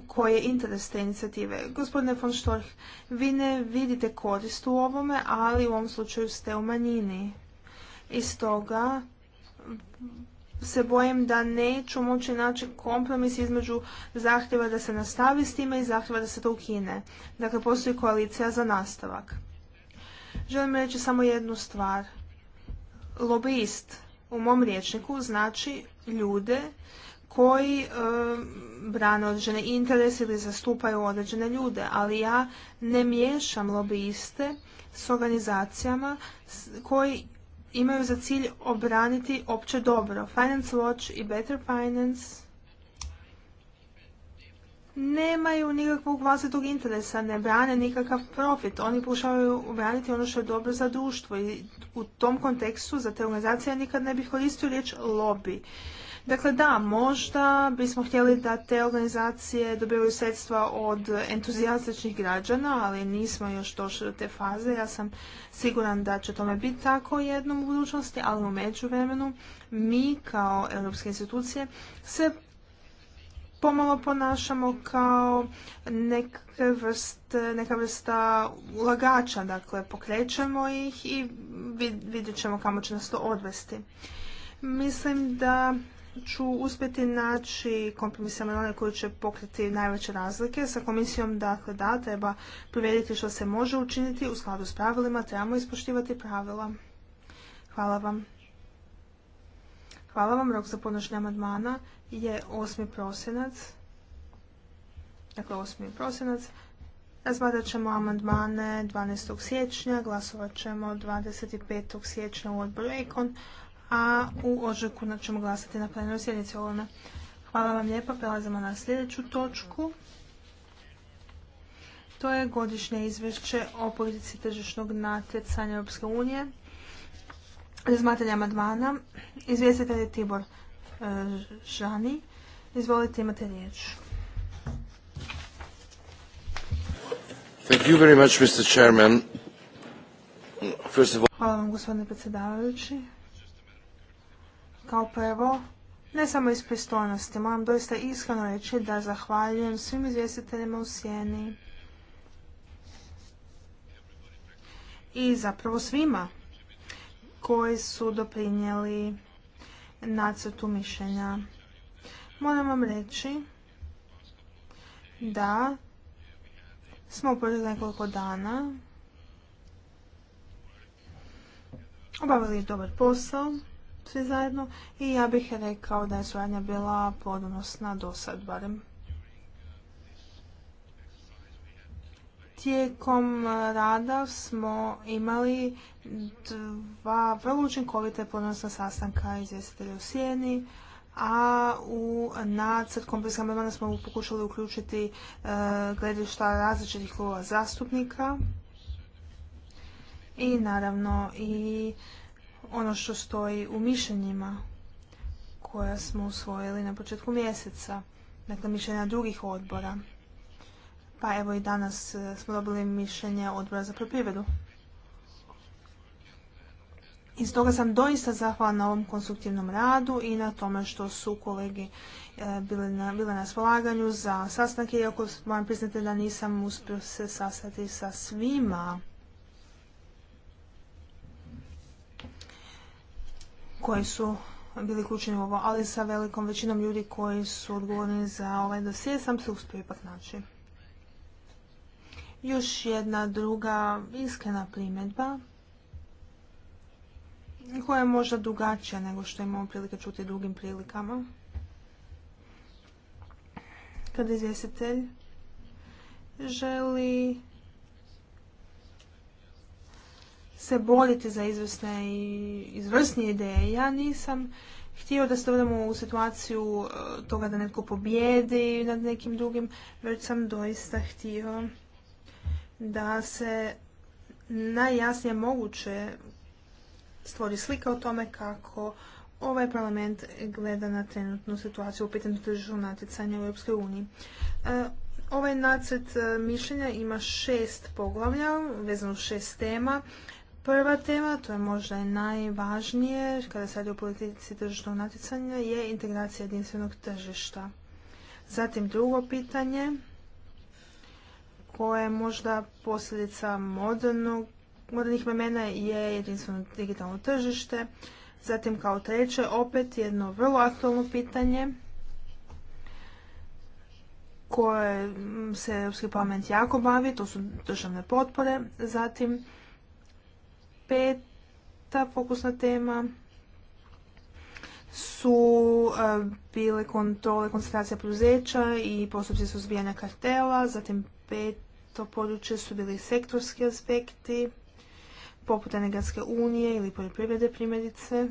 B: koji je interes te inicijative. Gospodine von Storch, vi ne vidite korist u ovome, ali u ovom slučaju ste u manjini. I toga se bojim da neću moći naći kompromis između zahtjeva da se nastavi s time i zahtjeva da se to ukine. Dakle, postoji koalicija za nastavak. Želim reći samo jednu stvar. Lobist u mom rječniku znači ljude koji e, brane određene interese ili zastupaju određene ljude, ali ja ne miješam lobiste s organizacijama koji imaju za cilj obraniti opće dobro. Finance Watch i Better Finance nemaju nikakvog vlastitog interesa, ne brane nikakav profit. Oni pokušavaju obraniti ono što je dobro za društvo i u tom kontekstu za te organizacije ja nikad ne bih koristio riječ lobby. Dakle, da, možda bismo htjeli da te organizacije dobivaju sredstva od entuzijastičnih građana, ali nismo još došli do te faze. Ja sam siguran da će tome biti tako jednom u budućnosti, ali u međuvremenu mi kao europske institucije se pomalo ponašamo kao neka vrsta ulagača, dakle pokrećemo ih i vidjet ćemo kamo će nas to odvesti. Mislim da ću uspjeti naći kompromis amandmane koji će pokriti najveće razlike sa komisijom. Dakle, da, treba provjeriti što se može učiniti u skladu s pravilima, trebamo ispoštivati pravila. Hvala vam. Hvala vam, rok za podnošenje amandmana je 8. prosinac. Dakle, 8. prosinac. Razmatrat ćemo amandmane 12. siječnja, glasovat ćemo 25. siječnja u odboru Ekon, a u ožujku ćemo glasati na plenarnoj sjednici ovome. Hvala vam lijepa, prelazimo na sljedeću točku. To je godišnje izvješće o politici tržišnog natjecanja Europske unije. Razmatranje amandmana. Izvjestitelj je Tibor e, Žani. Izvolite, imate riječ. Hvala vam, gospodine predsjedavajući. Kao prvo, ne samo iz pristojnosti, moram doista iskreno reći da zahvaljujem svim izvjestiteljima u Sjeni i zapravo svima koji su doprinijeli nacrtu mišljenja. Moram vam reći da smo u nekoliko dana obavili dobar posao svi zajedno i ja bih rekao da je suradnja bila podnosna do sad barem. Tijekom rada smo imali dva vrlo učinkovite ponosna sastanka izvjestitelja u Sijeni, a u nacrt kompleksa smo pokušali uključiti e, gledišta različitih klubova zastupnika i naravno i ono što stoji u mišljenjima koja smo usvojili na početku mjeseca, dakle mišljenja drugih odbora. Pa evo i danas e, smo dobili mišljenje odbora za poljoprivredu. I stoga sam doista zahvalna na ovom konstruktivnom radu i na tome što su kolegi e, bile na, bile na raspolaganju za sastanke, iako vam priznate da nisam uspio se sastati sa svima koji su bili uključeni u ovo, ali sa velikom većinom ljudi koji su odgovorni za ovaj dosije sam se uspio ipak naći. Još jedna druga iskrena primjedba koja je možda drugačija nego što imamo prilike čuti drugim prilikama. Kada izvjestitelj želi se boriti za izvrsne i izvrsnije ideje. Ja nisam htio da se dovedemo u situaciju e, toga da netko pobjedi nad nekim drugim, već sam doista htio da se najjasnije moguće stvori slika o tome kako ovaj parlament gleda na trenutnu situaciju u pitanju tržišnog natjecanja u Europskoj uniji. E, ovaj nacrt e, mišljenja ima šest poglavlja, vezano šest tema. Prva tema, to je možda i najvažnije kada se radi o politici tržišnog natjecanja, je integracija jedinstvenog tržišta. Zatim drugo pitanje, koje je možda posljedica modernih vremena je jedinstveno digitalno tržište. Zatim kao treće, opet jedno vrlo aktualno pitanje koje se Europski parlament jako bavi, to su državne potpore. Zatim peta fokusna tema su e, bile kontrole koncentracija poduzeća i postupci suzbijanja kartela, zatim peto područje su bili sektorski aspekti, poput energetske unije ili poljoprivrede primjerice.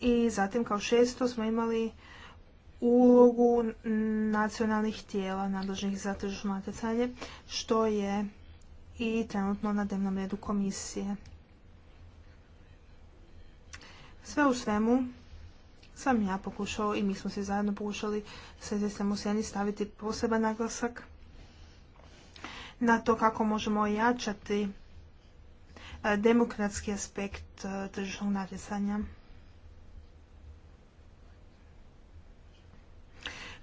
B: I zatim kao šesto smo imali ulogu nacionalnih tijela nadležnih za tržišno natjecanje, što je i trenutno na dnevnom redu komisije. Sve u svemu sam ja pokušao i mi smo se zajedno pokušali sa u sjeni staviti poseban naglasak na to kako možemo ojačati e, demokratski aspekt e, tržišnog natjecanja.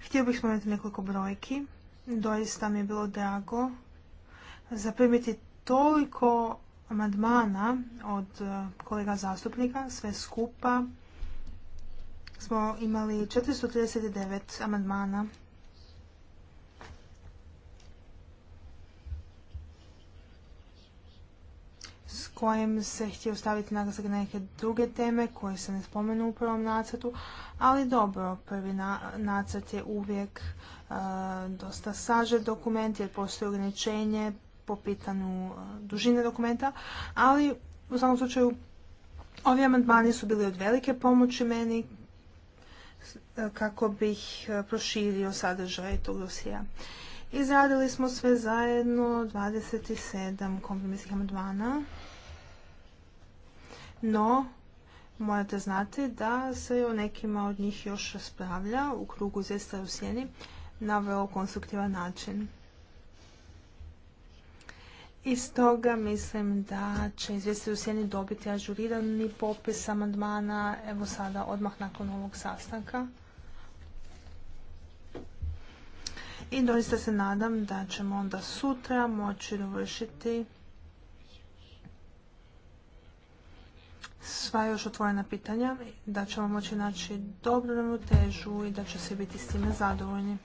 B: Htio bih spomenuti nekoliko brojki. Doista mi je bilo drago zaprimiti toliko amandmana od e, kolega zastupnika, sve skupa smo imali 439 amandmana. s kojim se htio staviti naglasak na neke druge teme koje se ne spomenu u prvom nacrtu, ali dobro, prvi nacrt je uvijek e, dosta sažet dokument jer postoji ograničenje po pitanju e, dužine dokumenta, ali u samom slučaju ovi amandmani su bili od velike pomoći meni e, kako bih e, proširio sadržaj tog dosija. Izradili smo sve zajedno 27 kompromisnih amandmana, no morate znati da se o nekima od njih još raspravlja u krugu Zestara u sjeni na vrlo konstruktivan način. I stoga mislim da će izvijesti u sjeni dobiti ažurirani popis amandmana evo sada odmah nakon ovog sastanka. I doista se nadam da ćemo onda sutra moći dovršiti sva još otvorena pitanja, da ćemo moći naći dobru ravnotežu i da će svi biti s time zadovoljni.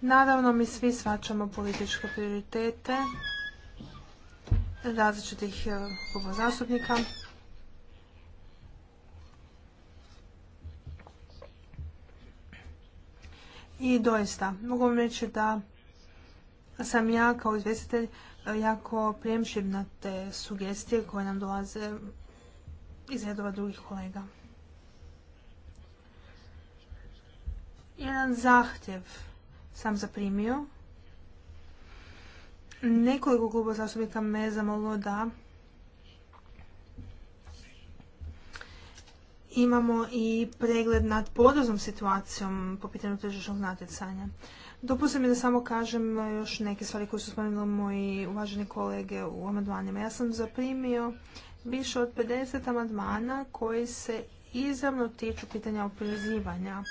B: Naravno, mi svi svačamo političke prioritete različitih eh, kluba zastupnika. I doista, mogu vam reći da sam ja kao izvjestitelj eh, jako prijemšiv na te sugestije koje nam dolaze iz redova drugih kolega. Jedan zahtjev sam zaprimio. Nekoliko kluba zastupnika me zamolilo da imamo i pregled nad podoznom situacijom po pitanju tržišnog natjecanja. Dopustite mi da samo kažem još neke stvari koje su spomenuli moji uvaženi kolege u amandmanima. Ja sam zaprimio više od 50 amandmana koji se izravno tiču pitanja oporezivanja.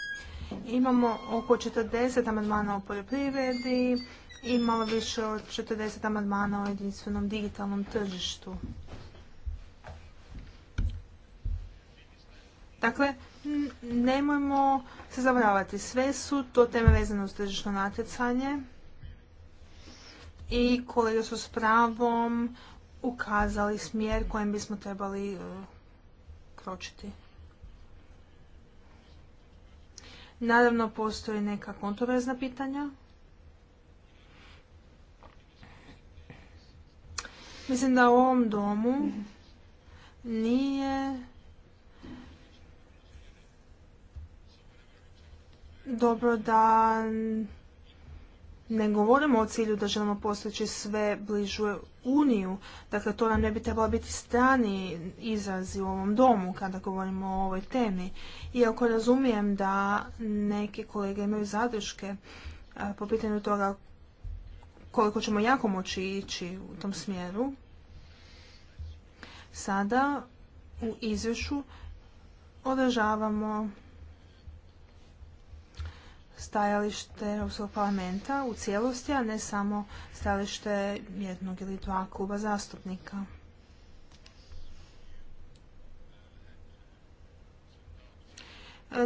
B: Imamo oko 40 amandmana o poljoprivredi i malo više od 40 amandmana o jedinstvenom digitalnom tržištu. Dakle, nemojmo se zavaravati. Sve su to teme vezane uz tržišno natjecanje i kolege su s pravom ukazali smjer kojem bismo trebali e, kročiti. Naravno, postoje neka kontroverzna pitanja. Mislim da u ovom domu nije dobro da ne govorimo o cilju da želimo postići sve bližu uniju, dakle to nam ne bi trebalo biti strani izrazi u ovom domu kada govorimo o ovoj temi. Iako razumijem da neki kolege imaju zadrške po pitanju toga koliko ćemo jako moći ići u tom smjeru, sada u izvješću odražavamo stajalište Europskog parlamenta u cijelosti, a ne samo stajalište jednog ili dva kluba zastupnika.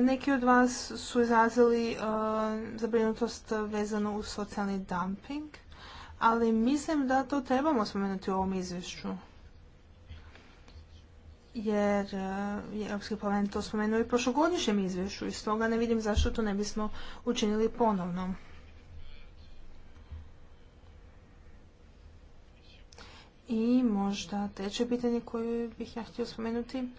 B: Neki od vas su izrazili e, zabrinutost vezano uz socijalni dumping, ali mislim da to trebamo spomenuti u ovom izvješću jer e, je Europski parlament to spomenuo i prošlogodišnjem izvješću i stoga ne vidim zašto to ne bismo učinili ponovno. I možda treće pitanje koje bih ja htio spomenuti,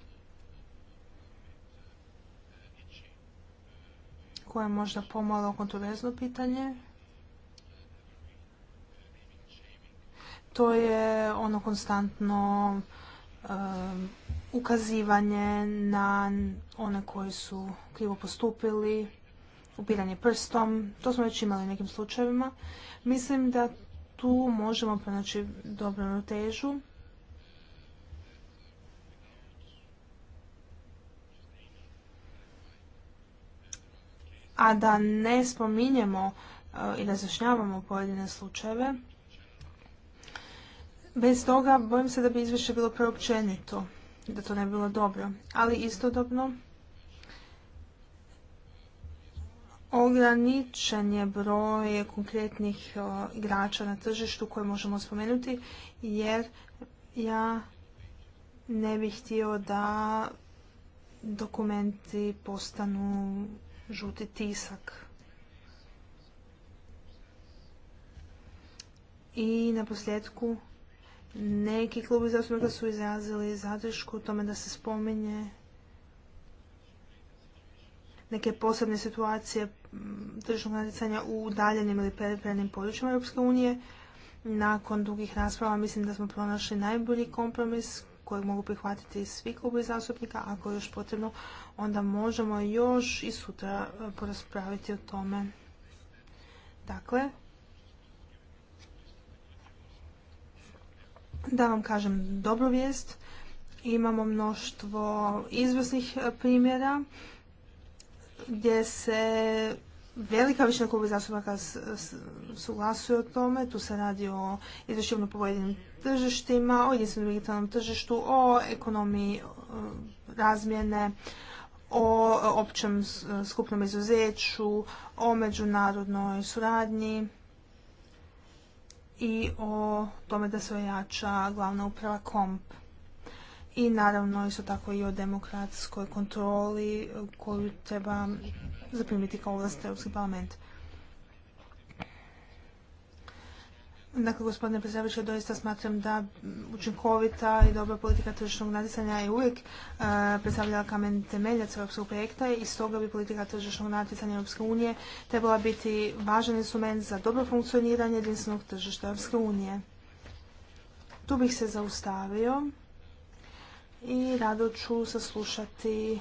B: koje je možda pomalo kontroverzno pitanje, to je ono konstantno e, ukazivanje na one koji su krivo postupili, upiranje prstom, to smo već imali u nekim slučajevima. Mislim da tu možemo pronaći dobru težu. A da ne spominjemo e, i razjašnjavamo pojedine slučajeve, bez toga bojim se da bi izvješće bilo preopćenito da to ne bilo dobro. Ali istodobno ograničen je broj konkretnih igrača na tržištu koje možemo spomenuti jer ja ne bih htio da dokumenti postanu žuti tisak. I na posljedku neki klubi zastupnika su izrazili zadršku u tome da se spominje neke posebne situacije mm, tržišnog natjecanja u udaljenim ili perifernim područjima Europske unije. Nakon dugih rasprava mislim da smo pronašli najbolji kompromis kojeg mogu prihvatiti svi klubi zastupnika. Ako je još potrebno, onda možemo još i sutra eh, poraspraviti o tome. Dakle, Da vam kažem dobru vijest. Imamo mnoštvo izvrsnih e, primjera gdje se velika većina kluba zastupnika suglasuje o tome. Tu se radi o izvršivno pojedinim tržištima, o jedinstvenom digitalnom tržištu, o ekonomiji e, razmjene, o općem skupnom izuzeću, o međunarodnoj suradnji i o tome da se ojača glavna uprava komp. I naravno isto tako i o demokratskoj kontroli koju treba zaprimiti kao ovlast Europski parlament. Dakle, gospodine predsjedavajući, doista smatram da učinkovita i dobra politika tržišnog natjecanja je uvijek e, predstavljala kamen temeljac europskog projekta i stoga bi politika tržišnog natjecanja Europske unije trebala biti važan instrument za dobro funkcioniranje jedinstvenog tržišta Europske unije. Tu bih se zaustavio i rado ću saslušati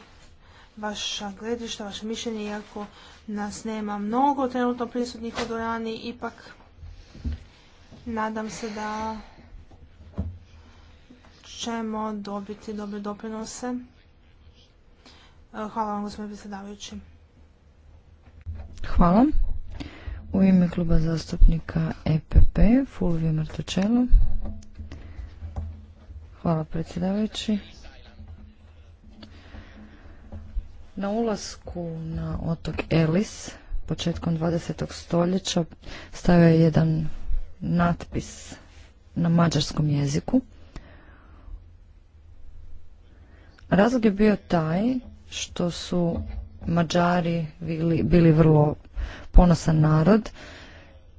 B: vaša gledišta, vaše mišljenje, iako nas nema mnogo trenutno prisutnih u ipak Nadam se da ćemo dobiti dobre doprinose. E, hvala vam gospodine predsjedavajući.
D: Hvala. U ime kluba zastupnika EPP, Fulvio Martočelo. Hvala predsjedavajući. Na ulasku na otok Elis početkom 20. stoljeća stavio je jedan natpis na mađarskom jeziku. Razlog je bio taj što su Mađari bili, vrlo ponosan narod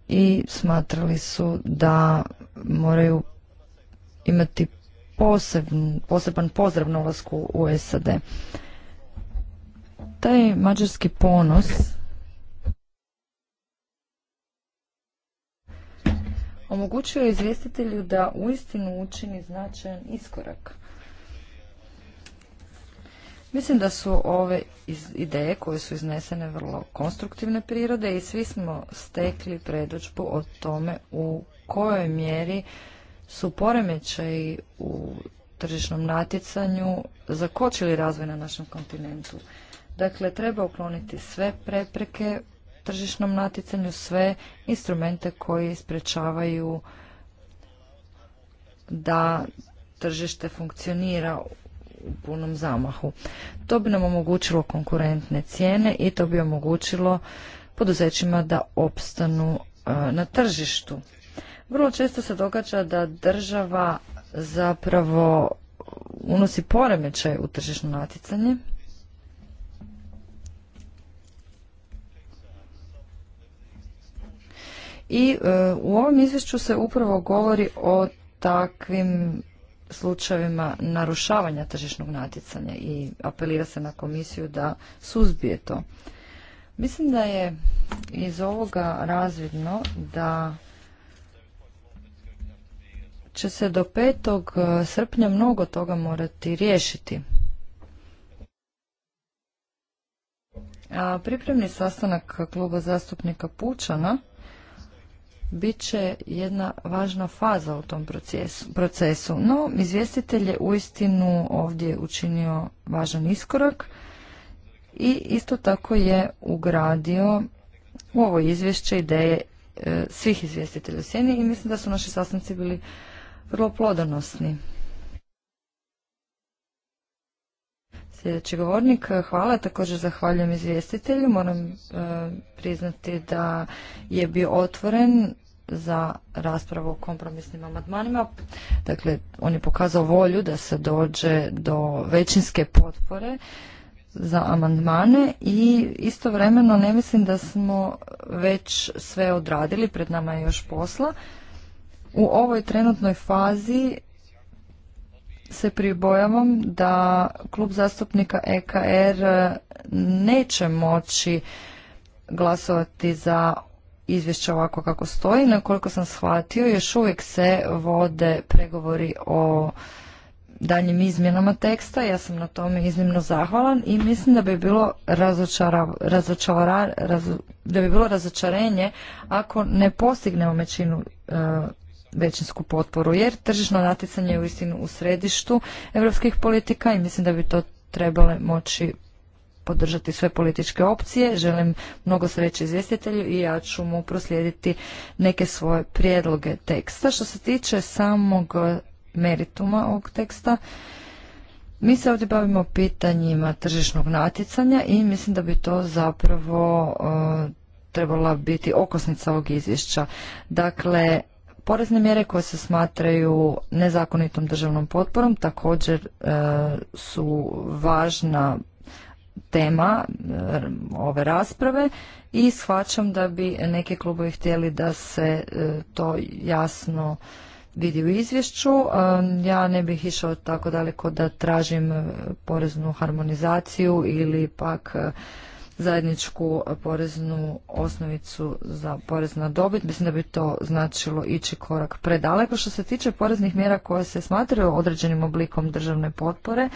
D: i smatrali su da moraju imati poseban pozdrav na ulasku u SAD. Taj mađarski ponos omogućuje izvjestitelju da uistinu učini značajan iskorak. Mislim da su ove ideje koje su iznesene vrlo konstruktivne prirode i svi smo stekli predođbu o tome u kojoj mjeri su poremećaji u tržišnom natjecanju zakočili razvoj na našem kontinentu. Dakle, treba ukloniti sve prepreke tržišnom natjecanju sve instrumente koji sprečavaju da tržište funkcionira u punom zamahu. To bi nam omogućilo konkurentne cijene i to bi omogućilo poduzećima da opstanu e, na tržištu. Vrlo često se događa da država zapravo unosi poremećaj u tržišno natjecanje I e, u ovom izvješću se upravo govori o takvim slučajevima narušavanja tržišnog natjecanja i apelira se na komisiju da suzbije to. Mislim da je iz ovoga razvidno da će se do 5. E, srpnja mnogo toga morati riješiti. A pripremni sastanak kluba zastupnika Pučana bit će jedna važna faza u tom procesu. No, izvjestitelj je uistinu ovdje učinio važan iskorak i isto tako je ugradio u ovo izvješće ideje e, svih izvjestitelja u sjeni i mislim da su naši sastanci bili vrlo plodonosni. Sljedeći govornik, hvala. Također zahvaljujem izvjestitelju. Moram e, priznati da je bio otvoren za raspravu o kompromisnim amandmanima. Dakle, on je pokazao volju da se dođe do većinske potpore za amandmane i istovremeno ne mislim da smo već sve odradili, pred nama je još posla. U ovoj trenutnoj fazi se pribojavam da klub zastupnika EKR er neće moći glasovati za izvješće ovako kako stoji. Nakoliko sam shvatio, još uvijek se vode pregovori o daljnjim izmjenama teksta. Ja sam na tome iznimno zahvalan i mislim da bi bilo razočara, da bi bilo razočarenje ako ne postignemo većinu e, većinsku potporu jer tržišno natjecanje je istinu u središtu europskih politika i mislim da bi to trebale moći podržati sve političke opcije. Želim mnogo sreće izvjestitelju i ja ću mu proslijediti neke svoje prijedloge teksta. Što se tiče samog eh, merituma ovog teksta, mi se ovdje bavimo pitanjima tržišnog natjecanja i mislim da bi to zapravo eh, trebala biti okosnica ovog izvješća. Dakle, Porezne mjere koje se smatraju nezakonitom državnom potporom također e, su važna tema e, ove rasprave i shvaćam da bi neki klubovi htjeli da se e, to jasno vidi u izvješću. Ja ne bih išao tako daleko da tražim poreznu harmonizaciju ili pak zajedničku poreznu osnovicu za porez na dobit. Mislim da bi to značilo ići korak predaleko. Što se tiče poreznih mjera koje se smatraju određenim oblikom državne potpore,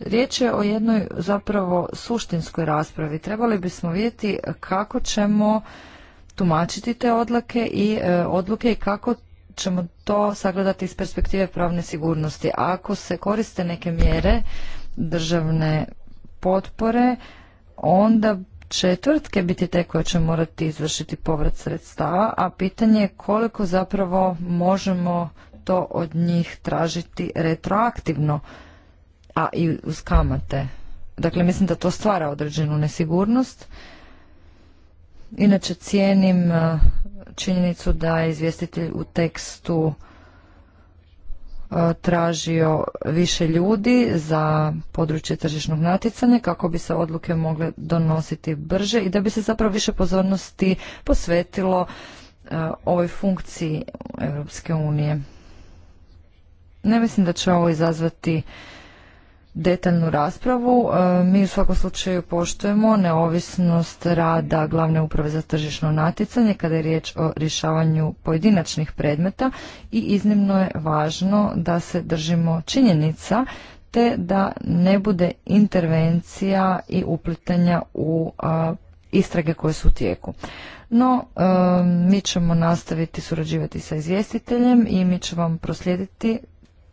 D: Riječ je o jednoj zapravo suštinskoj raspravi. Trebali bismo vidjeti kako ćemo tumačiti te odlake i e, odluke i kako ćemo to sagledati iz perspektive pravne sigurnosti. Ako se koriste neke mjere državne potpore, onda četvrtke biti te koje će morati izvršiti povrat sredstava, a pitanje je koliko zapravo možemo to od njih tražiti retroaktivno, a i uz kamate. Dakle, mislim da to stvara određenu nesigurnost. Inače, cijenim eh, činjenicu da je izvjestitelj u tekstu E, tražio više ljudi za područje tržišnog natjecanja kako bi se odluke mogle donositi brže i da bi se zapravo više pozornosti posvetilo e, ovoj funkciji Europske unije. Ne mislim da će ovo izazvati detaljnu raspravu. E, mi u svakom slučaju poštujemo neovisnost rada glavne uprave za tržišno natjecanje kada je riječ o rješavanju pojedinačnih predmeta i iznimno je važno da se držimo činjenica te da ne bude intervencija i uplitanja u e, istrage koje su u tijeku. No, e, mi ćemo nastaviti surađivati sa izvjestiteljem i mi ćemo vam proslijediti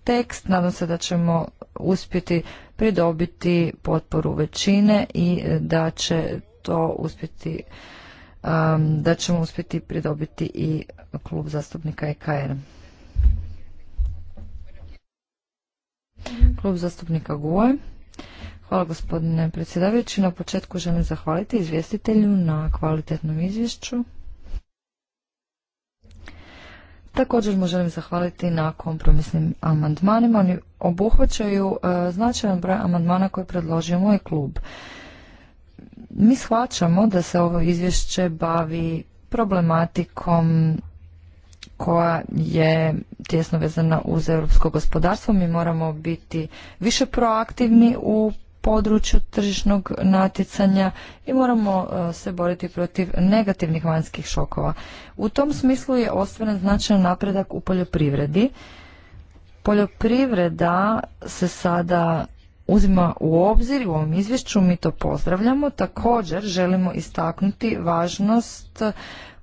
D: tekst. Nadam se da ćemo uspjeti pridobiti potporu većine i e, da će to uspjeti da ćemo uspjeti pridobiti i klub zastupnika EKR. Klub zastupnika GUE. Hvala gospodine predsjedavajući. Na početku želim zahvaliti izvjestitelju na kvalitetnom izvješću. Također mu želim zahvaliti na kompromisnim amandmanima. Oni obuhvaćaju e, značajan broj amandmana koji predložio moj klub. Mi shvaćamo da se ovo izvješće bavi problematikom koja je tjesno vezana uz europsko gospodarstvo. Mi moramo biti više proaktivni u području tržišnog natjecanja i moramo e, se boriti protiv negativnih vanjskih šokova. U tom smislu je ostvaren značajan napredak u poljoprivredi. Poljoprivreda se sada uzima u obzir u ovom izvješću, mi to pozdravljamo. Također želimo istaknuti važnost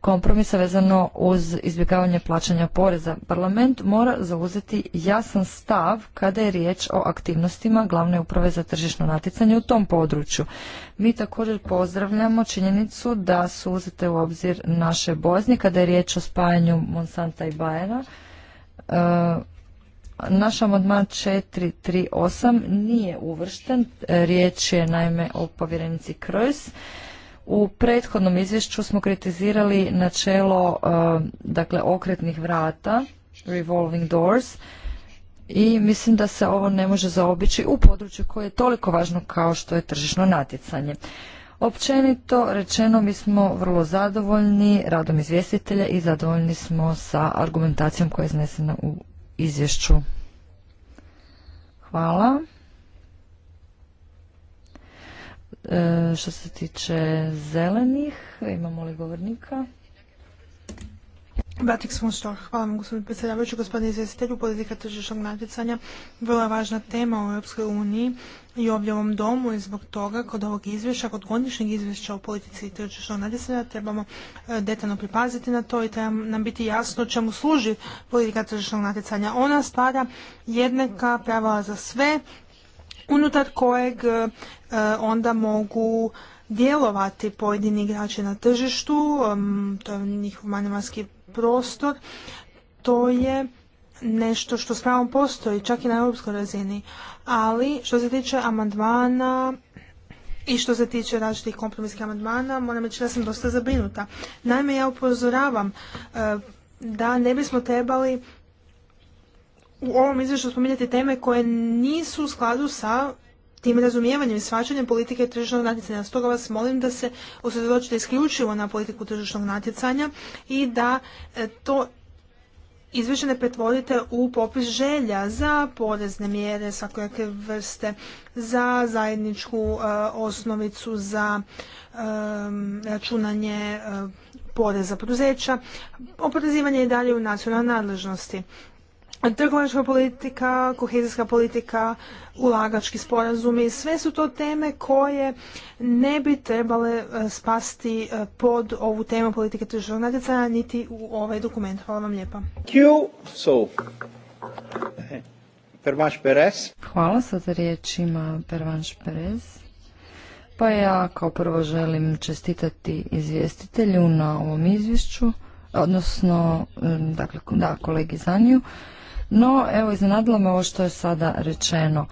D: kompromisa vezano uz izbjegavanje plaćanja poreza. Parlament mora zauzeti jasan stav kada je riječ o aktivnostima glavne uprave za tržišno natjecanje u tom području. Mi također pozdravljamo činjenicu da su uzete u obzir naše bozni kada je riječ o spajanju Monsanta i Bajera. E, naš amandman 438 nije uvršten, e, riječ je naime o povjerenici Krojs. U prethodnom izvješću smo kritizirali načelo e, dakle okretnih vrata, revolving doors, i mislim da se ovo ne može zaobići u području koje je toliko važno kao što je tržišno natjecanje. Općenito rečeno mi smo vrlo zadovoljni radom izvjestitelja i zadovoljni smo sa argumentacijom koja je iznesena u izvješću. Hvala. E, što se tiče zelenih, imamo li govornika?
B: Batik Smuštor, hvala vam gospodin predsjedavajući, gospodine izvjestitelju, politika tržišnog natjecanja vrlo je važna tema u Europskoj uniji i ovdje u ovom domu i zbog toga kod ovog izvješća, kod godišnjeg izvješća o politici i tržišnog natjecanja trebamo e, detaljno pripaziti na to i treba nam biti jasno čemu služi politika tržišnog natjecanja. Ona stvara jednaka pravila za sve unutar kojeg e, onda mogu djelovati pojedini igrači na tržištu, to je njihov manevarski prostor, to je nešto što s pravom postoji, čak i na europskoj razini. Ali što se tiče amandmana i što se tiče različitih kompromisnih amandmana, moram reći da sam dosta zabrinuta. Naime, ja upozoravam e, da ne bismo trebali u ovom izvješću spominjati teme koje nisu u skladu sa tim razumijevanjem i shvaćanjem politike tržišnog natjecanja. Stoga vas molim da se usredotočite isključivo na politiku tržišnog natjecanja i da e, to izvješće ne pretvorite u popis želja za porezne mjere svakojake vrste, za zajedničku e, osnovicu, za e, računanje poreza poduzeća. Oporezivanje je dalje u nacionalnoj nadležnosti trgovačka politika, kohezijska politika, ulagački sporazumi, sve su to teme koje ne bi trebale e, spasti e, pod ovu temu politike tržišnog natjecanja niti u ovaj dokument. Hvala vam lijepa.
D: Hvala, sa riječ Pervanš Perez. Pa ja kao prvo želim čestitati izvjestitelju na ovom izvješću, odnosno, e, dakle, da, kolegi Zaniju. No, evo, iznenadilo me ovo što je sada rečeno.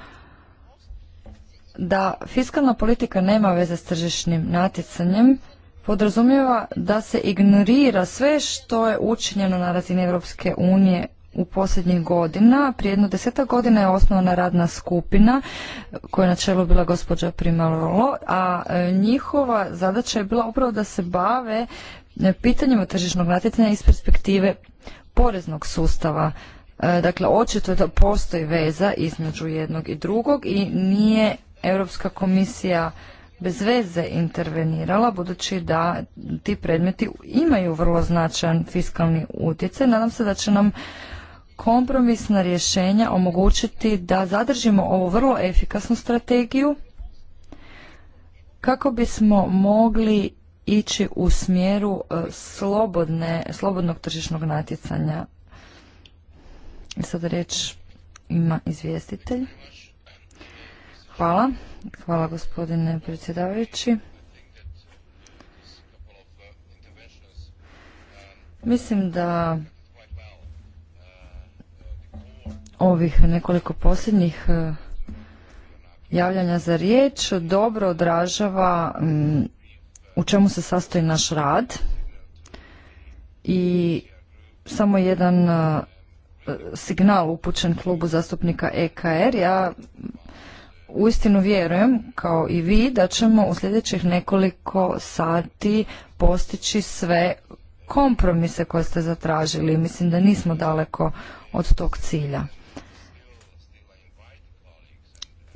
D: Da fiskalna politika nema veze s tržišnim natjecanjem, podrazumijeva da se ignorira sve što je učinjeno na razini Europske unije u posljednjih godina. Prije jedno deseta godina je osnovana radna skupina koja je na čelu bila gospođa Primalolo, a e, njihova zadaća je bila upravo da se bave e, pitanjima tržišnog natjecanja iz perspektive poreznog sustava. E, dakle, očito je da postoji veza između jednog i drugog i nije Europska komisija bez veze intervenirala, budući da ti predmeti imaju vrlo značajan fiskalni utjecaj. Nadam se da će nam kompromisna rješenja omogućiti da zadržimo ovu vrlo efikasnu strategiju kako bismo mogli ići u smjeru e, slobodnog tržišnog natjecanja Sada riječ ima izvjestitelj. Hvala. Hvala gospodine predsjedavajući. Mislim da ovih nekoliko posljednjih e, javljanja za riječ dobro odražava u čemu se sastoji naš rad i samo jedan e, signal upućen klubu zastupnika EKR. Er. Ja uistinu vjerujem, kao i vi, da ćemo u sljedećih nekoliko sati postići sve kompromise koje ste zatražili. Mislim da nismo daleko od tog cilja.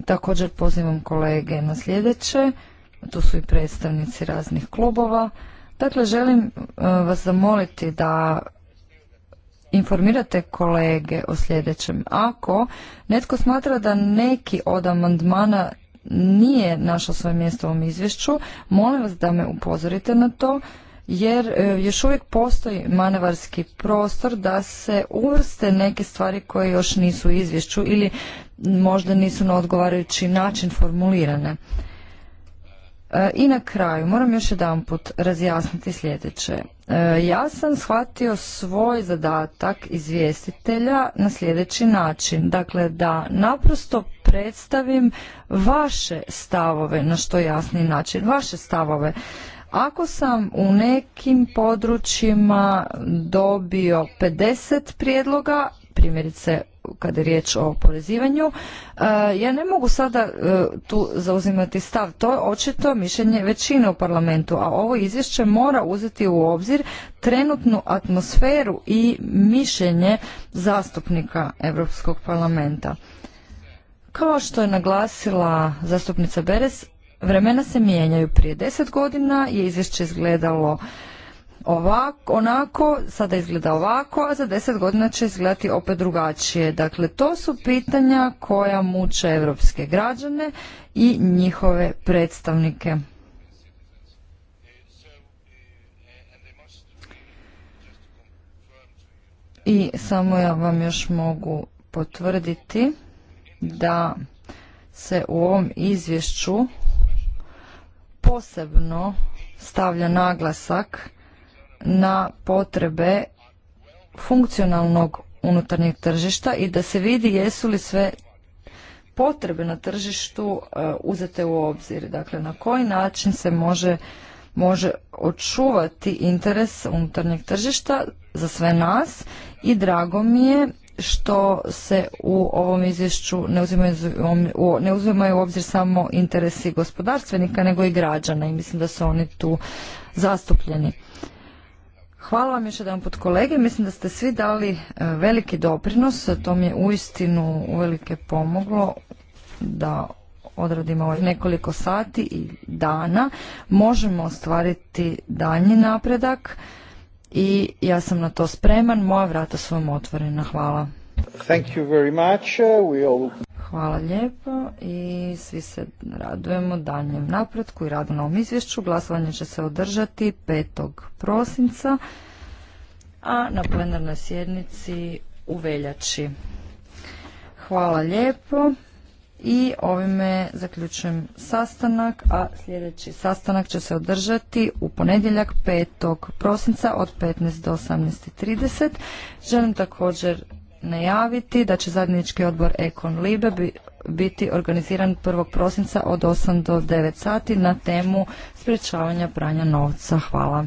D: Također pozivam kolege na sljedeće, tu su i predstavnici raznih klubova. Dakle, želim e, vas zamoliti da informirate kolege o sljedećem. Ako netko smatra da neki od amandmana nije našao svoje mjesto u ovom izvješću, molim vas da me upozorite na to, jer e, još uvijek postoji manevarski prostor da se uvrste neke stvari koje još nisu u izvješću ili možda nisu na odgovarajući način formulirane. E, I na kraju moram još put razjasniti sljedeće. E, ja sam shvatio svoj zadatak izvjestitelja na sljedeći način, dakle da naprosto predstavim vaše stavove na što jasni način, vaše stavove. Ako sam u nekim područjima dobio 50 prijedloga, primjerice kada je riječ o porezivanju. E, ja ne mogu sada e, tu zauzimati stav. To je očito mišljenje većine u parlamentu, a ovo izvješće mora uzeti u obzir trenutnu atmosferu i mišljenje zastupnika Europskog parlamenta. Kao što je naglasila zastupnica Beres, vremena se mijenjaju. Prije deset godina je izvješće izgledalo ovako, onako, sada izgleda ovako, a za deset godina će izgledati opet drugačije. Dakle, to su pitanja koja muče evropske građane i njihove predstavnike. I samo ja vam još mogu potvrditi da se u ovom izvješću posebno stavlja naglasak na potrebe funkcionalnog unutarnjeg tržišta i da se vidi jesu li sve potrebe na tržištu e, uzete u obzir. Dakle, na koji način se može, može očuvati interes unutarnjeg tržišta za sve nas i drago mi je što se u ovom izvješću ne uzimaju, ne uzimaju u obzir samo interesi gospodarstvenika nego i građana i mislim da su oni tu zastupljeni. Hvala vam još jedanput kolege. Mislim da ste svi dali e, veliki doprinos. To mi je uistinu uvelike pomoglo da odradimo ovaj nekoliko sati i dana. Možemo ostvariti daljnji napredak i ja sam na to spreman. Moja vrata su vam otvorena. Hvala. Uh, Hvala lijepo i svi se radujemo daljem napretku i radu na ovom izvješću. Glasovanje će se održati 5. prosinca, a na plenarnoj sjednici u veljači. Hvala lijepo i ovime zaključujem sastanak, a sljedeći sastanak će se održati u ponedjeljak 5. prosinca od 15 do 18.30. Želim također najaviti da će zajednički odbor Ekon Libe biti organiziran 1. prosinca od 8 do 9 sati na temu sprječavanja pranja novca. Hvala.